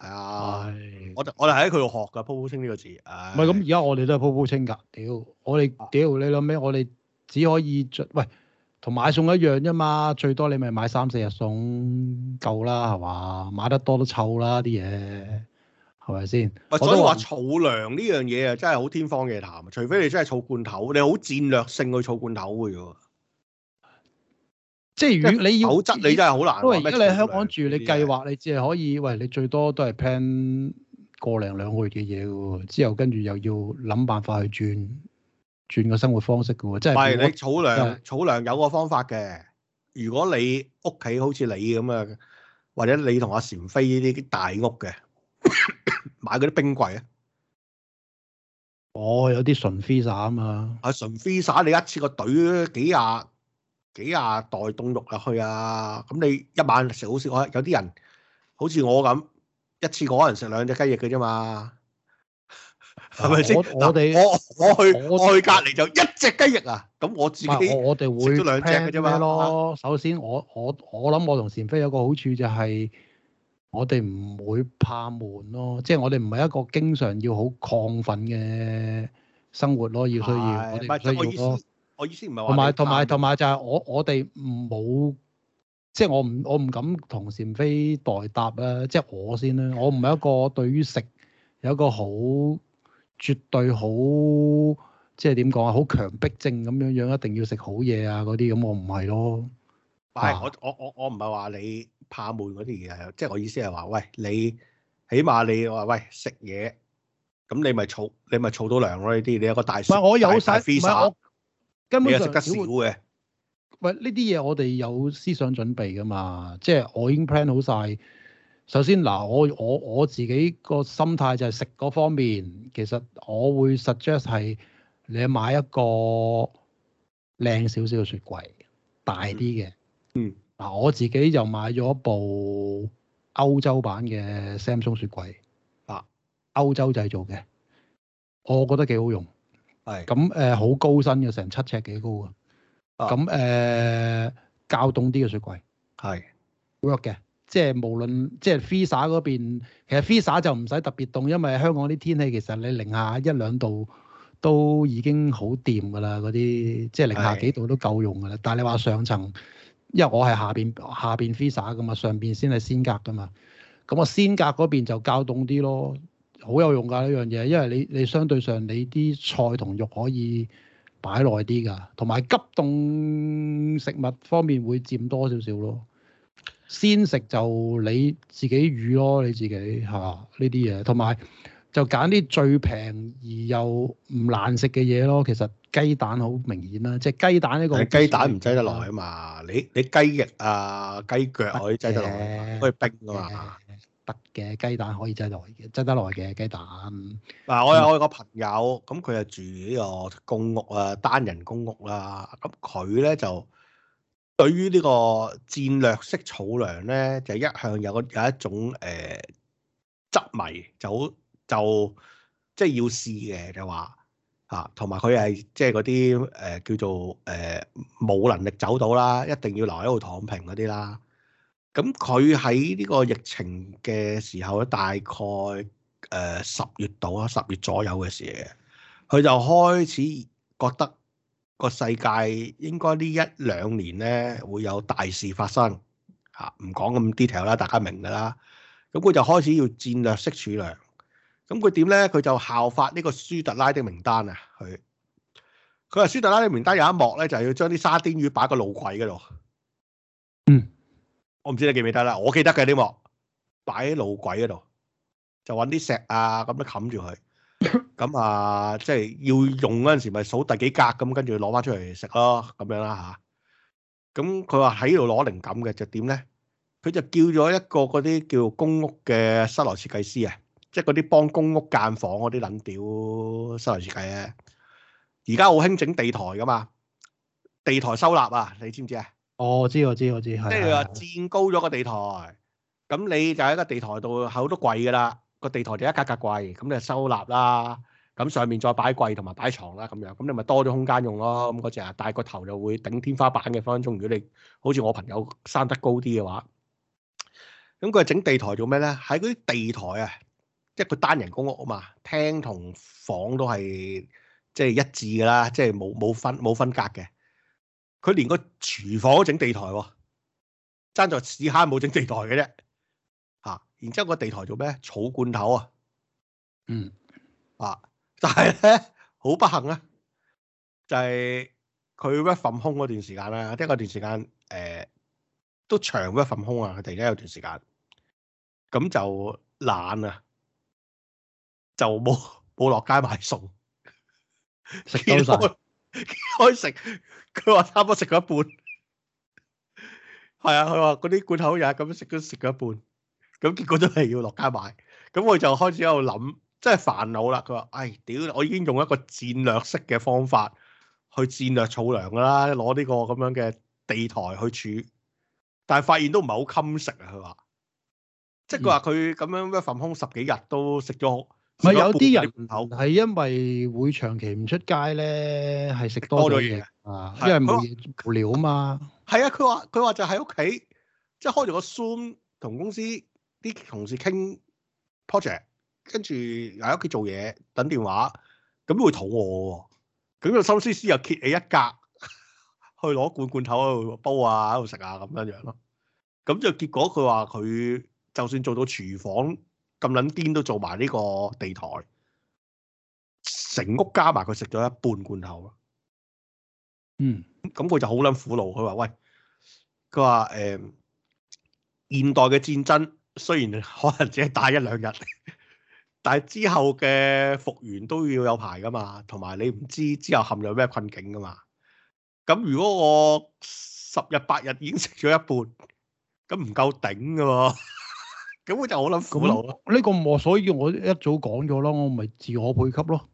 係、哎哎呀，我我哋喺佢度學噶，鋪鋪清呢個字。唔係咁，而家我哋都係鋪鋪清㗎。屌，我哋屌、哎、呀你諗咩？我哋只可以喂，同買餸一樣啫嘛。最多你咪買三四日餸夠啦，係嘛？買得多都臭啦啲嘢，係咪先？唔係、嗯，吧所以話儲糧呢樣嘢啊，真係好天方夜譚。除非你真係儲罐頭，你好戰略性去儲罐頭嘅。即係如果你要好質，你真係好難。因為而家你喺香港住，你計劃你只係可以，餵你最多都係 plan 過零兩個月嘅嘢嘅喎，之後跟住又要諗辦法去轉轉個生活方式嘅喎。即係唔係你儲糧儲糧有個方法嘅。如果你屋企好似你咁啊，或者你同阿禪飛呢啲大屋嘅 買嗰啲冰櫃啊，哦有啲純 freezer 啊嘛。阿純 freezer，你一次過隊幾廿？幾廿袋凍肉入去啊！咁你一晚食好少，有啲人好似我咁，一次過可能食兩隻雞翼嘅啫嘛，係咪先？我哋我我去我去隔籬就一隻雞翼啊！咁我自己我我哋食咗兩隻嘅啫嘛。首先我我我諗我同善飛有個好處就係我哋唔會怕悶咯，即係我哋唔係一個經常要好亢奮嘅生活咯，要需要我哋需要我意思唔係話同埋同埋同埋就係我我哋冇即係我唔我唔敢同善飛代答啊！即係我先啦，我唔係一個對於食有一個好絕對好即係點講啊，好強迫症咁樣樣一定要食好嘢啊嗰啲，咁我唔係咯。但係我我我我唔係話你怕悶嗰啲嘢，即係我意思係話，喂，你起碼你話喂食嘢，咁你咪儲你咪儲到糧咯呢啲，你有個大唔我有晒，根本就食得少嘅，唔係呢啲嘢我哋有思想準備㗎嘛，即係我已經 plan 好晒。首先嗱，我我我自己個心態就係食嗰方面，其實我會 suggest 係你買一個靚少少嘅雪櫃，大啲嘅。嗯，嗱我自己就買咗部歐洲版嘅 Samsung 雪櫃，啊，歐洲製造嘅，我覺得幾好用。係咁誒，好、呃、高身嘅，成七尺幾高啊！咁誒，較凍啲嘅雪櫃，係 work 嘅，即係無論即係 freezer 嗰邊，其實 freezer 就唔使特別凍，因為香港啲天氣其實你零下一兩度都已經好掂㗎啦，嗰啲即係零下幾度都夠用㗎啦。是但係你話上層，因為我係下邊下邊 freezer 㗎嘛，上邊先係先格㗎嘛，咁我先格嗰邊就較凍啲咯。好有用㗎呢樣嘢，因為你你相對上你啲菜同肉可以擺耐啲㗎，同埋急凍食物方面會佔多少少咯。先食就你自己煮咯，你自己嚇呢啲嘢，同埋、嗯啊、就揀啲最平而又唔難食嘅嘢咯。其實雞蛋好明顯啦，即係雞蛋呢個，係雞蛋唔擠得落啊嘛！啊你你雞翼啊雞腳可以擠得落去，啊、可以冰㗎嘛。啊啊啊嘅雞蛋可以擠嘅，擠得耐嘅雞蛋。嗱，我有我個朋友，咁佢就住呢個公屋啊，單人公屋啦。咁佢咧就對於呢個戰略式儲糧咧，就一向有有一種誒、呃、執迷，就就即係、就是、要試嘅，就話、是、嚇。同埋佢係即係嗰啲誒叫做誒冇、呃、能力走到啦，一定要留喺度躺平嗰啲啦。咁佢喺呢個疫情嘅時候咧，大概誒十月度啊，十月左右嘅時，佢就開始覺得個世界應該呢一兩年呢會有大事發生吓，唔講咁 detail 啦，大家明噶啦。咁佢就開始要戰略式儲糧。咁佢點呢？佢就效法呢個舒特拉的名單啊，佢佢話舒特拉的名單有一幕呢，就係、是、要將啲沙丁魚擺個露櫃嗰度。嗯。我唔知你記唔記得啦，我記得嘅。呢幕擺喺路軌嗰度，就揾啲石啊咁樣冚住佢。咁啊，即係要用嗰陣時，咪數第幾格咁，跟住攞翻出嚟食咯，咁樣啦、啊、吓？咁佢話喺度攞靈感嘅就點咧？佢就叫咗一個嗰啲叫公屋嘅室內設計師啊，即係嗰啲幫公屋間房嗰啲撚屌室內設計咧、啊。而家好興整地台噶嘛，地台收納啊，你知唔知啊？哦，我知我知我知，即係佢話佔高咗個地台，咁你就喺個地台度好多櫃噶啦，個地台就一格格櫃，咁你收納啦，咁上面再擺櫃同埋擺牀啦，咁樣，咁你咪多咗空間用咯，咁嗰隻，大個頭就會頂天花板嘅分分鐘。如果你好似我朋友生得高啲嘅話，咁佢係整地台做咩咧？喺嗰啲地台啊，即係個單人公屋啊嘛，廳同房都係即係一致噶啦，即係冇冇分冇分隔嘅。佢連個廚房都整地台，哦，爭在屎坑冇整地台嘅啫，吓、啊！然之後個地台做咩？儲罐頭啊，嗯啊！但係咧好不幸啊，就係、是、佢一份空嗰段時間啦，一個段時間誒、呃、都長一份空啊，佢突然間有段時間，咁就懶啊，就冇冇落街買餸，食到晒。 開食，佢話 差唔多食咗一、， 啊、一半，係啊，佢話嗰啲罐頭又係咁樣食咗食咗一半，咁結果都係要落街買，咁我就開始喺度諗，真係煩惱啦。佢話，唉、哎，屌，我已經用一個戰略式嘅方法去戰略儲糧噶啦，攞呢個咁樣嘅地台去儲，但係發現都唔係好襟食啊。佢話，即係佢話佢咁樣一份空十幾日都食咗。唔係有啲人係因為會長期唔出街咧，係食多咗嘢啊，因為冇嘢無聊啊嘛。係啊，佢話佢話就喺屋企，即係開咗個 Zoom 同公司啲同事傾 project，跟住喺屋企做嘢等電話，咁會肚餓喎，咁個心思思又揭起一格去攞罐罐頭喺度煲啊，喺度食啊咁樣樣咯。咁就結果佢話佢就算做到廚房。咁撚癲都做埋呢個地台，成屋加埋佢食咗一半罐頭咯。嗯，咁佢就好撚苦惱，佢話：喂，佢話誒，現代嘅戰爭雖然可能只係打一兩日，但係之後嘅復原都要有排噶嘛，同埋你唔知之後陷入咩困境噶嘛。咁如果我十日八日已經食咗一半，咁唔夠頂噶嘛。根本就好諗，咁流咯。呢個我，所以我一早講咗咯，我咪自我配給咯。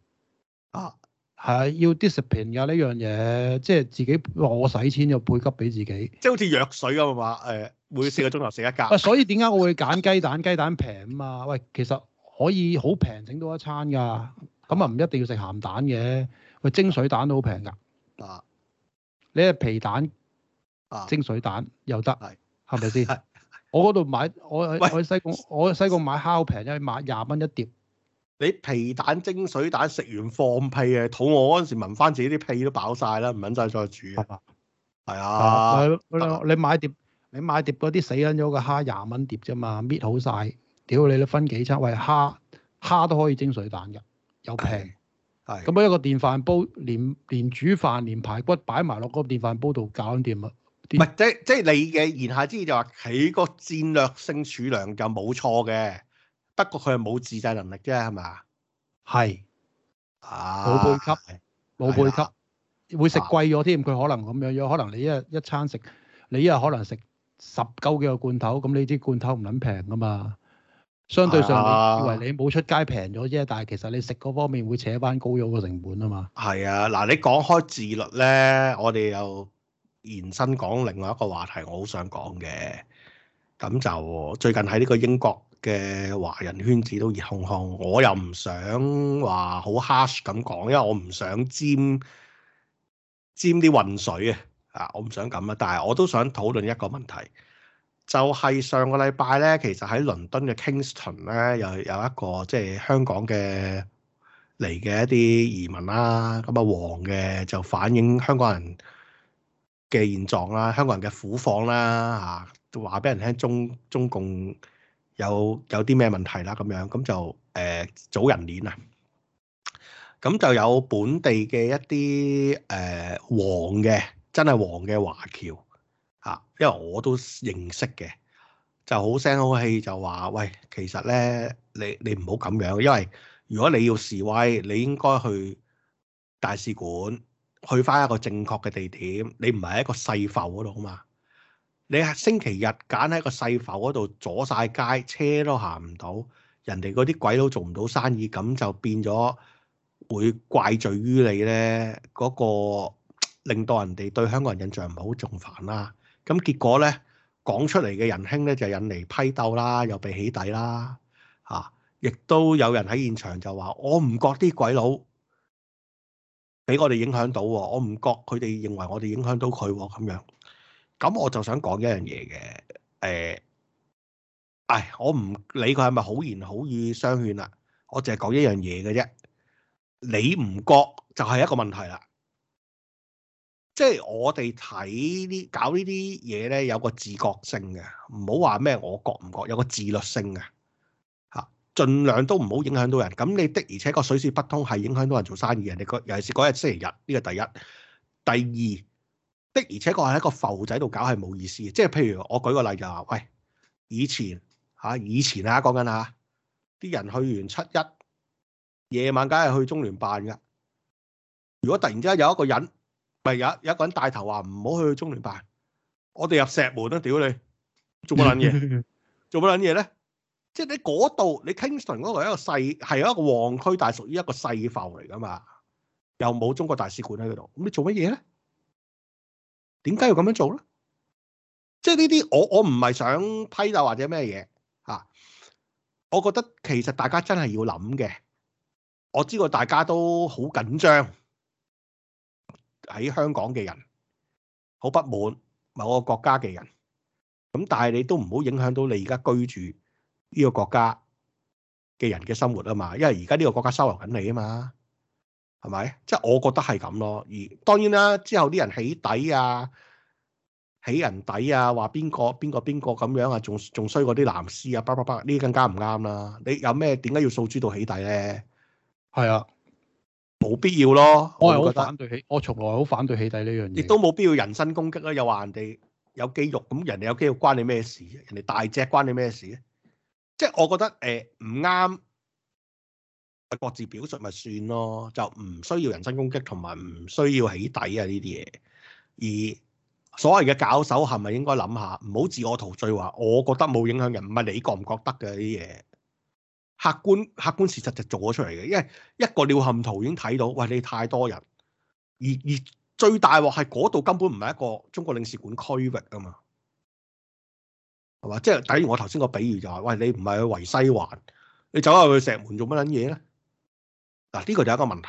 啊，係要 discipline 噶呢樣嘢，即係自己我使錢就配給俾自己。即係好似藥水咁嘛。誒，每四個鐘頭食一格。啊，所以點解我會揀雞蛋？ 雞蛋平啊嘛。喂，其實可以好平整到一餐噶。咁啊，唔一定要食鹹蛋嘅。喂，蒸水蛋都好平噶。啊，你係皮蛋啊，蒸水蛋又得，係係咪先？我度買，我我喺西貢，我喺西貢買蝦好平啫，買廿蚊一碟。你皮蛋蒸水蛋食完放屁啊！肚餓嗰陣時，聞翻自己啲屁都飽晒啦，唔穩陣再煮。係啊，係你買碟，你買碟嗰啲死緊咗嘅蝦廿蚊碟啫嘛，搣好晒，屌你都分幾餐？喂，蝦蝦都可以蒸水蛋㗎，又平，係咁、啊啊、一個電飯煲，連連煮飯連排骨擺埋落嗰個電飯煲度搞掂啦。唔些即即係你嘅言下之意就話，佢個戰略性儲糧就冇錯嘅，不過佢係冇自制能力啫，係嘛？係是，冇配給，冇配給，會食貴咗添。佢、啊、可能咁樣樣，可能你一日一餐食，你一日可能食十嚿幾個罐頭，咁你啲罐頭唔撚平啊嘛？相對上，以為你冇出街平咗啫，但係其實你食嗰方面會扯翻高咗個成本啊嘛。係啊，嗱、啊，你講開自律咧，我哋又～延伸講另外一個話題，我，我好想講嘅，咁就最近喺呢個英國嘅華人圈子都熱烘烘，我又唔想話好 harsh 咁講，因為我唔想沾沾啲混水啊，啊，我唔想咁啊，但係我都想討論一個問題，就係、是、上個禮拜呢。其實喺倫敦嘅 Kingston 呢，又有一個即係香港嘅嚟嘅一啲移民啦、啊，咁啊黃嘅就反映香港人嘅現狀啦，香港人嘅苦況啦，嚇話俾人聽中中共有有啲咩問題啦，咁樣咁就誒組人鏈啊，咁就有本地嘅一啲誒、呃、黃嘅，真係黃嘅華僑啊，因為我都認識嘅，就好聲好氣就話喂，其實咧你你唔好咁樣，因為如果你要示威，你應該去大使館。去返一個正確嘅地點，你唔係喺一個細埠嗰度啊嘛！你星期日揀喺個細埠嗰度阻晒街，車都行唔到，人哋嗰啲鬼佬做唔到生意，咁就變咗會怪罪於你呢。嗰、嗰個令到人哋對香港人印象唔好，仲煩啦。咁結果呢講出嚟嘅仁兄呢，就引嚟批鬥啦，又被起底啦，嚇、啊！亦都有人喺現場就話：我唔覺啲鬼佬。俾我哋影響到，我唔覺佢哋認為我哋影響到佢咁樣，咁我就想講一樣嘢嘅，誒、欸，唉，我唔理佢係咪好言好語相勸啦，我淨係講一樣嘢嘅啫，你唔覺就係一個問題啦，即係我哋睇呢搞呢啲嘢咧，有個自覺性嘅，唔好話咩我覺唔覺，有個自律性嘅。儘量都唔好影響到人，咁你的而且確水泄不通係影響到人做生意嘅。你個尤其是嗰日星期日呢個第一，第二的而且確係一個浮仔度搞係冇意思嘅。即係譬如我舉個例就話，喂，以前嚇、啊、以前啊講緊啊，啲人去完七一夜晚，梗係去中聯辦㗎。如果突然之間有一個人咪有有一個人帶頭話唔好去中聯辦，我哋入石門都屌你做乜撚嘢？做乜撚嘢咧？即係你嗰度，你 Kingston 嗰度一個細係一個旺區，但係屬於一個細埠嚟㗎嘛，又冇中國大使館喺嗰度，咁你做乜嘢咧？點解要咁樣做咧？即係呢啲我我唔係想批鬥或者咩嘢吓，我覺得其實大家真係要諗嘅。我知道大家都好緊張，喺香港嘅人好不滿某個國家嘅人，咁但係你都唔好影響到你而家居住呢個國家嘅人嘅生活啊嘛，因為而家呢個國家收留緊你啊嘛，係咪？即係我覺得係咁咯。而當然啦，之後啲人起底啊，起人底啊，話邊個邊個邊個咁樣啊，仲仲衰過啲藍絲啊，叭叭叭，呢啲更加唔啱啦。你有咩點解要數珠到起底咧？係啊，冇必要咯。我係好反對起我從來好反對起底呢樣嘢，亦都冇必要人身攻擊啦。又話人哋有肌肉咁，人哋有肌肉關你咩事？人哋大隻關你咩事咧？即係我覺得誒，唔啱，各自表述咪算咯，就唔需要人身攻擊同埋唔需要起底啊呢啲嘢。而所謂嘅搞手係咪應該諗下，唔好自我陶醉話，我覺得冇影響人，唔係你覺唔覺得嘅呢啲嘢。客觀，客觀事實就做咗出嚟嘅，因為一個鳥瞰圖已經睇到，喂，你太多人，而，而最大鑊係嗰度根本唔係一個中國領事館區域啊嘛。即係，等於我頭先個比喻就係、是：喂，你唔係去圍西環，你走入去石門做乜撚嘢咧？嗱、啊，呢、這個就係一個問題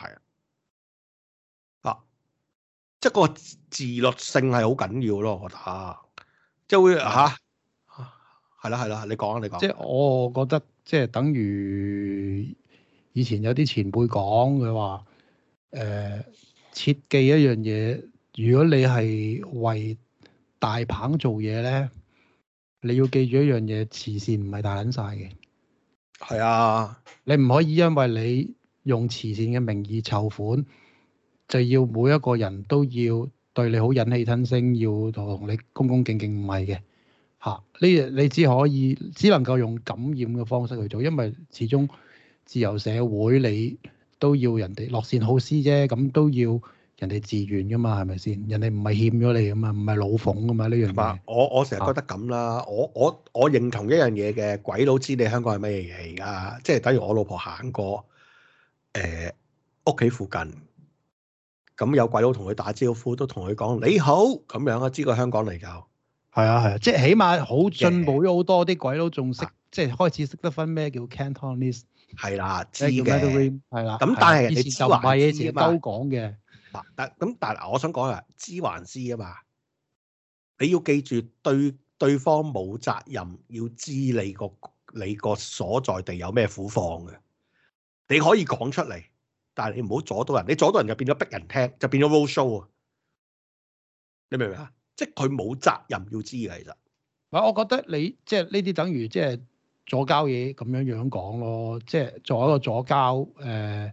啊！即係個自律性係好緊要咯、啊的，我覺得。即係會吓，係啦係啦，你講你講。即係我覺得，即係等於以前有啲前輩講佢話：，誒、呃，設計一樣嘢，如果你係為大棒做嘢咧。你要記住一樣嘢，慈善唔係大捻晒嘅。係啊，你唔可以因為你用慈善嘅名義籌款，就要每一個人都要對你好忍氣吞聲，要同你恭恭敬敬唔係嘅。吓，呢、啊、你，你只可以只能夠用感染嘅方式去做，因為始終自由社會你都要人哋樂善好施啫，咁都要。人哋自願噶嘛，係咪先？人哋唔係欠咗你噶嘛，唔係老馮噶嘛，呢樣。唔係，我我成日覺得咁啦。我我我認同一樣嘢嘅，鬼佬知你香港係咩嘢嚟噶，即係等於我老婆行過誒屋企附近，咁有鬼佬同佢打招呼，都同佢講你好咁樣啊，知個香港嚟噶。係啊係啊，即係起碼好進步咗好多，啲鬼佬仲識即係開始識得分咩叫 Cantonese。係啦，知嘅。係啦，咁但係人哋就嘢自己講嘅。但咁，但係我想講啊，知還知啊嘛，你要記住對對方冇責任，要知你個你個所在地有咩苦況嘅，你可以講出嚟，但係你唔好阻到人，你阻到人就變咗逼人聽，就變咗 roadshow 啊，你明唔明啊？即係佢冇責任要知嘅，其實，我我覺得你即係呢啲等於即係左膠嘢，咁樣樣講咯，即係做一個左膠，誒，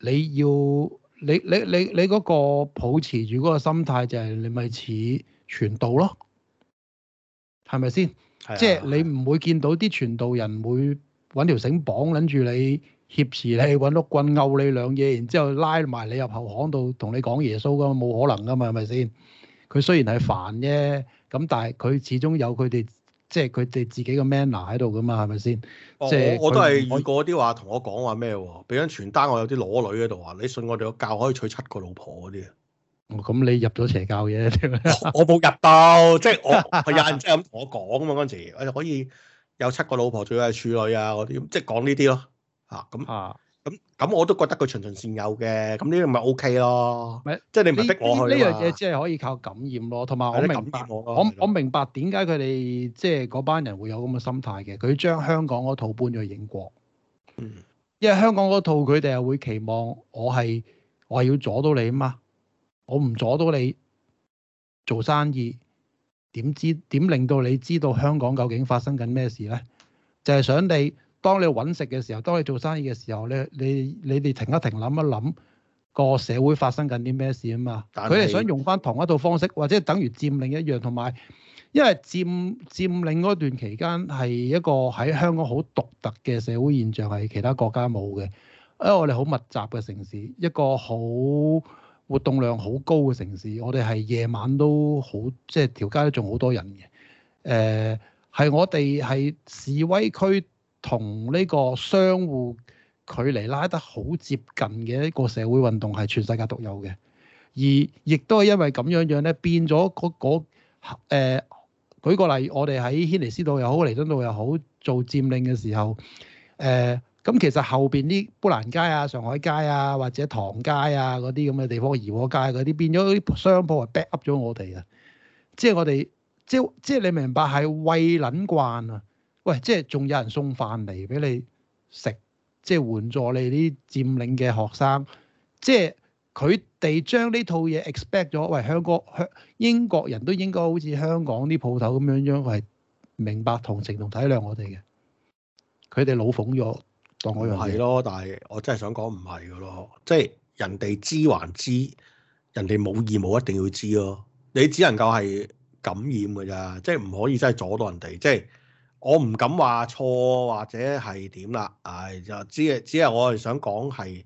你要。你你你你嗰個保持住嗰個心態就係、是、你咪似傳道咯，係咪先？ 即係你唔會見到啲傳道人會搵條繩綁，撚住你，挾持你搵碌棍拗你兩嘢，然之後拉埋你入後巷度同你講耶穌，噶，冇可能噶嘛，係咪先？佢雖然係煩啫，咁但係佢始終有佢哋。即係佢哋自己個 manner 喺度㗎嘛，係咪先？我即是我都係遇過啲話同我講話咩喎？俾張傳單我，有啲裸女喺度啊！你信我哋個教可以娶七個老婆嗰啲。哦，咁你入咗邪教嘅？ 我冇入到，即係我係有人即係咁同我講嘛嗰陣時，我就可以有七個老婆，最緊係處女啊啲，即係講呢啲咯嚇咁啊。咁咁我都覺得佢循循善誘嘅，咁呢樣咪 O K 咯。咪這即係你唔逼我呢樣嘢只係可以靠感染咯，同埋我明白我我，我明白點解佢哋即係嗰班人會有咁嘅心態嘅。佢將香港嗰套搬咗去英國，嗯，因為香港嗰套佢哋係會期望我係我係要阻到你啊嘛。我唔阻到你做生意，點知點令到你知道香港究竟發生緊咩事咧？就係、是、想你。當你揾食嘅時候，當你做生意嘅時候咧，你你哋停一停想一想，諗一諗個社會發生緊啲咩事啊嘛？佢哋是想用翻同一套方式，或者等於佔領一樣，同埋因為佔佔領嗰段期間係一個喺香港好獨特嘅社會現象，係其他國家冇嘅。因為我哋好密集嘅城市，一個好活動量好高嘅城市，我哋係夜晚都好，即係條街都仲好多人嘅。誒、呃，係我哋係示威區。同呢個商戶距離拉得好接近嘅一個社會運動係全世界獨有嘅，而亦都係因為咁樣樣，咧，變咗嗰嗰，誒，舉個例，我哋喺軒尼詩道又好，彌敦道又好做佔領嘅時候，誒、呃、咁其實後邊啲砵蘭街啊、上海街啊，或者唐街啊嗰啲咁嘅地方、怡和街嗰啲，變咗啲商鋪係 back up 咗我哋啊，即係我哋即即係你明白係餵撚慣啊！喂，即係仲有人送飯嚟俾你食，即係援助你啲佔領嘅學生，即係佢哋將呢套嘢 expect 咗。喂，香港香英國人都應該好似香港啲鋪頭咁樣樣，係明白同情同體諒我哋嘅。佢哋老諷咗，當我又係咯，但係我真係想講唔係噶咯，即係人哋知還知，人哋冇義務一定要知咯。你只能夠係感染㗎咋，即係唔可以真係阻到人哋，即係。我唔敢話錯或者係點啦，就只係只係我係想講係，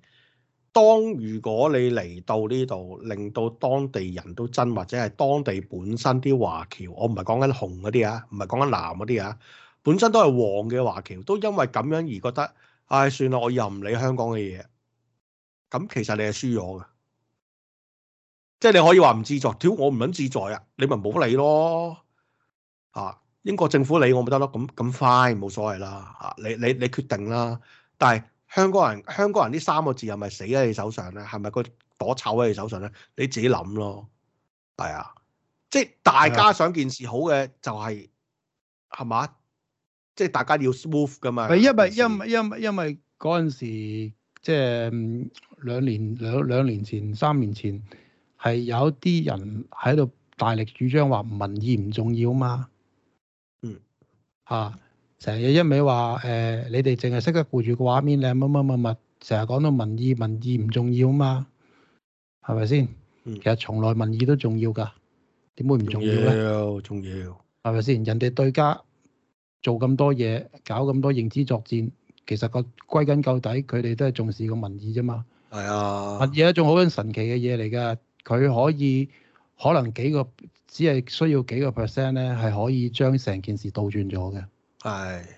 當如果你嚟到呢度，令到當地人都憎，或者係當地本身啲華僑，我唔係講緊紅嗰啲啊，唔係講緊藍嗰啲啊，本身都係黃嘅華僑，都因為咁樣而覺得，唉、哎，算啦，我又唔理香港嘅嘢，咁其實你係輸咗嘅，即係你可以話唔自在，屌我唔肯自在啊，你咪冇理咯，啊！英國政府理我咪得咯，咁咁快冇所謂啦。嚇，你你你決定啦。但係香港人，香港人呢三個字係咪死喺你手上咧？係咪個朵臭喺你手上咧？你自己諗咯，係啊，即係大家想件事好嘅就係係嘛，即係大家要 smooth 噶嘛。因為因因因為嗰陣時即係、就係、兩年兩兩年前三年前係有啲人喺度大力主張話民意唔重要嘛。吓，成日、啊、一味話誒，你哋淨係識得顧住個畫面靚乜乜乜物，成日講到民意，民意唔重要啊嘛，係咪先？其實從來民意都重要噶，點會唔重要咧，哦？重要，重要，係咪先？人哋對家做咁多嘢，搞咁多認知作戰，其實個歸根究底，佢哋都係重視個民意啫嘛。係啊，民意一種好緊神奇嘅嘢嚟噶，佢可以可能幾個。只係需要幾個 percent 咧，係可以將成件事倒轉咗嘅。係是，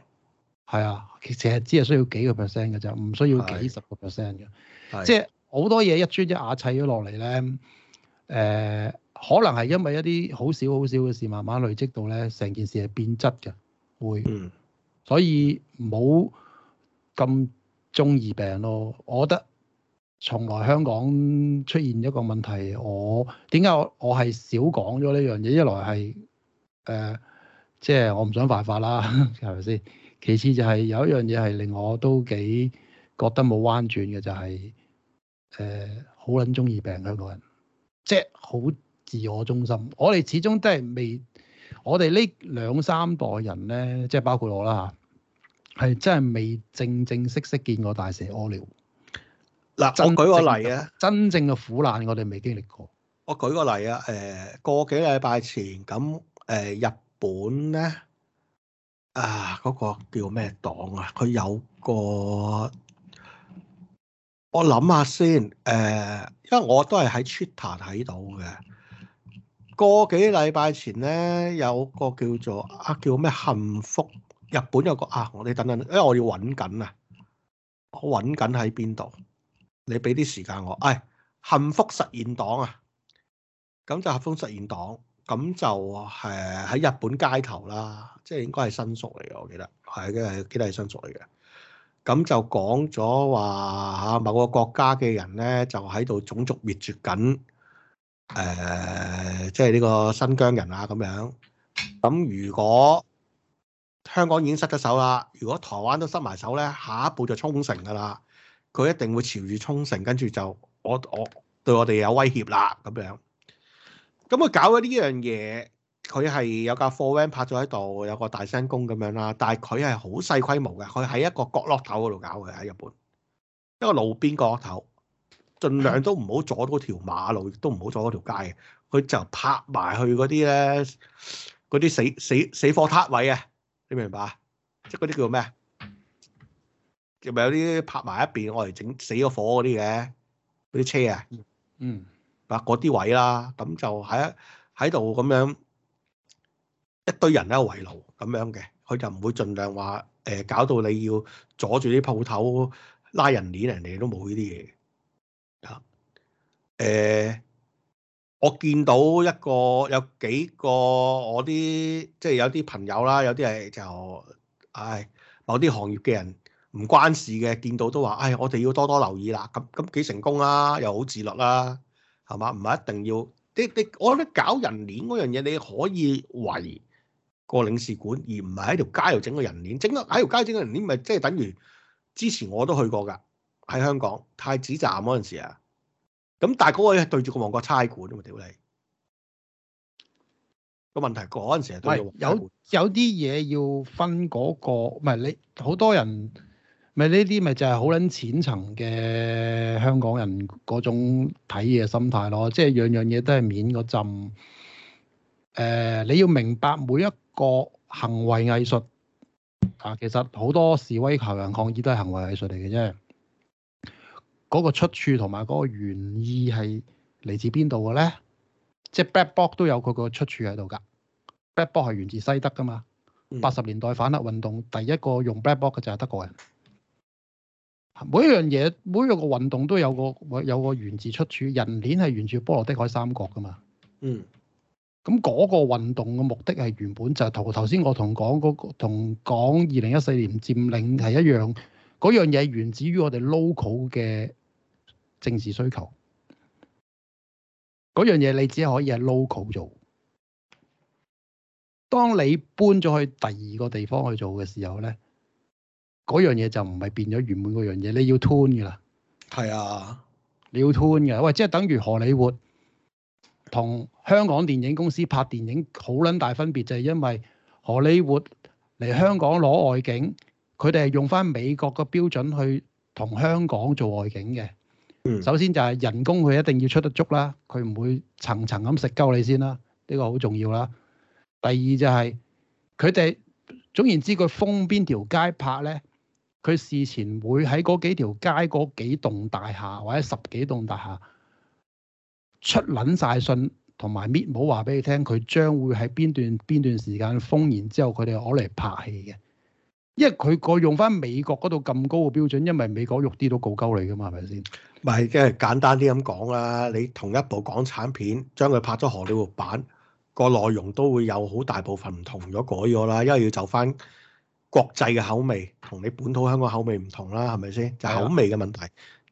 係啊，其實係只係需要幾個 percent 嘅啫，唔需要幾十個 percent 嘅。即係好多嘢一磚一瓦砌咗落嚟咧，誒、呃，可能係因為一啲好少好少嘅事，慢慢累積到咧，成件事係變質嘅，會。嗯。所以冇咁中意病咯，我覺得。.從來香港出現一個問題，我點解我我係少講咗呢樣嘢？一來係誒，即係我唔想犯法啦，係咪先？其次就係有一樣嘢係令我都幾覺得冇彎轉嘅，就係誒，好捻中意病香港人，即係好自我中心。我哋始終都係未，我哋呢兩三代人咧，即係包括我啦，係真係未正正式式見過大蛇屙尿。嗱，啦我舉個例啊，真正嘅苦難我哋未經歷過。我舉個例啊，誒、呃，過幾禮拜前咁，誒、呃，日本咧，啊，嗰、那個叫咩黨啊？佢有個，我諗下先，誒、呃，因為我都係喺 Twitter 睇到嘅。過幾禮拜前咧，有個叫做啊，叫咩幸福？日本有個啊，我哋等等，因為我要揾緊啊，我揾緊喺邊度。你俾啲時間我，哎，幸福實現黨啊，咁就合福實現黨，咁就誒喺日本街頭啦，即係應該係新宿嚟嘅，我記得係嘅係記得係新宿嚟嘅，咁就講咗話吓某個國家嘅人咧，就喺度種族滅絕緊，誒、呃，即係呢個新疆人啊咁樣，咁如果香港已經失咗手啦，如果台灣都失埋手咧，下一步就沖繩噶啦。佢一定會朝住沖繩，跟住就我我對我哋有威脅啦咁樣。咁佢搞咗呢樣嘢，佢係有架貨 van 拍咗喺度，有個大聲公咁樣啦。但係佢係好細規模嘅，佢喺一個角落頭嗰度搞嘅喺日本，一個路邊角落頭，盡量都唔好阻到條馬路，亦都唔好阻嗰條街嘅。佢就拍埋去嗰啲咧，嗰啲死死死貨攤位啊！你明唔明白？即係嗰啲叫做咩啊？有咪有啲拍埋一邊，我嚟整死個火嗰啲嘅嗰啲車啊、嗯，嗯，嗱嗰啲位啦，咁就喺喺度咁樣一堆人喺度圍爐咁樣嘅，佢就唔會盡量話誒、呃、搞到你要阻住啲鋪頭拉人鏈，人哋都冇呢啲嘢啊。誒、呃，我見到一個有幾個我啲即係有啲朋友啦，有啲係就唉、哎、某啲行業嘅人。唔關事嘅，見到都話，唉，我哋要多多留意啦。咁咁幾成功啦、啊，又好自律啦、啊，係嘛？唔係一定要，你你我覺得搞人鏈嗰樣嘢，你可以圍個領事館，而唔係喺條街又整個人鏈。整個喺條街整個人鏈，咪即係等於之前我都去過㗎，喺香港太子站嗰陣時啊。咁但係嗰個對住個旺角差館啊嘛，屌、那、你個問題嗰陣時係咪有有啲嘢要分嗰、那個？唔係你好多人。咪呢啲咪就係好撚淺層嘅香港人嗰種睇嘢心態咯，即係樣樣嘢都係面個浸。誒，你要明白每一個行為藝術啊，其實好多示威、囚人抗議都係行為藝術嚟嘅啫。嗰、嗰個出處同埋嗰個原意係嚟自邊度嘅咧？即係 black box 都有佢個出處喺度㗎。black box 係源自西德㗎嘛？八十、嗯、年代反核運動第一個用 black box 嘅就係德國人。每一樣嘢，每一個運動都有個有個源自出處。人鏈係源自波羅的海三國㗎嘛？嗯。咁嗰個運動嘅目的係原本就係同頭先我同講嗰個同講二零一四年佔領係一樣，嗰樣嘢源自於我哋 local 嘅政治需求。嗰樣嘢你只可以喺 local 做。當你搬咗去第二個地方去做嘅時候咧？嗰樣嘢就唔係變咗原本嗰樣嘢，你要吞㗎喇。係啊，你要吞嘅。喂，即係等於荷里活同香港電影公司拍電影好撚大分別，就係因為荷里活嚟香港攞外景，佢哋係用翻美國嘅標準去同香港做外景嘅。嗯、首先就係人工佢一定要出得足啦，佢唔會層層咁食鳩你先啦，呢個好重要啦。第二就係佢哋總言之，佢封邊條街拍咧。佢事前會喺嗰幾條街、嗰幾棟大廈或者十幾棟大廈出撚晒信，同埋搣冇話俾你聽，佢將會喺邊段邊段時間封，然之後佢哋攞嚟拍戲嘅。因為佢個用翻美國嗰度咁高嘅標準，因為美國肉啲都告鳩你噶嘛，係咪先？唔係，即係簡單啲咁講啦、啊。你同一部港產片，將佢拍咗荷里活版，個內容都會有好大部分唔同咗、改咗啦，因為要就翻。國際嘅口味同你本土香港口味唔同啦，係咪先？就口味嘅問題，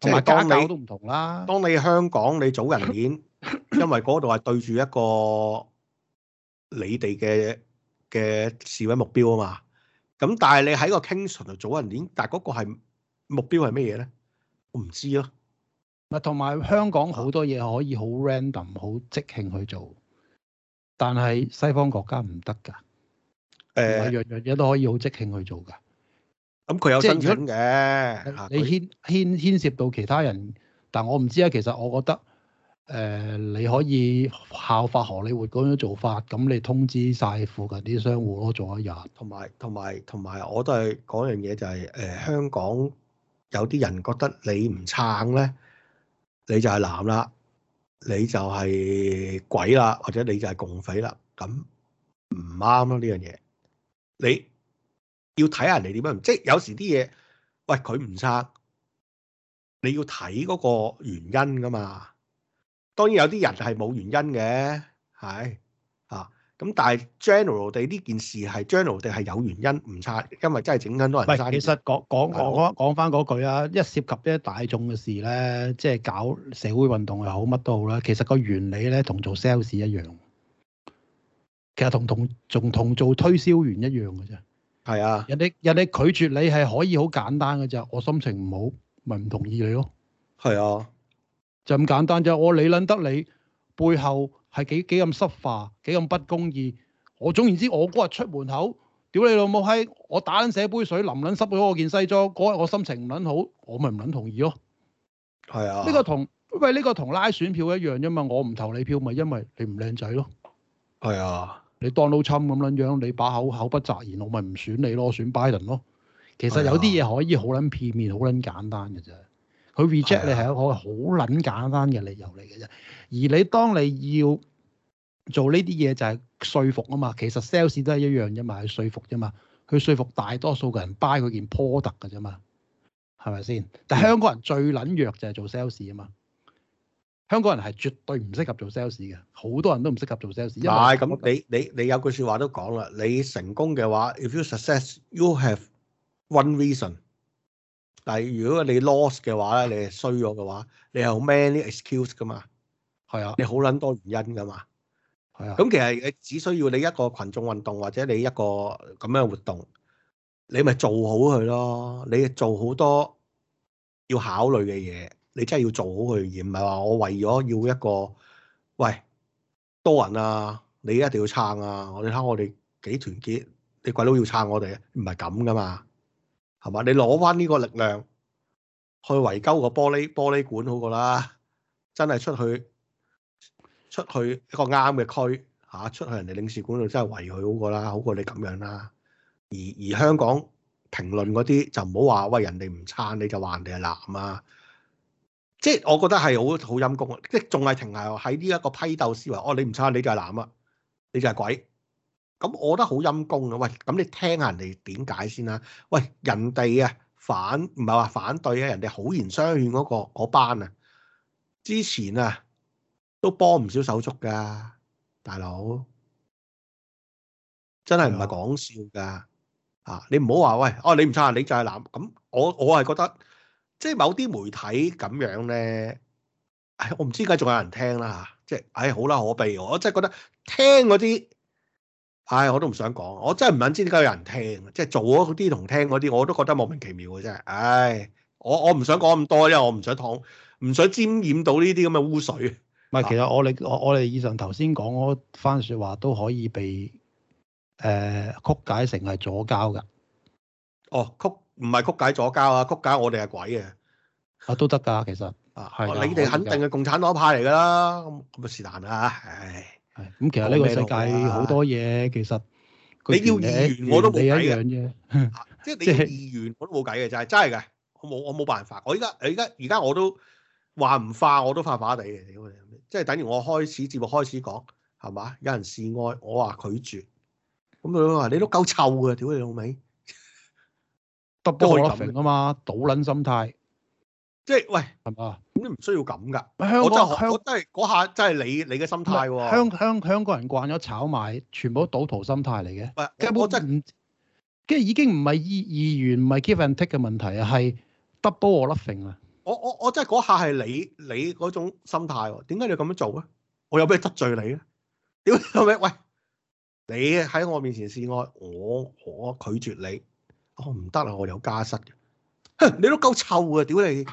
同埋架構都唔同啦。當你香港你組人鏈， 因為嗰度係對住一個你哋嘅嘅示威目標啊嘛。咁但係你喺個 Kingston 度組人鏈，但係嗰個係目標係咩嘢咧？我唔知咯。咪同埋香港好多嘢可以好 random、好 即興去做，但係西方國家唔得㗎。誒，樣樣嘢都可以好即興去做噶，咁佢、嗯、有申請嘅，你牽牽牽涉到其他人，但我唔知啊。其實我覺得，誒、呃，你可以效法荷里活嗰樣做法，咁你通知晒附近啲商戶咯，做一日，同埋同埋同埋，我都係講樣嘢，就係誒，香港有啲人覺得你唔撐咧，你就係藍啦，你就係鬼啦，或者你就係共匪啦，咁唔啱咯呢樣嘢。你要睇下人哋點樣，即係有時啲嘢，喂佢唔拆，你要睇嗰個原因噶嘛。當然有啲人係冇原因嘅，係啊。咁但係 general 哋呢件事係 general 哋係有原因唔拆，啊，因為真係整緊多人。其實講講講講翻嗰句啊，一涉及一啲大眾嘅事咧，即係搞社會運動又好，乜都好啦。其實個原理咧，同做 sales 一樣。其實同同仲同做推銷員一樣嘅啫，係啊，人哋人哋拒絕你係可以好簡單嘅啫，我心情唔好咪唔同意你咯，係啊，就咁簡單啫，我理捻得你背後係幾幾咁濕化、幾咁不公義，我總言之我嗰日出門口，屌你老母閪，我打緊寫杯水淋捻濕咗我件西裝，嗰日我心情唔捻好，我咪唔捻同意咯，係啊，呢個同喂呢個同拉選票一樣啫嘛，我唔投你票咪因為你唔靚仔咯，係啊。你當老侵咁撚樣，你把口口不擇言，我咪唔選你咯，選拜登咯。其實有啲嘢可以好撚片面，好撚簡單嘅啫。佢 reject 你係一個好撚簡單嘅理由嚟嘅啫。而你當你要做呢啲嘢就係說服啊嘛。其實 sales 都係一樣啫嘛，去說服啫嘛，佢說服大多數嘅人 buy 佢件 product 嘅啫嘛，係咪先？但香港人最撚弱就係做 sales 啊嘛。香港人係絕對唔適合做 sales 嘅，好多人都唔適合做 sales。唔係咁，你你你有句説話都講啦。你成功嘅話，if you success，you have one reason。但係如果你 loss 嘅話咧，你係衰咗嘅話，你有 many excuse 噶嘛？係啊的，你好撚多原因噶嘛？係啊的。咁其實你只需要你一個群眾運動或者你一個咁樣嘅活動，你咪做好佢咯。你做好多要考慮嘅嘢。你真係要做好佢而唔係話我為咗要一個喂多人啊，你一定要撐啊！你我哋睇下我哋幾團結，你鬼佬要撐我哋啊？唔係咁噶嘛，係嘛？你攞翻呢個力量去圍構個玻璃玻璃館好過啦！真係出去出去一個啱嘅區嚇、啊，出去人哋領事館度真係圍佢好過啦，好過你咁樣啦、啊。而而香港評論嗰啲就唔好話喂人哋唔撐你就話人哋係藍啊。即係我覺得係好好陰功啊！即仲係停留喺呢一個批鬥思維，哦，你唔差，你就係藍啊，你就係鬼。咁我覺得好陰功啊！喂，咁你聽下人哋點解先啦？喂，人哋啊反唔係話反對啊，人哋好言相勸嗰、嗰個嗰班啊，之前啊都幫唔少手足㗎，大佬真係唔係講笑㗎的啊！你唔好話喂，哦，你唔差，你就係藍。咁、嗯，我我係覺得。即係某啲媒體咁樣咧，哎，我唔知點解仲有人聽啦即係，唉，好啦，可悲我真係覺得聽嗰啲，唉，我都唔想講，我真係唔想知點解有人聽，即係做嗰啲同聽嗰啲，我都覺得莫名其妙嘅真係，唉，我我唔想講咁多，因為我唔想淌，唔想沾染到呢啲咁嘅污水。唔係，其實我哋、啊、我我哋以上頭先講嗰番說話都可以被誒、呃、曲解成係左膠嘅。哦，曲。唔係曲解左交啊！曲解我哋係鬼嘅，啊都得噶，其實啊係，你哋肯定係共產黨派嚟噶啦，咁咪是但啦嚇。係咁，其實呢個世界好多嘢，其實你要議員我都冇計，你一樣啫。即係你議員我都冇計嘅就係真係㗎，我冇我冇辦法。我依家誒依家而家我都話唔化，我都化化地嘅，屌你老味。即係等於我開始節目開始講係嘛？有人示愛，我話拒絕，咁佢話你都夠臭嘅，屌你老味。double 我 nothing 啊嘛，賭捻心態，即係、就是、喂，咁你唔需要咁噶。香港真係嗰下真係你你嘅心態，香香香港人慣咗炒賣，全部都賭徒心態嚟嘅。喂，根本即係已經唔係意意願唔係 give and take 嘅問題雷二雷二雷啊，係 double 我 nothing 啊。我我我真係嗰下係你你嗰種心態，點解你咁樣做咧？我有咩得罪你咧？屌，係咪？喂，你喺我面前示愛，我我,我拒絕你。哦，唔得啊！我有家室嘅，你都夠臭啊！屌你！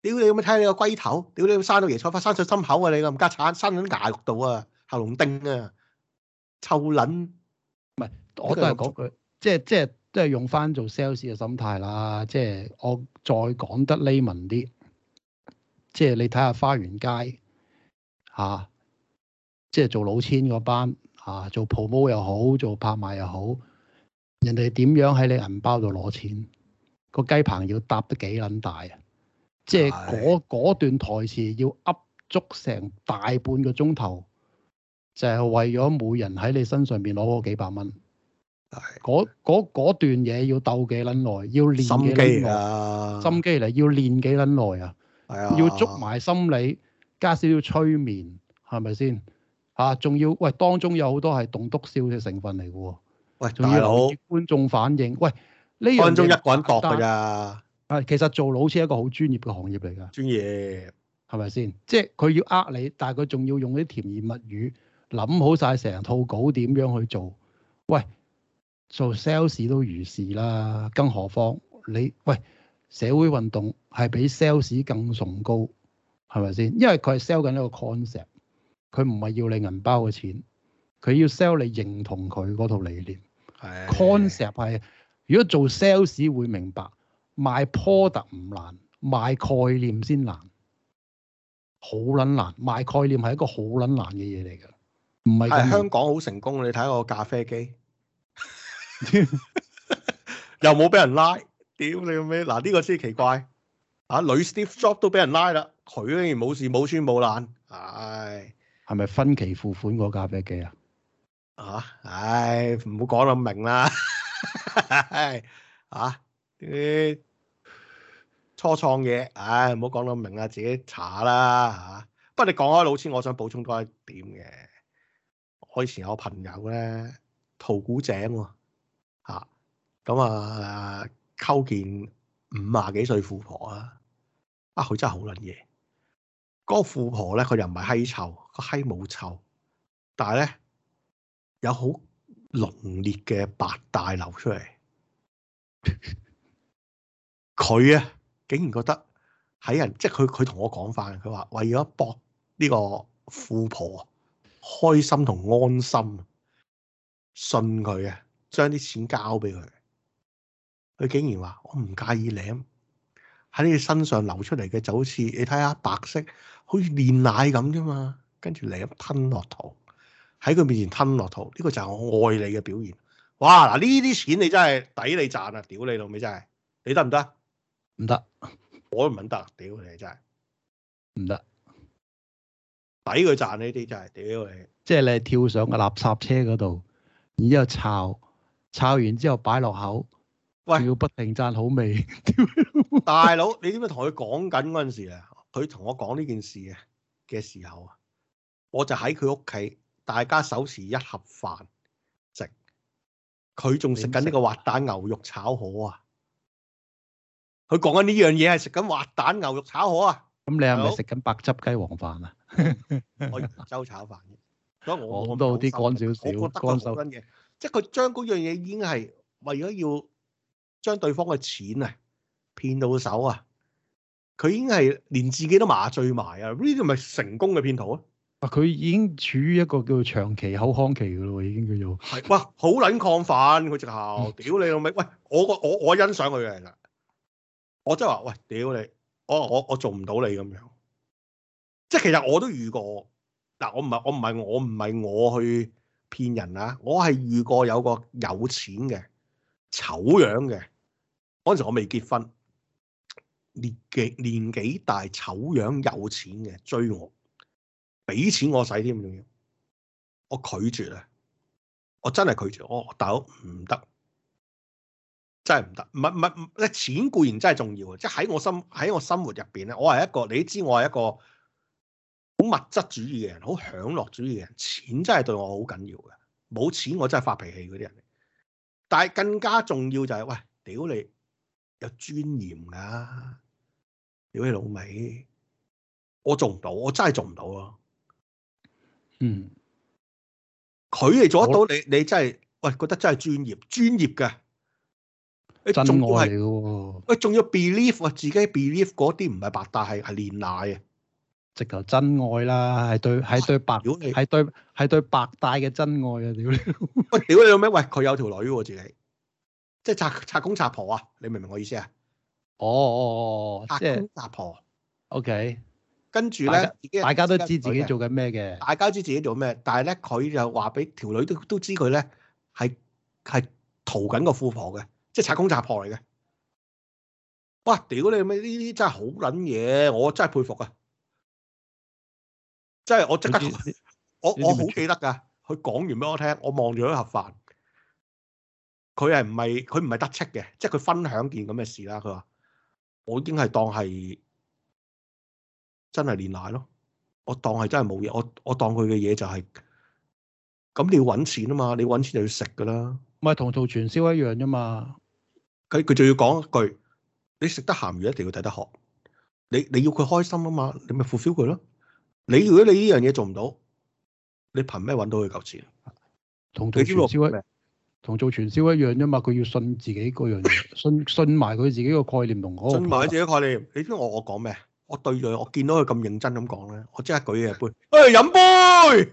屌你有冇睇你個龜頭！屌你生到椰菜花，生到心口啊！你咁家產，生喺牙肉度啊，喉龍丁啊，臭撚！唔係，我都係講嘅，即係即係都係用翻做 sales 嘅心態啦。即係我再講得 layman 啲，即係你睇下花園街嚇，即係做老千嗰班嚇，啊，做 promo 又好，做拍賣又好。人哋點樣喺你銀包度攞錢？個雞棚要搭得幾撚大啊！即係嗰段台詞要噏足成大半個鐘頭，就係、是、為咗每人喺你身上邊攞嗰幾百蚊。嗰的段嘢要斗幾撚耐，要練幾撚耐、啊，心機嚟，要練幾撚耐啊！哎、呀要捉埋心理，加少少催眠，係咪先？吓、啊，仲要喂當中有好多係棟篤笑嘅成分嚟嘅喎。喂，仲有，觀眾反應，喂，呢樣嘢觀眾一個人駁嘅咋。啊，其實做老師係一個好專業嘅行業嚟噶，專業係咪先？即係佢要呃你，但係佢仲要用啲甜言蜜語，諗好晒成套稿點樣去做。喂，做 sales 都如是啦，更何況你喂社會運動係比 sales 更崇高，係咪先？因為佢係 sell 緊一個 concept，佢唔係要你銀包嘅錢，佢要 sell 你認同佢嗰套理念。concept 係，如果做 sales 會明白，賣 product 唔難，賣概念先難，好捻難。賣概念係一個好捻難嘅嘢嚟噶，唔係香港好成功。你睇個咖啡機，又冇俾人拉，屌你、個咩？嗱呢個先奇怪，啊女 Steve Jobs 都俾人拉啦，佢竟然冇事冇穿冇爛，唉，係咪、哎、分期付款個咖啡機啊？啊！唉、哎，唔好講咁明啦。 啊啲初創嘢，唉、哎，唔好講咁明啦，自己查啦。吓、啊，不過你講開老千，我想補充多一點嘅。我以前有個朋友咧，淘古井、啊，吓咁啊溝見、啊、五廿幾歲富婆啊，啊，佢真係好撚嘢。嗰、那個富婆咧，佢又唔係閪臭，個閪冇臭，但係咧。有好濃烈嘅白帶流出嚟，佢 啊竟然覺得喺人，即係佢佢同我講翻，佢話為咗博呢個富婆、啊、開心同安心，信佢啊，將啲錢交俾佢，佢竟然話，我唔介意舐喺你身上流出嚟嘅，就好似你睇下白色，好似煉奶咁啫嘛，跟住你一吞落肚。喺佢面前吞落肚，呢、呢個就係我愛你嘅表現。哇！嗱呢啲錢你真係抵你賺啊！屌你老味真係，你得唔得？唔得行，我都唔肯得。屌你真係唔得，抵佢行賺呢啲真係屌你！即係你係跳上個垃圾車嗰度，然之後摷摷完之後擺落口，喂要不停讚好味。 大佬，你點解同佢講緊嗰陣時啊？佢同我講呢件事嘅嘅時候啊，我就喺佢屋企。大家手持一盒飯食，佢仲食緊呢個滑蛋牛肉炒河啊！佢講緊呢樣嘢係食緊滑蛋牛肉炒河啊！咁你係咪食緊白汁雞皇飯啊？ 我潮州炒飯，所以我講到啲乾少少，講到真嘢，燥即係佢將嗰樣嘢已經係為咗要將對方嘅錢啊騙到手啊！佢已經係連自己都麻醉埋啊！呢啲咪成功嘅騙徒啊！佢已經處於一個叫做長期口腔期噶咯，已經叫做係哇，好撚亢奮佢直頭，嗯、屌你老味！喂，我個我我欣賞佢嘅啦，我即係話喂，屌你，我我我做唔到你咁樣，即係其實我都遇過。嗱，我唔係我唔係我唔係我去騙人啊！我係遇過有個有錢嘅醜樣嘅，嗰陣時我未結婚，年紀年紀大醜樣有錢嘅追我。俾錢我使添，唔重要，我拒絕啊！我真係拒絕，我大佬唔得，真係唔得。唔係唔係，錢固然真係重要啊，即係喺我心喺我生活入邊咧，我係一個你知我係一個好物質主義嘅人，好享樂主義嘅人，錢真係對我好緊要嘅。冇錢我真係發脾氣嗰啲人嚟。但係更加重要就係喂，屌你有尊嚴噶，屌你老味，我做唔到，我真係做唔到啊！嗯，佢嚟做得到你，的你真係喂，覺得真係專業，專業嘅，你、哎、仲要係喂，仲、哦、要 believe 自己，believe 嗰啲唔係白帶，係係煉奶嘅，直頭真愛啦，係對係、啊、對白，係理對係對白帶嘅真愛啊！屌你，喂，屌你做咩？喂，佢有條女、啊、自己，即係拆拆公拆婆啊！你明唔明我意思啊？哦，哦，哦哦，哦哦，即係拆公拆婆，OK。嗯哦跟住咧，大家，己大家都知自己做緊咩嘅。大家知自己做咩，但係咧佢就話俾條女都都知佢咧係係圖緊個富婆嘅，即係拆公拆婆嚟嘅。哇！屌你咩？呢啲真係好撚嘢，我真係佩服啊！即係我即刻， 我我好記得㗎。佢 講完俾我聽，我望住一盒飯。佢係唔係佢唔係得戚嘅，即係佢分享件咁嘅事啦。佢話：我已經係當係。真係練奶咯，我當係真係冇嘢，我我當佢嘅嘢就係、是、咁。你要搵錢啊嘛，你搵錢就要食噶啦，咪同做傳銷一樣啫嘛。佢佢仲要講一句，你食得鹹魚一定要睇得學，你你要佢開心啊嘛，你咪 fulfill 佢咯。的你如果你呢樣嘢做唔到，你憑咩搵到佢夠錢？同做傳銷，同做傳銷一樣啫嘛。佢要信自己嗰樣嘢， 信信埋佢自己個概念個同我個，信埋自己概念。你知我我講咩？我對住，我見到佢咁認真咁講咧，我即刻舉嘢杯，哎飲杯！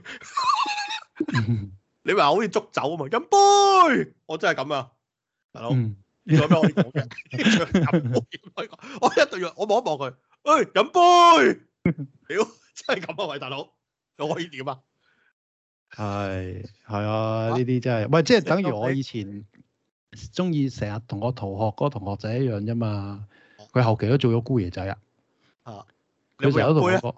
你話好似捉酒啊嘛，飲杯！我真係咁啊，大佬，有咩可以講嘅？我一對，我望一望佢，哎飲杯！屌，真係咁啊，喂大佬，我可以點啊？係係啊，呢啲真係，喂即係等於我以前中意成日同我逃學嗰個同學仔一樣啫嘛。佢後期都做咗姑爺仔啊。啊！佢成日都同我講，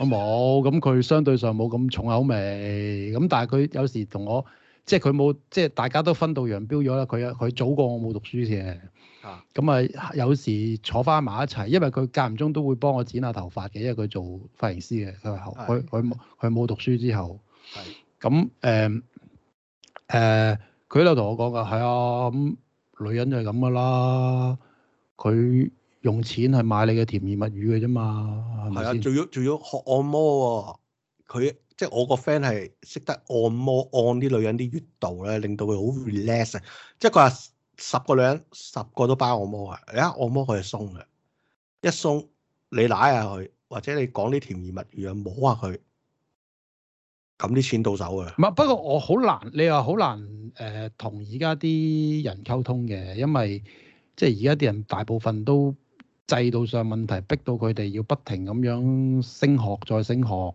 我冇咁佢相對上冇咁重口味，咁但係佢有時同我，即係佢冇，即係大家都分道揚鑣咗啦。佢啊，佢早過我冇讀書先，咁啊，有時坐翻埋一齊，因為佢間唔中都會幫我剪下頭髮嘅，因為佢做髮型師嘅，佢後佢佢冇佢冇讀書之後，係咁誒誒，佢喺度同我講㗎，係、哎、啊，咁女人就係咁噶啦，佢。用錢去買你嘅甜言蜜語嘅啫嘛，係啊，仲要仲要學按摩喎、哦。佢即係我個 friend 係識得按摩按啲女人啲穴道，咧，令到佢好 relax。即係佢話十個女人十個都包按摩啊。你一按摩佢就鬆嘅，一鬆你舐下佢，或者你講啲甜言蜜語啊，摸下佢，咁啲錢到手㗎。唔啊，不過我好難，你話好難誒同而家啲人溝通嘅，因為即係而家啲人大部分都。制度上問題逼到佢哋要不停咁樣升學再升學，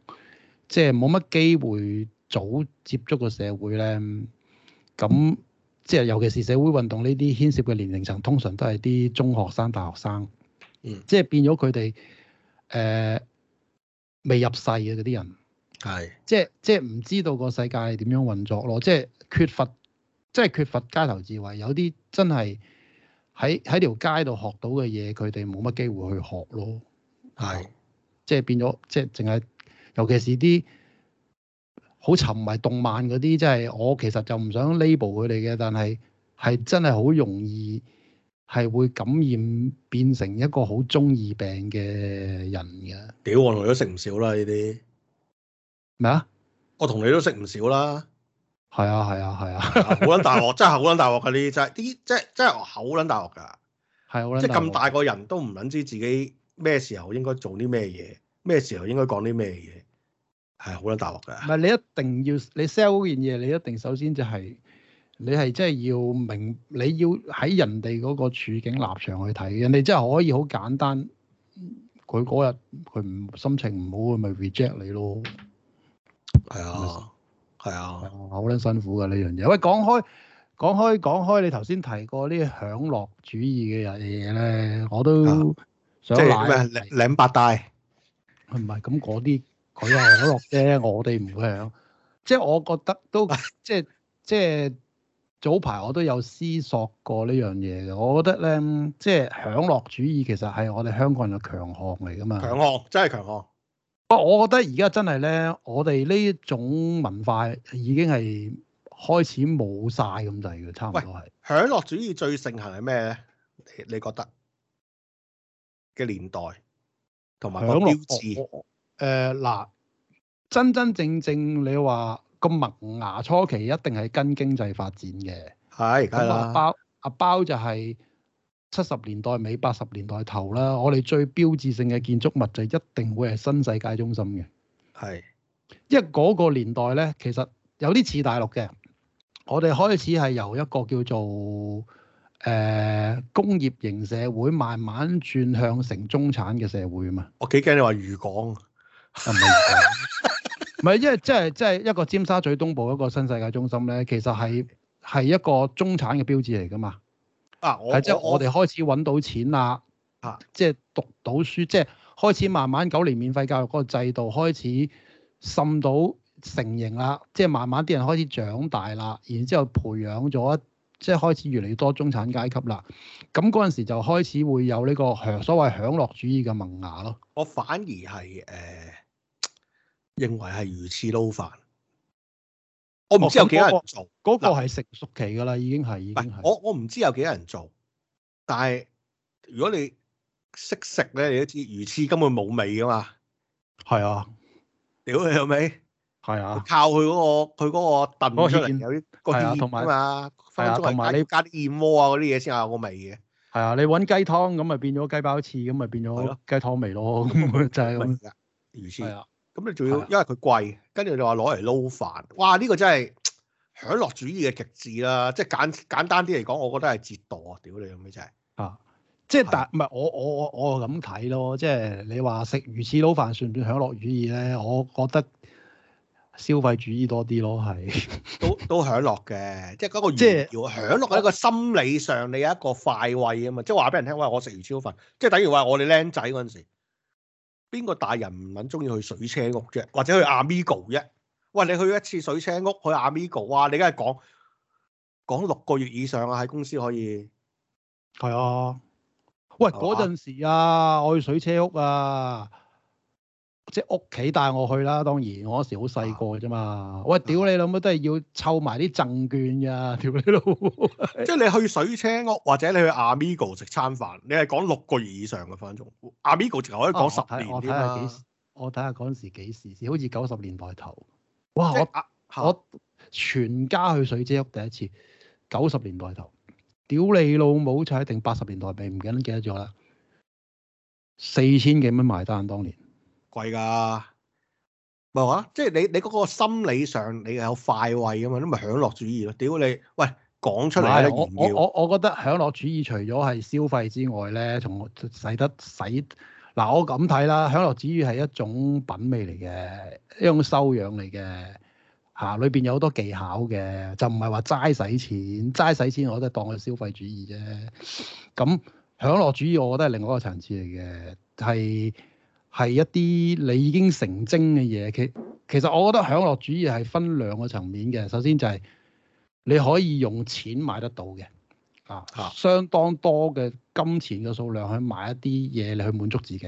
即係冇乜機會早接觸個社會咧。咁即係尤其是社會運動呢啲牽涉嘅年齡層，通常都係啲中學生、大學生。嗯，即係變咗佢哋誒未入世嘅嗰啲人，係是即係即係唔知道個世界係點樣運作咯，即係缺乏，即係缺乏街頭智慧。有啲真係。喺喺條街度學到嘅嘢，佢哋冇乜機會去學咯，係是、啊，即係變咗，即係淨係，尤其是啲好沉迷動漫嗰啲，即、就、係、是、我其實就唔想 label 佢哋嘅，但係係真係好容易係會感染變成一個好中二病嘅人嘅。屌，我同你都食唔少啦呢啲，咩啊？麼我同你都食唔少啦。係啊係啊係啊，好撚大鑊！真係好撚大鑊噶。呢啲真係啲，真真係好撚大鑊噶。係好撚，即係咁大個人都唔撚知自己咩時候應該做啲咩嘢，咩時候應該講啲咩嘢，係好撚大鑊噶。唔係你一定要你 sell 嗰件嘢，你一定首先就係、係、你係真係要明，你要喺人哋嗰個處境立場去睇，人哋真係可以好簡單。佢嗰日佢唔心情唔好，佢咪 reject 你咯。係啊。 係啊，好捻、 嗯、辛苦噶呢樣嘢。喂，講開，講開，講開，你頭先提過呢個享樂主義嘅嘢咧，我都想話。咩、啊？領領八大？唔係，咁嗰啲佢享樂啫， 我哋唔享。即係我覺得都，即係即係早排我都有思索過呢樣嘢嘅。我覺得咧，即係享樂主義其實係我哋香港人嘅強項嚟噶嘛。強項，真係強項。我我覺得而家真係咧，我哋呢一種文化已經係開始冇晒咁滯嘅，差唔多係。享樂主義最盛行係咩咧？你你覺得嘅年代同埋個標誌？誒、嗱、哦哦呃，真真正正你話、個萌芽初期一定係跟經濟發展嘅，係。咁阿包，阿包就係、是。七十年代尾、八十年代頭啦，我哋最標誌性嘅建築物就一定會係新世界中心嘅。係是，因為嗰個年代咧，其實有啲似大陸嘅，我哋開始係由一個叫做誒、呃、工業型社會，慢慢轉向成中產嘅社會啊嘛。我幾驚你話漁港，係咪？ 唔係，因為即係即係一個尖沙咀東部一個新世界中心咧，其實係係一個中產嘅標誌嚟噶嘛。啊！即係我哋開始揾到錢啦，啊！即係讀到書，即係開始慢慢九年免費教育嗰個制度開始滲到成形啦，即係慢慢啲人開始長大啦，然之後培養咗，即係開始越嚟越多中產階級啦。咁嗰陣時就開始會有呢個所謂享樂主義嘅萌芽咯。我反而係誒、呃、認為係魚翅撈飯。我唔知有幾多人做、哦，嗰、嗰個係成熟期嘅啦，已經係已經係。我我唔知有幾多人做，但係如果你識食咧，你都知魚翅根本冇味嘅嘛。係啊，屌你老味，係啊，佢靠佢嗰、嗰個佢嗰個燉出嚟有啲個芡啊嘛。係同埋你要加啲燕窩啊嗰啲嘢先有個味嘅。係啊，你揾雞湯咁咪變咗雞包翅，咁咪變咗雞湯味咯，啊，就係、係、咁。魚翅係啊。咁你仲要，因為佢貴，跟住你話攞嚟撈飯，哇！呢個真係享樂主義嘅極致啦。即係簡簡單啲嚟講，我覺得係折墮啊！屌你咁嘅真係嚇，即係的但唔係我我我我咁睇咯。即係你話食魚翅撈飯算唔算享樂主義咧？我覺得消費主義多啲咯，係。 都都享樂嘅，即係嗰個即係是要享樂係一個心理上你有一個快慰啊嘛。即係話俾人聽，我話我食魚翅撈飯，即係等於話我哋僆仔嗰陣時。邊個大人唔揾中意去水車屋啫，或者去 Amigo 啫？喂，你去一次水車屋，去 Amigo 啊？你梗係講講六個月以上啊？喺公司可以？係啊，喂，嗰陣、哦、時啊，我去水車屋啊。即係屋企帶我去啦，當然我嗰時好細個啫嘛。我話屌你老母，都係要湊埋啲證券噶，屌你老母。 即係你去水車屋，或者你去阿 Migo 食餐飯，你係講六個月以上嘅分鐘。阿 Migo 直頭可以講十年啦。我睇下幾時？我睇下嗰陣時幾時先？好似九十年代頭。哇！我、啊、我全家去水車屋第一次，九十年代頭。屌你老母，就一定八十年代尾？唔記得記得咗啦。四千幾蚊埋單當年。貴噶，咪話、啊、即係你你嗰個心理上你有快慰啊嘛，咁咪享樂主義咯。屌你，喂，講出嚟！我我我覺得享樂主義除咗係消費之外咧，同使得使嗱、啊，我咁睇啦，享樂主義係一種品味嚟嘅，一種修養嚟嘅，吓裏邊有好多技巧嘅，就唔係話齋使錢，齋使錢我都係當佢消費主義啫。咁、啊、享樂主義，我覺得係另外一個層次嚟嘅，係。係一啲你已經成精嘅嘢，其其實我覺得享樂主義係分兩個層面嘅。首先就係你可以用錢買得到嘅，啊，啊相當多嘅金錢嘅數量去買一啲嘢，你去滿足自己。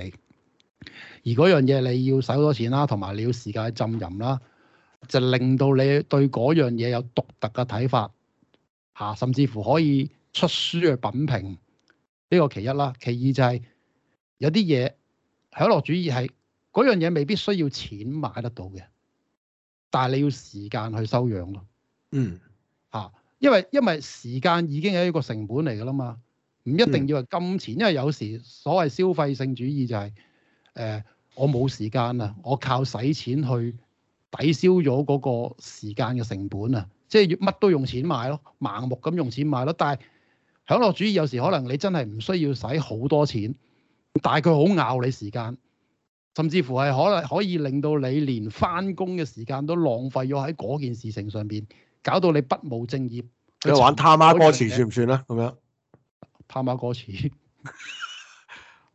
而嗰樣嘢你要使好多錢啦，同埋你要時間去浸淫啦，就令到你對嗰樣嘢有獨特嘅睇法，嚇、啊，甚至乎可以出書嘅品評，呢個其一啦。其二就係有啲嘢。享樂主義係嗰樣嘢未必需要錢買得到嘅，但係你要時間去修養咯。嗯，嚇、啊，因為因為時間已經係一個成本嚟㗎啦嘛，唔一定要係金錢。嗯、因為有時所謂消費性主義就係、是、誒、呃、我冇時間啊，我靠使錢去抵消咗嗰個時間嘅成本啊，即係乜都用錢買咯，盲目咁用錢買咯。但係享樂主義有時可能你真係唔需要使好多錢。但係佢好咬你時間，甚至乎係可能可以令到你連翻工嘅時間都浪費咗喺嗰件事情上邊，搞到你不務正業。你玩他媽歌詞算唔算，啊、探馬歌詞算唔算咧？咁樣探馬歌詞，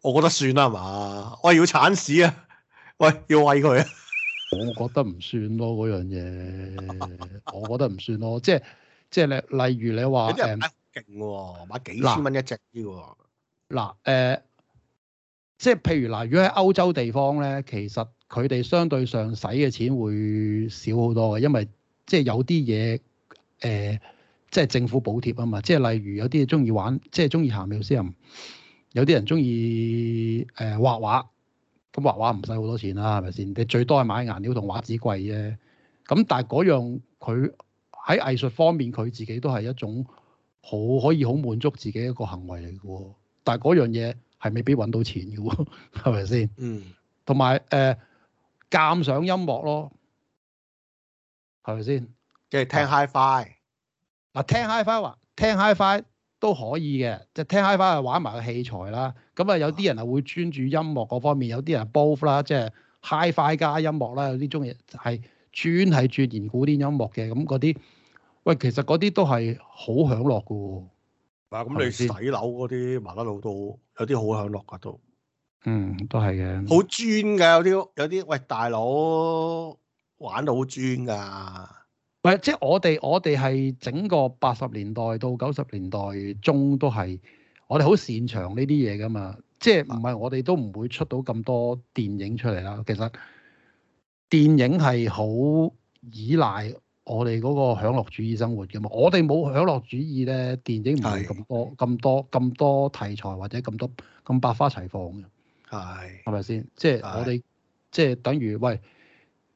我覺得算啦，係嘛？喂，要鏟屎啊！喂，要餵佢啊！我覺得唔算咯，嗰樣嘢。 我覺得唔算咯。即係即係你，例如你話誒，勁喎，買幾千蚊一隻啲喎。嗱，誒、呃。呃即係譬如嗱，如果喺歐洲地方咧，其實佢哋相對上使嘅錢會少好多嘅，因為即係有啲嘢誒，即係政府補貼啊嘛。即係例如有啲嘢中意玩，即係中意下 music，有啲人中意誒畫畫，咁畫畫唔使好多錢啦，啊，係咪先？你最多係買顏料同畫紙貴啫。咁但係嗰樣佢喺藝術方面，佢自己都係一種好可以好滿足自己一個行為嚟嘅。但係嗰樣嘢。係未必揾到錢嘅喎，係咪先？嗯，同埋誒鑑賞音樂咯，係咪先？即係聽 HiFi，嗱、啊、聽 HiFi 話聽 HiFi 都可以嘅，即、就、係、是、聽 HiFi 玩埋個器材啦。咁啊有啲人係會專注音樂嗰方面，啊、有啲人 both 啦，即係 HiFi 加音樂啦。有啲中意係專係鑽研古典音樂嘅，咁嗰啲喂，其實嗰啲都係好享樂嘅喎。啊！咁你洗樓嗰啲麻甩佬都有啲好享樂噶都，嗯，都係嘅。好專嘅有啲有啲，喂，大佬玩到好專㗎。唔係，即係我哋我哋，係整個八十年代到九十年代中都係，我哋好擅長呢啲嘢㗎嘛。即係唔係我哋都唔會出到咁多電影出嚟啦。其實電影係好依賴，我哋嗰個享樂主義生活嘅嘛，我哋冇享樂主義咧，電影唔係咁多咁的多咁多題材或者咁多咁百花齊放嘅，係係咪先？就是、的即係我哋即係等於喂，誒、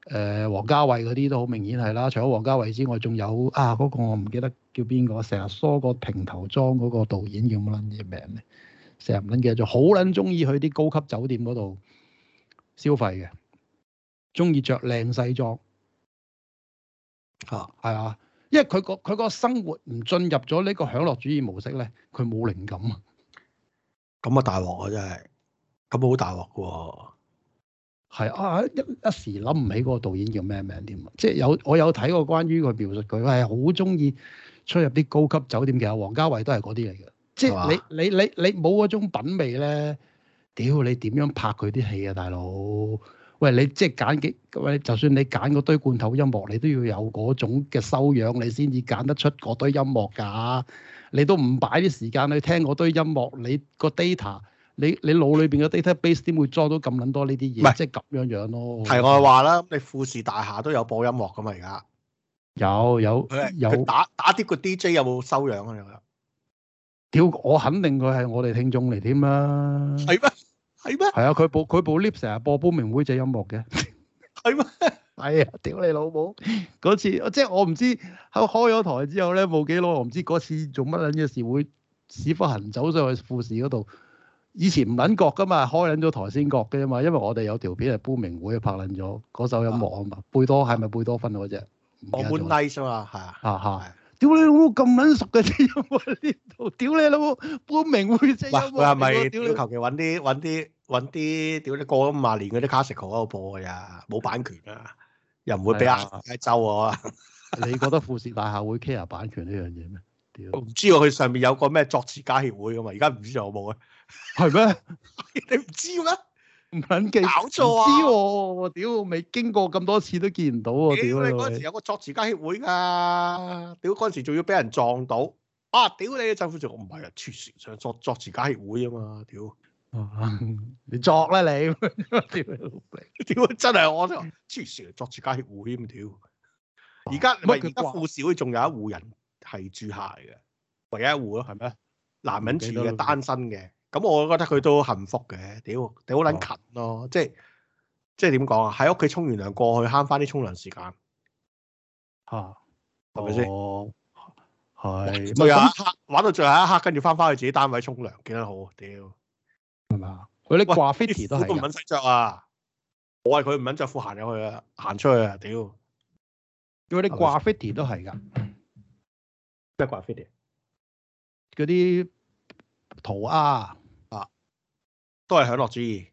呃、王家衛嗰啲都好明顯係啦。除咗王家衛之外，仲有啊嗰、那個我唔記得叫邊個，成日梳個平頭裝嗰個導演叫乜撚嘢名咧？成日唔撚記得咗，好撚中意去啲高級酒店嗰度消費嘅，中意着靚西裝。啊，係啊，因為佢個佢個生活唔進入咗呢個享樂主義模式咧，佢冇靈感啊！咁啊大鑊啊真係，咁好大鑊嘅喎，係啊一一時諗唔起嗰個導演叫咩名添啊？即係有我有睇過關於佢描述，佢係好中意出入啲高級酒店嘅，王家衛都係嗰啲嚟嘅。即係你吧你你你冇嗰種品味咧，屌你點樣拍佢啲戲啊，大佬！喂，你即係揀幾咁就算你揀嗰堆罐頭音樂，你都要有嗰種嘅修養，你先至揀得出嗰堆音樂㗎。你都唔擺啲時間去聽嗰堆音樂，你個 data，你你腦裏邊嘅 data base 點會裝到咁撚多呢啲嘢？即係咁樣樣咯。題外話啦，你富士大廈都有播音樂噶嘛？而家有有是是有打打啲個 DJ 有冇修養啊？有，屌我肯定佢係我哋聽眾嚟添啦。係。係咩？係啊，佢播佢播 lift 成日播《煲明會》隻音樂嘅。係咩？係啊，屌你老母！嗰 次即係我唔知開開咗台之後咧冇幾耐，我唔知嗰次做乜撚嘅事會屎忽痕走上去富士嗰度。以前唔捻覺噶嘛，開捻咗台先覺嘅嘛，因為我哋有條片係《煲明會》拍捻咗嗰首音樂啊嘛。貝多係咪貝多芬嗰隻？我本 nice 嘛，係啊。係係啊哈。屌你老母咁撚熟嘅啲音樂呢度，屌你老母半明半實音樂。佢求其揾啲啲啲，屌你噢過咗五十年嗰啲 classic 嗰度播呀，冇版權啊，又唔會俾亞洲我、啊。 你覺得富士大廈會 care 版權呢樣嘢咩？我唔知喎，佢上面有個咩作詞家協會㗎嘛，而家唔知有冇啊？係咩嗎？ 你唔知咩？唔肯記，唔知喎，屌未經過咁多次都見唔到屌、啊、你嗰陣時有個作詞家協會噶，屌嗰陣時仲要俾人撞到，啊，啊，屌你嘅政府仲唔係啊，黐線想作作詞家協會啊嘛，屌，你作啦你，屌真係我都黐線作詞家協會咁屌，而家唔而家富士會仲有一戶人係住下嘅，唯一一戶咯，係咩？男人住嘅單身嘅。啊啊咁、嗯、我覺得佢都幸福嘅，屌好撚勤咯，即係即係點講啊？喺屋企沖完涼過去慳翻啲沖涼時間，嚇係咪先？係吧。最咪、哦？一刻、 啊嗯、玩到最後一刻，跟住翻返去自己單位沖涼，幾得好啊！屌係嘛？佢啲喂掛 fiti 都係唔使著啊！我話佢唔使著褲行入去啊，行出去啊！屌吧，佢啲掛 fiti 都係㗎，咩掛 fiti？嗰啲。塗鴉啊，啊，都係享樂主義，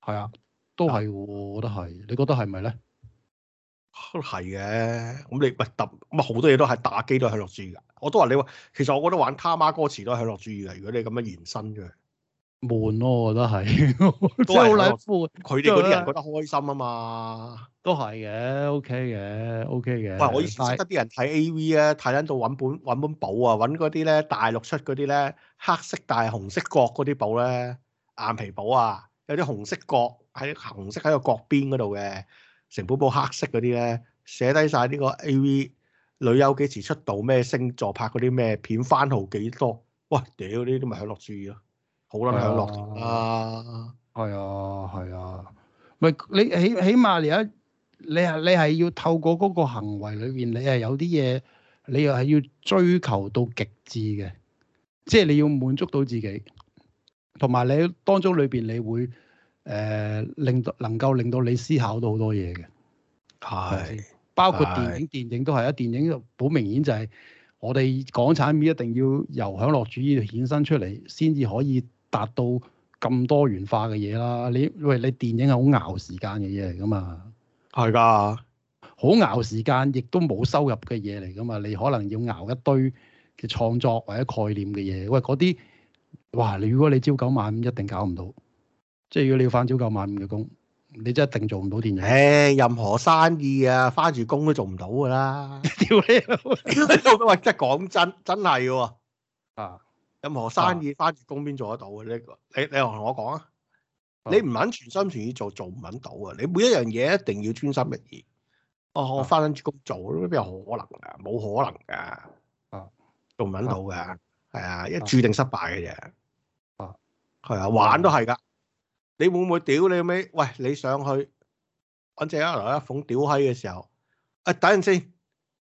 係啊，都係，我覺得係，你覺得係咪咧？啊，都係嘅，咁你咪揼，咁啊好多嘢都係打機，都係享樂主義，我都話你話，其實我覺得玩卡媽歌詞都係享樂主義噶，如果你咁樣延伸嘅。悶咯，我覺得係即係好佢哋啲人覺得開心啊嘛，都係嘅，OK 嘅，OK 嘅。喂，我以前識得啲人睇 A.V. 咧，睇緊度搵本搵本簿，啊，搵嗰啲咧，大陸出嗰啲咧黑色大紅色角嗰啲簿咧，硬皮簿啊，有啲紅色角喺紅色喺個角邊嗰度嘅，成本簿黑色嗰啲咧，寫低晒呢個 A.V. 女優幾時出道，咩星座拍，拍嗰啲咩片，番號幾多。喂，屌呢啲咪享樂主義咯。好啦，享樂啊，係啊，係啊，咪、啊、你起起碼嚟一，你係你係要透過嗰個行為裏邊，你係有啲嘢，你又係要追求到極致嘅，即係你要滿足到自己，同埋你當中裏邊你會誒、呃、令到能夠令到你思考到好多嘢嘅，係是，包括電影，的電影都係啊，電影好明顯就係我哋港產片一定要由享樂主義衍生出嚟，先至可以。達到咁多元化嘅嘢啦你，你喂你電影係好熬時間嘅嘢嚟㗎嘛？係㗎，好熬時間，亦都冇收入嘅嘢嚟㗎嘛？你可能要熬一堆嘅創作或者概念嘅嘢，喂嗰啲哇！你如果你朝九晚五一定搞唔到，即係如果你要返朝九晚五嘅工，你真係一定做唔到電影。誒，任何生意啊，返住工都做唔到㗎啦。屌你，我話即係講真，真係喎，啊！任何生意翻工邊做得到嘅？呢個你你又同我講啊！你唔肯全心全意做，做唔揾到啊。你每一樣嘢一定要專心一意。哦，我翻緊住工做都邊有可能㗎？冇可能㗎。啊，做唔揾到㗎，係啊，一注定失敗嘅啫。啊，係啊，玩都係㗎。你會唔會屌你尾？喂，你上去按正一來一逢屌閪嘅時候，誒，等陣先，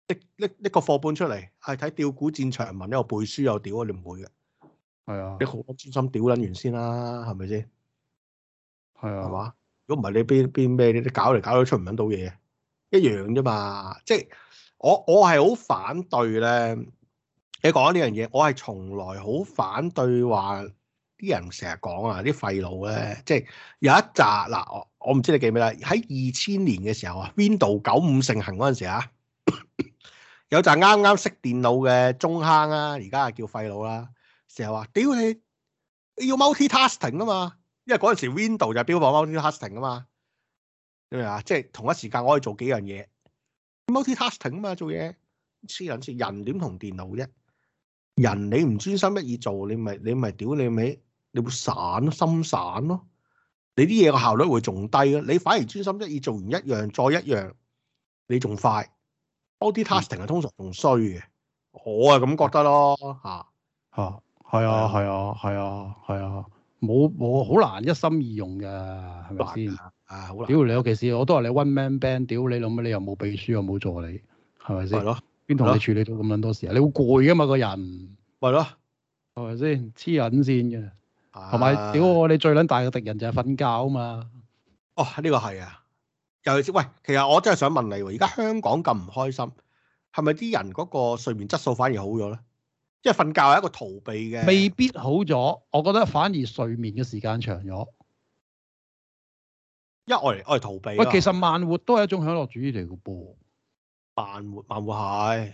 搦搦搦個課本出嚟，係睇《弔古戰場文》一路背書又屌，啊，你唔會嘅。係啊，你好專心屌捻完先啦，係咪先？係啊吧，係嘛？如果唔係你邊邊咩，你都搞嚟搞去出唔捻到嘢，一樣啫嘛。即係我我係好反對咧，你講呢樣嘢，我係從來好反對話啲人成日講啊啲廢佬咧，嗯、即係有一集嗱，我我唔知你記咩記得記唔記得，喺二千年嘅時候啊 Windows 九五盛行嗰陣時啊， 有集啱啱識電腦嘅中坑啊，而家啊叫廢佬啦。又話屌你，你要 multitasking 啊嘛，因為嗰陣時 window 就標榜 multitasking 啊嘛，明唔明啊？即係同一時間可以做幾樣嘢，multitasking 啊嘛，做嘢黐撚似人點同電腦啫？人你唔專心一意做，你咪你咪屌你咪，你會散心散咯，你啲嘢個效率會仲低咯。你反而專心一意做完一樣再一樣，你仲快。multitasking 係，通常仲衰嘅，我啊咁覺得咯嚇嚇。係啊，係啊，係啊，係啊，冇冇好難一心二用噶，係咪先？啊，好難！屌你尤其是，我都話你 one man band，屌你，諗乜？你又冇秘書，又冇助理，係咪先？係咯、啊，邊同你處理到咁撚多事啊？你好攰噶嘛，個人？係咯、啊，係咪先？黐人先噶，同埋屌我你最撚大嘅敵人就係瞓覺啊嘛。哦、啊，呢、這個係啊。尤其是喂，其實我真係想問你喎，而家香港咁唔開心，係咪啲人嗰個睡眠質素反而好咗咧？即係瞓覺係一個逃避嘅，未必好咗。我覺得反而睡眠嘅時間長咗，因為我嚟，我嚟逃避。喂，其實慢活都係一種享樂主義嚟嘅噃，慢活慢活係、哦，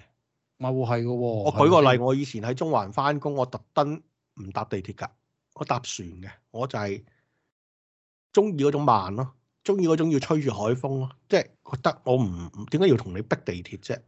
慢活係嘅。我舉個例，吧我以前喺中環翻工，我特登唔搭地鐵噶，我搭船嘅，我就係中意嗰種慢咯、啊，中意嗰種要吹住海風咯、啊，即係覺得我唔唔點解要同你逼地鐵啫？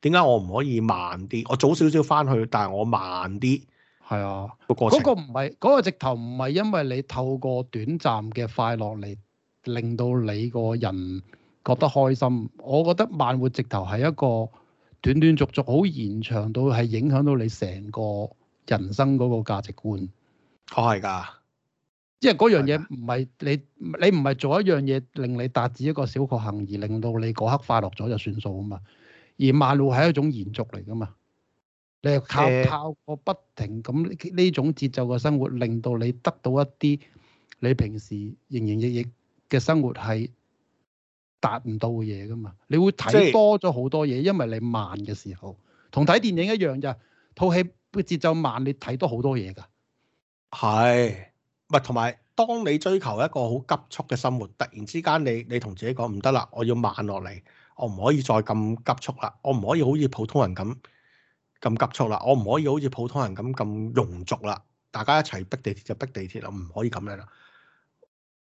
點解我唔可以慢啲？我早少少翻去，但係我慢啲係啊。嗰個唔係，嗰個直頭唔係，因為你透過短暫嘅快樂嚟令到你個人覺得開心。我覺得慢活直頭係一個短短續續好延長到係影響到你成個人生嗰個價值觀。確係噶，因為嗰樣嘢唔係你你唔係做一樣嘢令你達至一個小確幸，而令到你嗰刻快樂咗就算數啊嘛。而慢路係一種延續嚟㗎嘛？你靠是靠個不停咁呢種節奏嘅生活，令到你得到一啲你平時營營役役嘅生活係達唔到嘅嘢㗎嘛？你會睇多咗好多嘢，就是、因為你慢嘅時候，同睇電影一樣咋？套戲嘅節奏慢，你睇到好多嘢㗎。係，咪同埋，當你追求一個好急速嘅生活，突然之間你你同自己講唔得啦，我要慢落嚟。我唔可以再咁急促啦，我唔可以好似普通人咁咁急促啦，我唔可以好似普通人咁咁庸俗啦。大家一齊逼地鐵就逼地鐵啦，唔可以咁樣啦。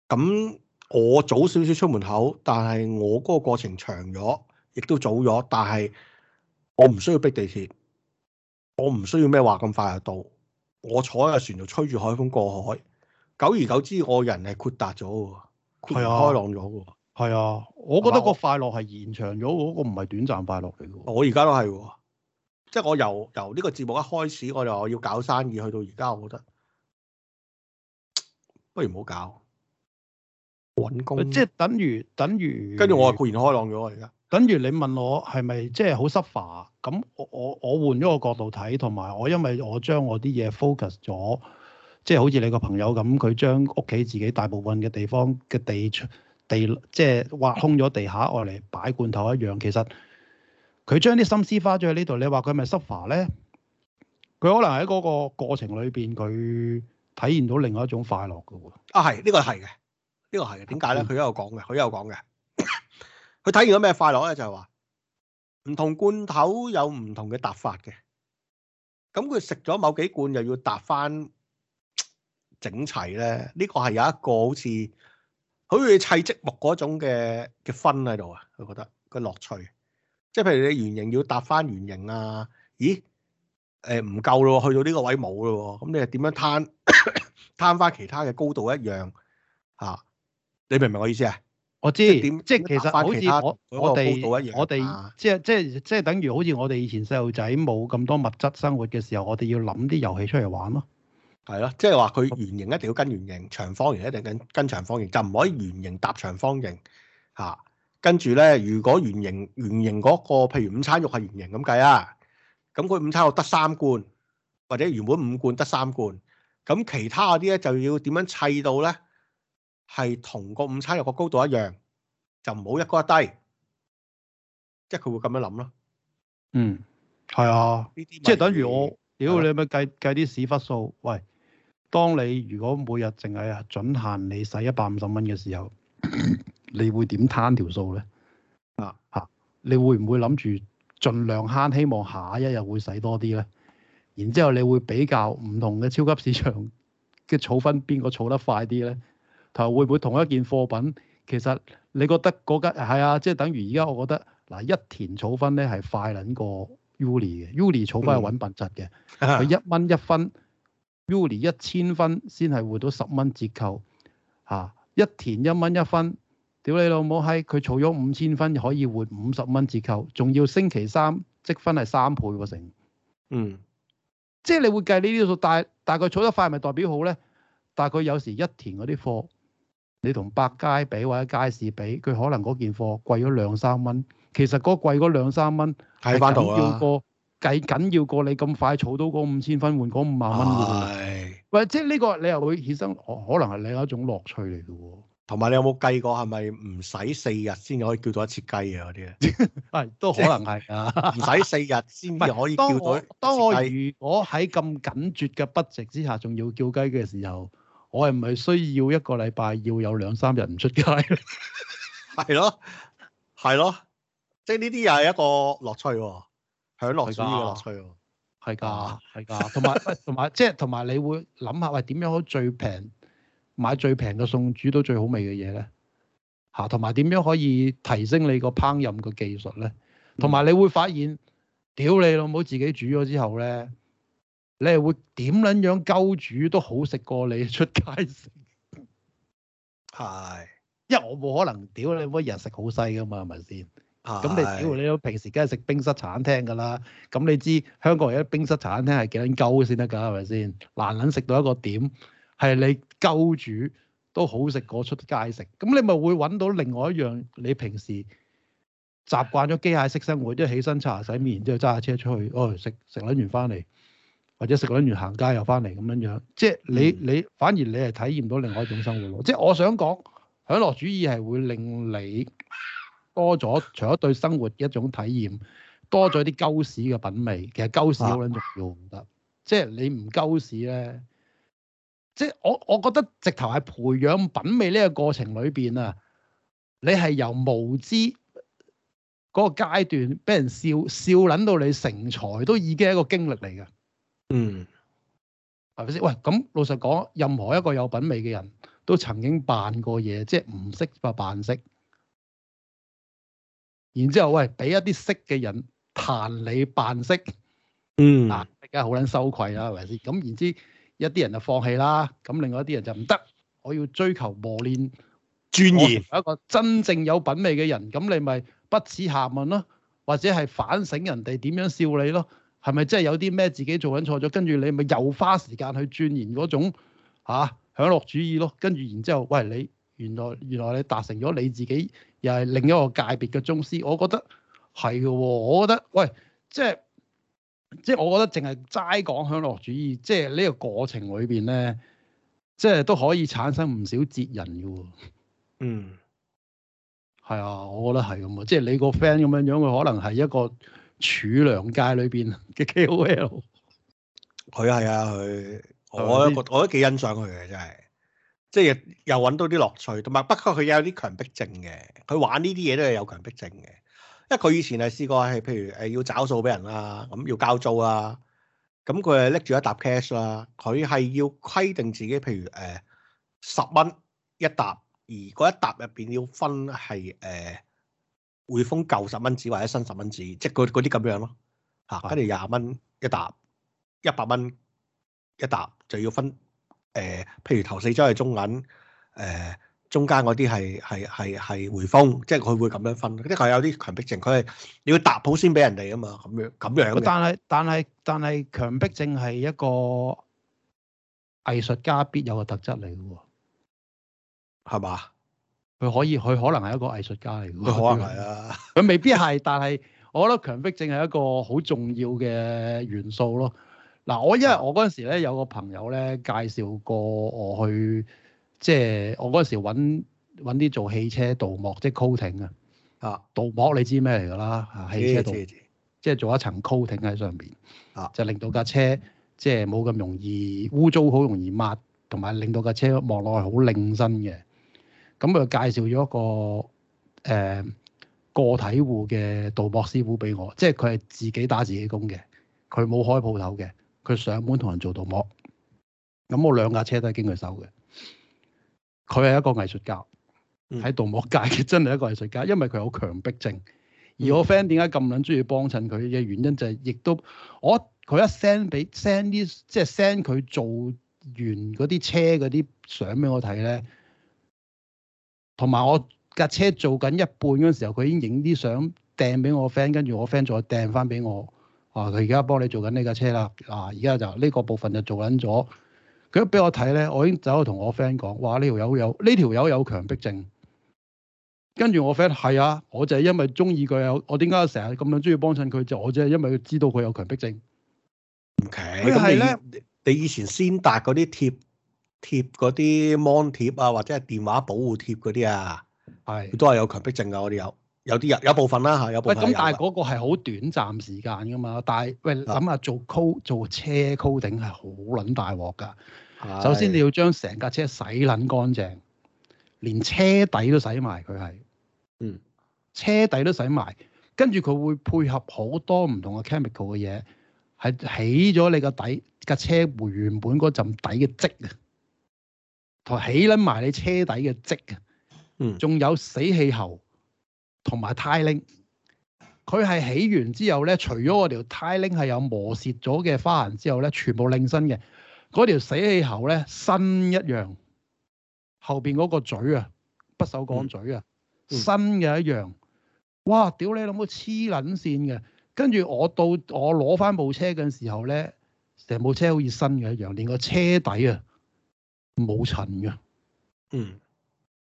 咁我早少少出門口，但係我嗰個過程長咗，亦都早咗，但係我唔需要逼地鐵，我唔需要咩話咁快就到。我坐喺個船度，吹住海風過海。久而久之，我人係豁達咗嘅，豁達開朗咗嘅。係啊，我覺得個快樂係延長咗，嗰個唔係短暫快樂嚟嘅。我而家都係喎，即係我由由呢個節目一開始我就我要搞生意，去到而家，我覺得不如唔好搞揾工。即係等於等於。等於跟住我係豁然開朗咗，而家。等於你問我係咪即係好 suffer 咁我我我換咗個角度睇，同埋我因為我將我啲嘢 focus 咗，即係好似你個朋友咁，佢將屋企自己大部分嘅地方嘅地出。地即係挖空咗地下，愛嚟擺罐頭一樣。其實佢將啲心思花咗喺呢度。你話佢係咪 suffer 咧？佢可能喺嗰個過程裏邊，佢體驗到另外一種快樂嘅喎。啊，係、這個這個、呢個係嘅，嗯、 呢個係嘅。點解咧？佢有講嘅，佢有講嘅。佢體驗到咩快樂咧？就係話唔同罐頭有唔同嘅搭法嘅。咁佢食咗某幾罐，又要搭翻整齊咧。呢、這個係有一個好似。好似砌積木嗰種嘅嘅分喺度啊，佢覺得個樂趣，即係譬如你圓形要搭翻圓形啊，咦，誒唔夠咯，去到呢個位冇咯，咁、嗯、你係點樣攤攤翻其他嘅高度一樣吓、啊？你明唔明我意思啊？我知，即係其實好似我我哋我哋即係即係即係等於好似我哋以前細路仔冇咁多物質生活嘅時候，我哋要諗啲遊戲出嚟玩咯。係咯，即係話佢圓形一定要跟圓形，長方形一定要跟跟長方形，就唔可以圓形搭長方形吓。跟住咧，如果圓形圓形嗰個，譬如午餐肉係圓形咁計啊，咁佢午餐肉得三罐，或者原本五罐得三罐，咁其他嗰啲咧就要點樣砌到咧？係同個午餐肉個高度一樣，就唔好一高一低，即係佢會咁樣諗咯。嗯，係啊，嗯，即係等於我，屌你咪計計啲屎忽數？喂！當你如果每日淨係啊，準限你使一百五十蚊嘅時候，你會點攤條數咧？啊 嚇，你會唔、啊、會諗住盡量慳，希望下一日會使多啲咧？然之後你會比較唔同嘅超級市場嘅儲分，邊個儲得快啲咧？同埋會唔會同一件貨品，其實你覺得嗰間係啊，即、就、係、是、等於而家我覺得嗱，一田儲分咧係快撚過 Uly 嘅，Uly 儲分係穩品質嘅，佢、嗯、一蚊一分。Uni 一千分先係換到十蚊折扣，吓，一田一蚊一分，屌你老母閪！佢儲咗五千分可以換五十蚊折扣，仲要星期三積分係三倍喎成。嗯，即係你會計呢啲數，大概佢儲得快咪代表好咧？大概有時一田嗰啲貨，你同百佳比或者街市比，佢可能嗰件貨貴咗兩三蚊，其實嗰貴嗰兩三蚊係翻到啊。計緊要過你咁快儲到嗰五千分換嗰五萬蚊，係、哎，喂，即係呢個你又會犧牲，可能係另一種樂趣嚟嘅喎。同埋你有冇計過係咪唔使四日先可以叫到一次雞嘅嗰啲咧？係 都可能係啊，唔使、就是、 四日先可以叫到 當當。當我如果喺咁緊絕嘅筆值之下，仲要叫雞嘅時候，我係唔係需要一個禮拜要有兩三日唔出街？係 咯， 係咯，即係呢啲又係一個樂趣喎。 笑的笑的享樂嘅呢個樂趣喎，係噶，係噶，同埋，同埋，即係同埋，就是、你會諗下喂，點、哎、樣可以最平買最平嘅餸，煮到最好味嘅嘢咧？吓，同埋點樣可以提升你個烹飪嘅技術咧？同埋、嗯、你會發現，屌你老母，自己煮咗之後咧，你係會點捻樣鳩煮都好食過你出街食。係的，因為我冇可能屌你老母日食好細噶嘛，係咪先？咁你，屌你都平時梗係食冰室茶餐廳㗎啦。咁你知香港而家冰室茶餐廳係幾撚鳩先得㗎？係咪先？難撚食到一個點，係你鳩住都好食過出街食。咁你咪會揾到另外一樣，你平時習慣咗機械式生活，即係起身刷牙洗面，然之後揸下車出去，哦，食食撚完翻嚟，或者食撚完行街又翻嚟咁樣樣。即係你、嗯、你反而你係體驗到另外一種生活囉。即係我想講享樂主義係會令你多咗，除咗對生活一種體驗，多咗啲鳩屎嘅品味。其實鳩屎好撚重要，唔得、啊。即係你唔鳩屎咧，即係我我覺得直頭係培養品味呢個過程裏邊啊，你係由無知嗰個階段俾人笑笑撚到你成才，都已經係一個經歷嚟嘅。嗯，係咪先？喂，咁老實講，任何一個有品味嘅人都曾經扮過嘢，即係唔識話扮識。然之後，喂，俾一啲識嘅人彈你扮識，嗯，嗱、啊，梗係好撚羞愧啦，係咪先？咁，然之一啲人就放棄啦，咁另外一啲人就唔得，我要追求磨練鑽研，移一個真正有品味嘅人，咁你咪不恥下問咯，或者係反省人哋點樣笑你咯，係咪真係有啲咩自己做緊錯咗，跟住你咪又花時間去鑽研嗰種、啊、享樂主義咯，跟住然之後，後，喂，你原來原來你達成咗你自己。又係另一個界別嘅宗師，我覺得係嘅喎。我覺得，喂，即係即係，我覺得淨係齋講享樂主義，即係呢、這個過程裏邊咧，即係都可以產生唔少哲人嘅喎、哦。嗯，係啊，我覺得係咁啊，即係你個 friend 咁樣樣，佢可能係一個儲糧界裏邊嘅 KOL。佢係啊，佢我覺得我都幾欣賞佢嘅真係。即係又揾到啲樂趣，同埋不過佢有啲強迫症嘅，佢玩呢啲嘢都係有強迫症嘅。因為佢以前係試過係，譬如誒、呃、要找數俾人啦，咁要交租啦，咁佢係拎住一沓 cash 啦，佢係要規定自己，譬如誒十蚊一沓，而嗰一沓入邊要分係誒匯豐舊十蚊紙或者新十蚊紙，即係嗰啲咁樣咯。嚇、啊，跟住廿蚊一沓，一百蚊一沓就要分。誒、呃，譬如頭四周係中銀，誒、呃、中間嗰啲係係係係匯豐，即係佢會咁樣分。嗰啲係有啲強迫症，佢係你要搭好先俾人哋啊嘛，咁樣咁樣。樣但係但係但係強迫症係一個藝術家必有嘅特質嚟嘅喎，係嘛吧？佢可以佢可能係一個藝術家嚟嘅。佢、嗯、可能係啊，佢未必係， 但係我覺得強迫症係一個好重要嘅元素咯。嗱、啊，我因為我嗰陣時咧有個朋友咧介紹過我去，即係我嗰陣時揾揾啲做汽車鍍膜，即係 coating 嘅啊。鍍膜你知咩嚟㗎啦？啊，汽車度，是是是即係做一層 coating 喺上邊啊，就令到架車即係冇咁容易污糟，好容易抹，同埋令到架車望落去好靚身嘅。咁佢介紹咗一個誒、呃、個體戶嘅鍍膜師傅俾我，即係佢係自己打自己工嘅，佢冇開鋪頭嘅。佢上門同人做鍍膜，咁我兩架車都係經佢手嘅。佢係一個藝術家，喺鍍膜界嘅真係一個藝術家，因為佢有強迫症。而我 friend 點解咁撚中意幫襯佢嘅原因就係、是，亦都我佢一 send 俾 send 啲即係 send 佢做完嗰啲車嗰啲相俾我睇咧，同埋我架車做緊一半嗰陣時候，佢已經影啲相掟俾我 friend，跟住我 friend 再掟翻俾我。啊！佢而家幫你做緊呢架車啦。嗱、啊，而家就呢、呢個部分就做緊咗。佢一俾我睇咧，我已經走去同我 friend 講，哇！呢條友有呢條友有強迫症。跟住我 friend，係啊，我就係因為中意佢啊。我點解成日咁樣中意幫襯佢？我就我只係因為知道佢有強迫症。O.K. 咁你，你以前先達嗰啲貼貼嗰啲芒貼啊，或者係電話保護貼嗰啲啊，係的都係有強迫症噶我啲有。有啲人，有部分啦嚇，有部分有。咁但係嗰個係好短暫時間噶嘛？但係，喂，諗下做 co 做車 coating 係好撚大鑊㗎。是首先你要將成架車洗撚乾淨，連車底都洗埋佢係。嗯，車底都洗埋，跟住佢會配合好多唔同嘅 chemical 嘅嘢，係起咗你個底，架車回原本嗰陣底嘅積啊，同起撚埋你車底嘅積啊。嗯，仲有死氣喉。嗯同埋胎鈴，佢係起完之後咧，除咗我條胎鈴係有磨蝕咗嘅花痕之後咧，全部鈴新嘅。嗰條死氣喉咧新一樣，後邊嗰個嘴啊，不鏽鋼嘴啊，新嘅、嗯、一樣。哇！屌你諗個黐撚線嘅？跟住我到我攞翻部車嘅時候咧，成部車好似新嘅一樣，連個車底啊冇塵嘅。嗯，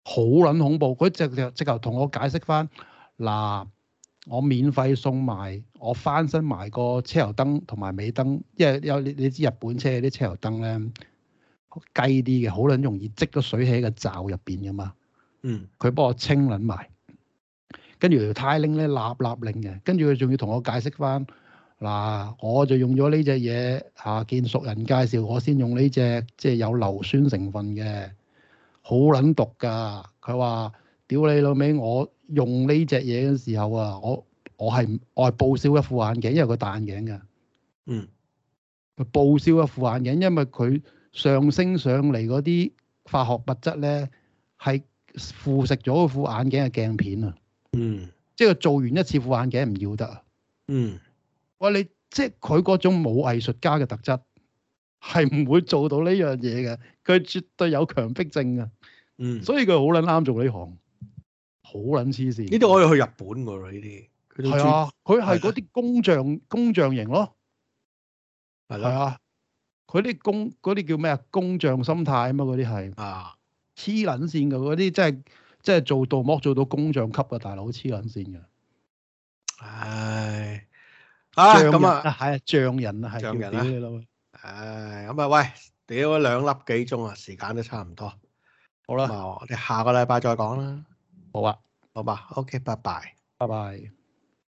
好撚恐怖！佢直直直頭同我解釋翻。嗱，我免費送埋，我翻新埋個車油燈同埋尾燈，因為有你你知日本車啲車油燈咧，好雞啲嘅，好撚容易積到水喺個罩入邊噶嘛。嗯，佢幫我清撚埋，跟住條呔鈴咧立立令嘅，跟住佢仲要同我解釋翻，嗱，我就用咗呢隻嘢嚇，見熟人介紹我先用呢隻，即係有硫酸成分嘅，好撚毒噶。佢話：屌你老味，我。用呢隻嘢嘅時候啊，我我係我係報銷一副眼鏡，因為佢戴眼鏡嘅。嗯。報銷一副眼鏡，因為佢上升上嚟嗰啲化學物質咧，係腐蝕咗副眼鏡嘅鏡片啊。嗯。即係做完一次副眼鏡唔要得啊。嗯。喂，你即係佢嗰種冇藝術家嘅特質，係唔會做到呢樣嘢嘅。佢絕對有強迫症啊，嗯。所以佢好撚啱做呢行。好撚黐線！呢啲可以去日本㗎，呢啲係啊，佢係嗰啲工匠、啊、工匠型咯，係啦、啊哎，啊，佢啲工嗰啲叫咩啊？工匠心態啊嘛，嗰啲係啊，黐撚線㗎，嗰啲真係真係做盜墓做到工匠級啊。大佬，黐撚線㗎。唉，匠人啊，係啊，匠人啊，係叫屌你唉，咁啊，喂，屌兩粒幾鐘啊，時間都差唔多，好啦，啊、我哋下個禮拜再講啦。好啊，好吧，OK，拜拜，拜拜。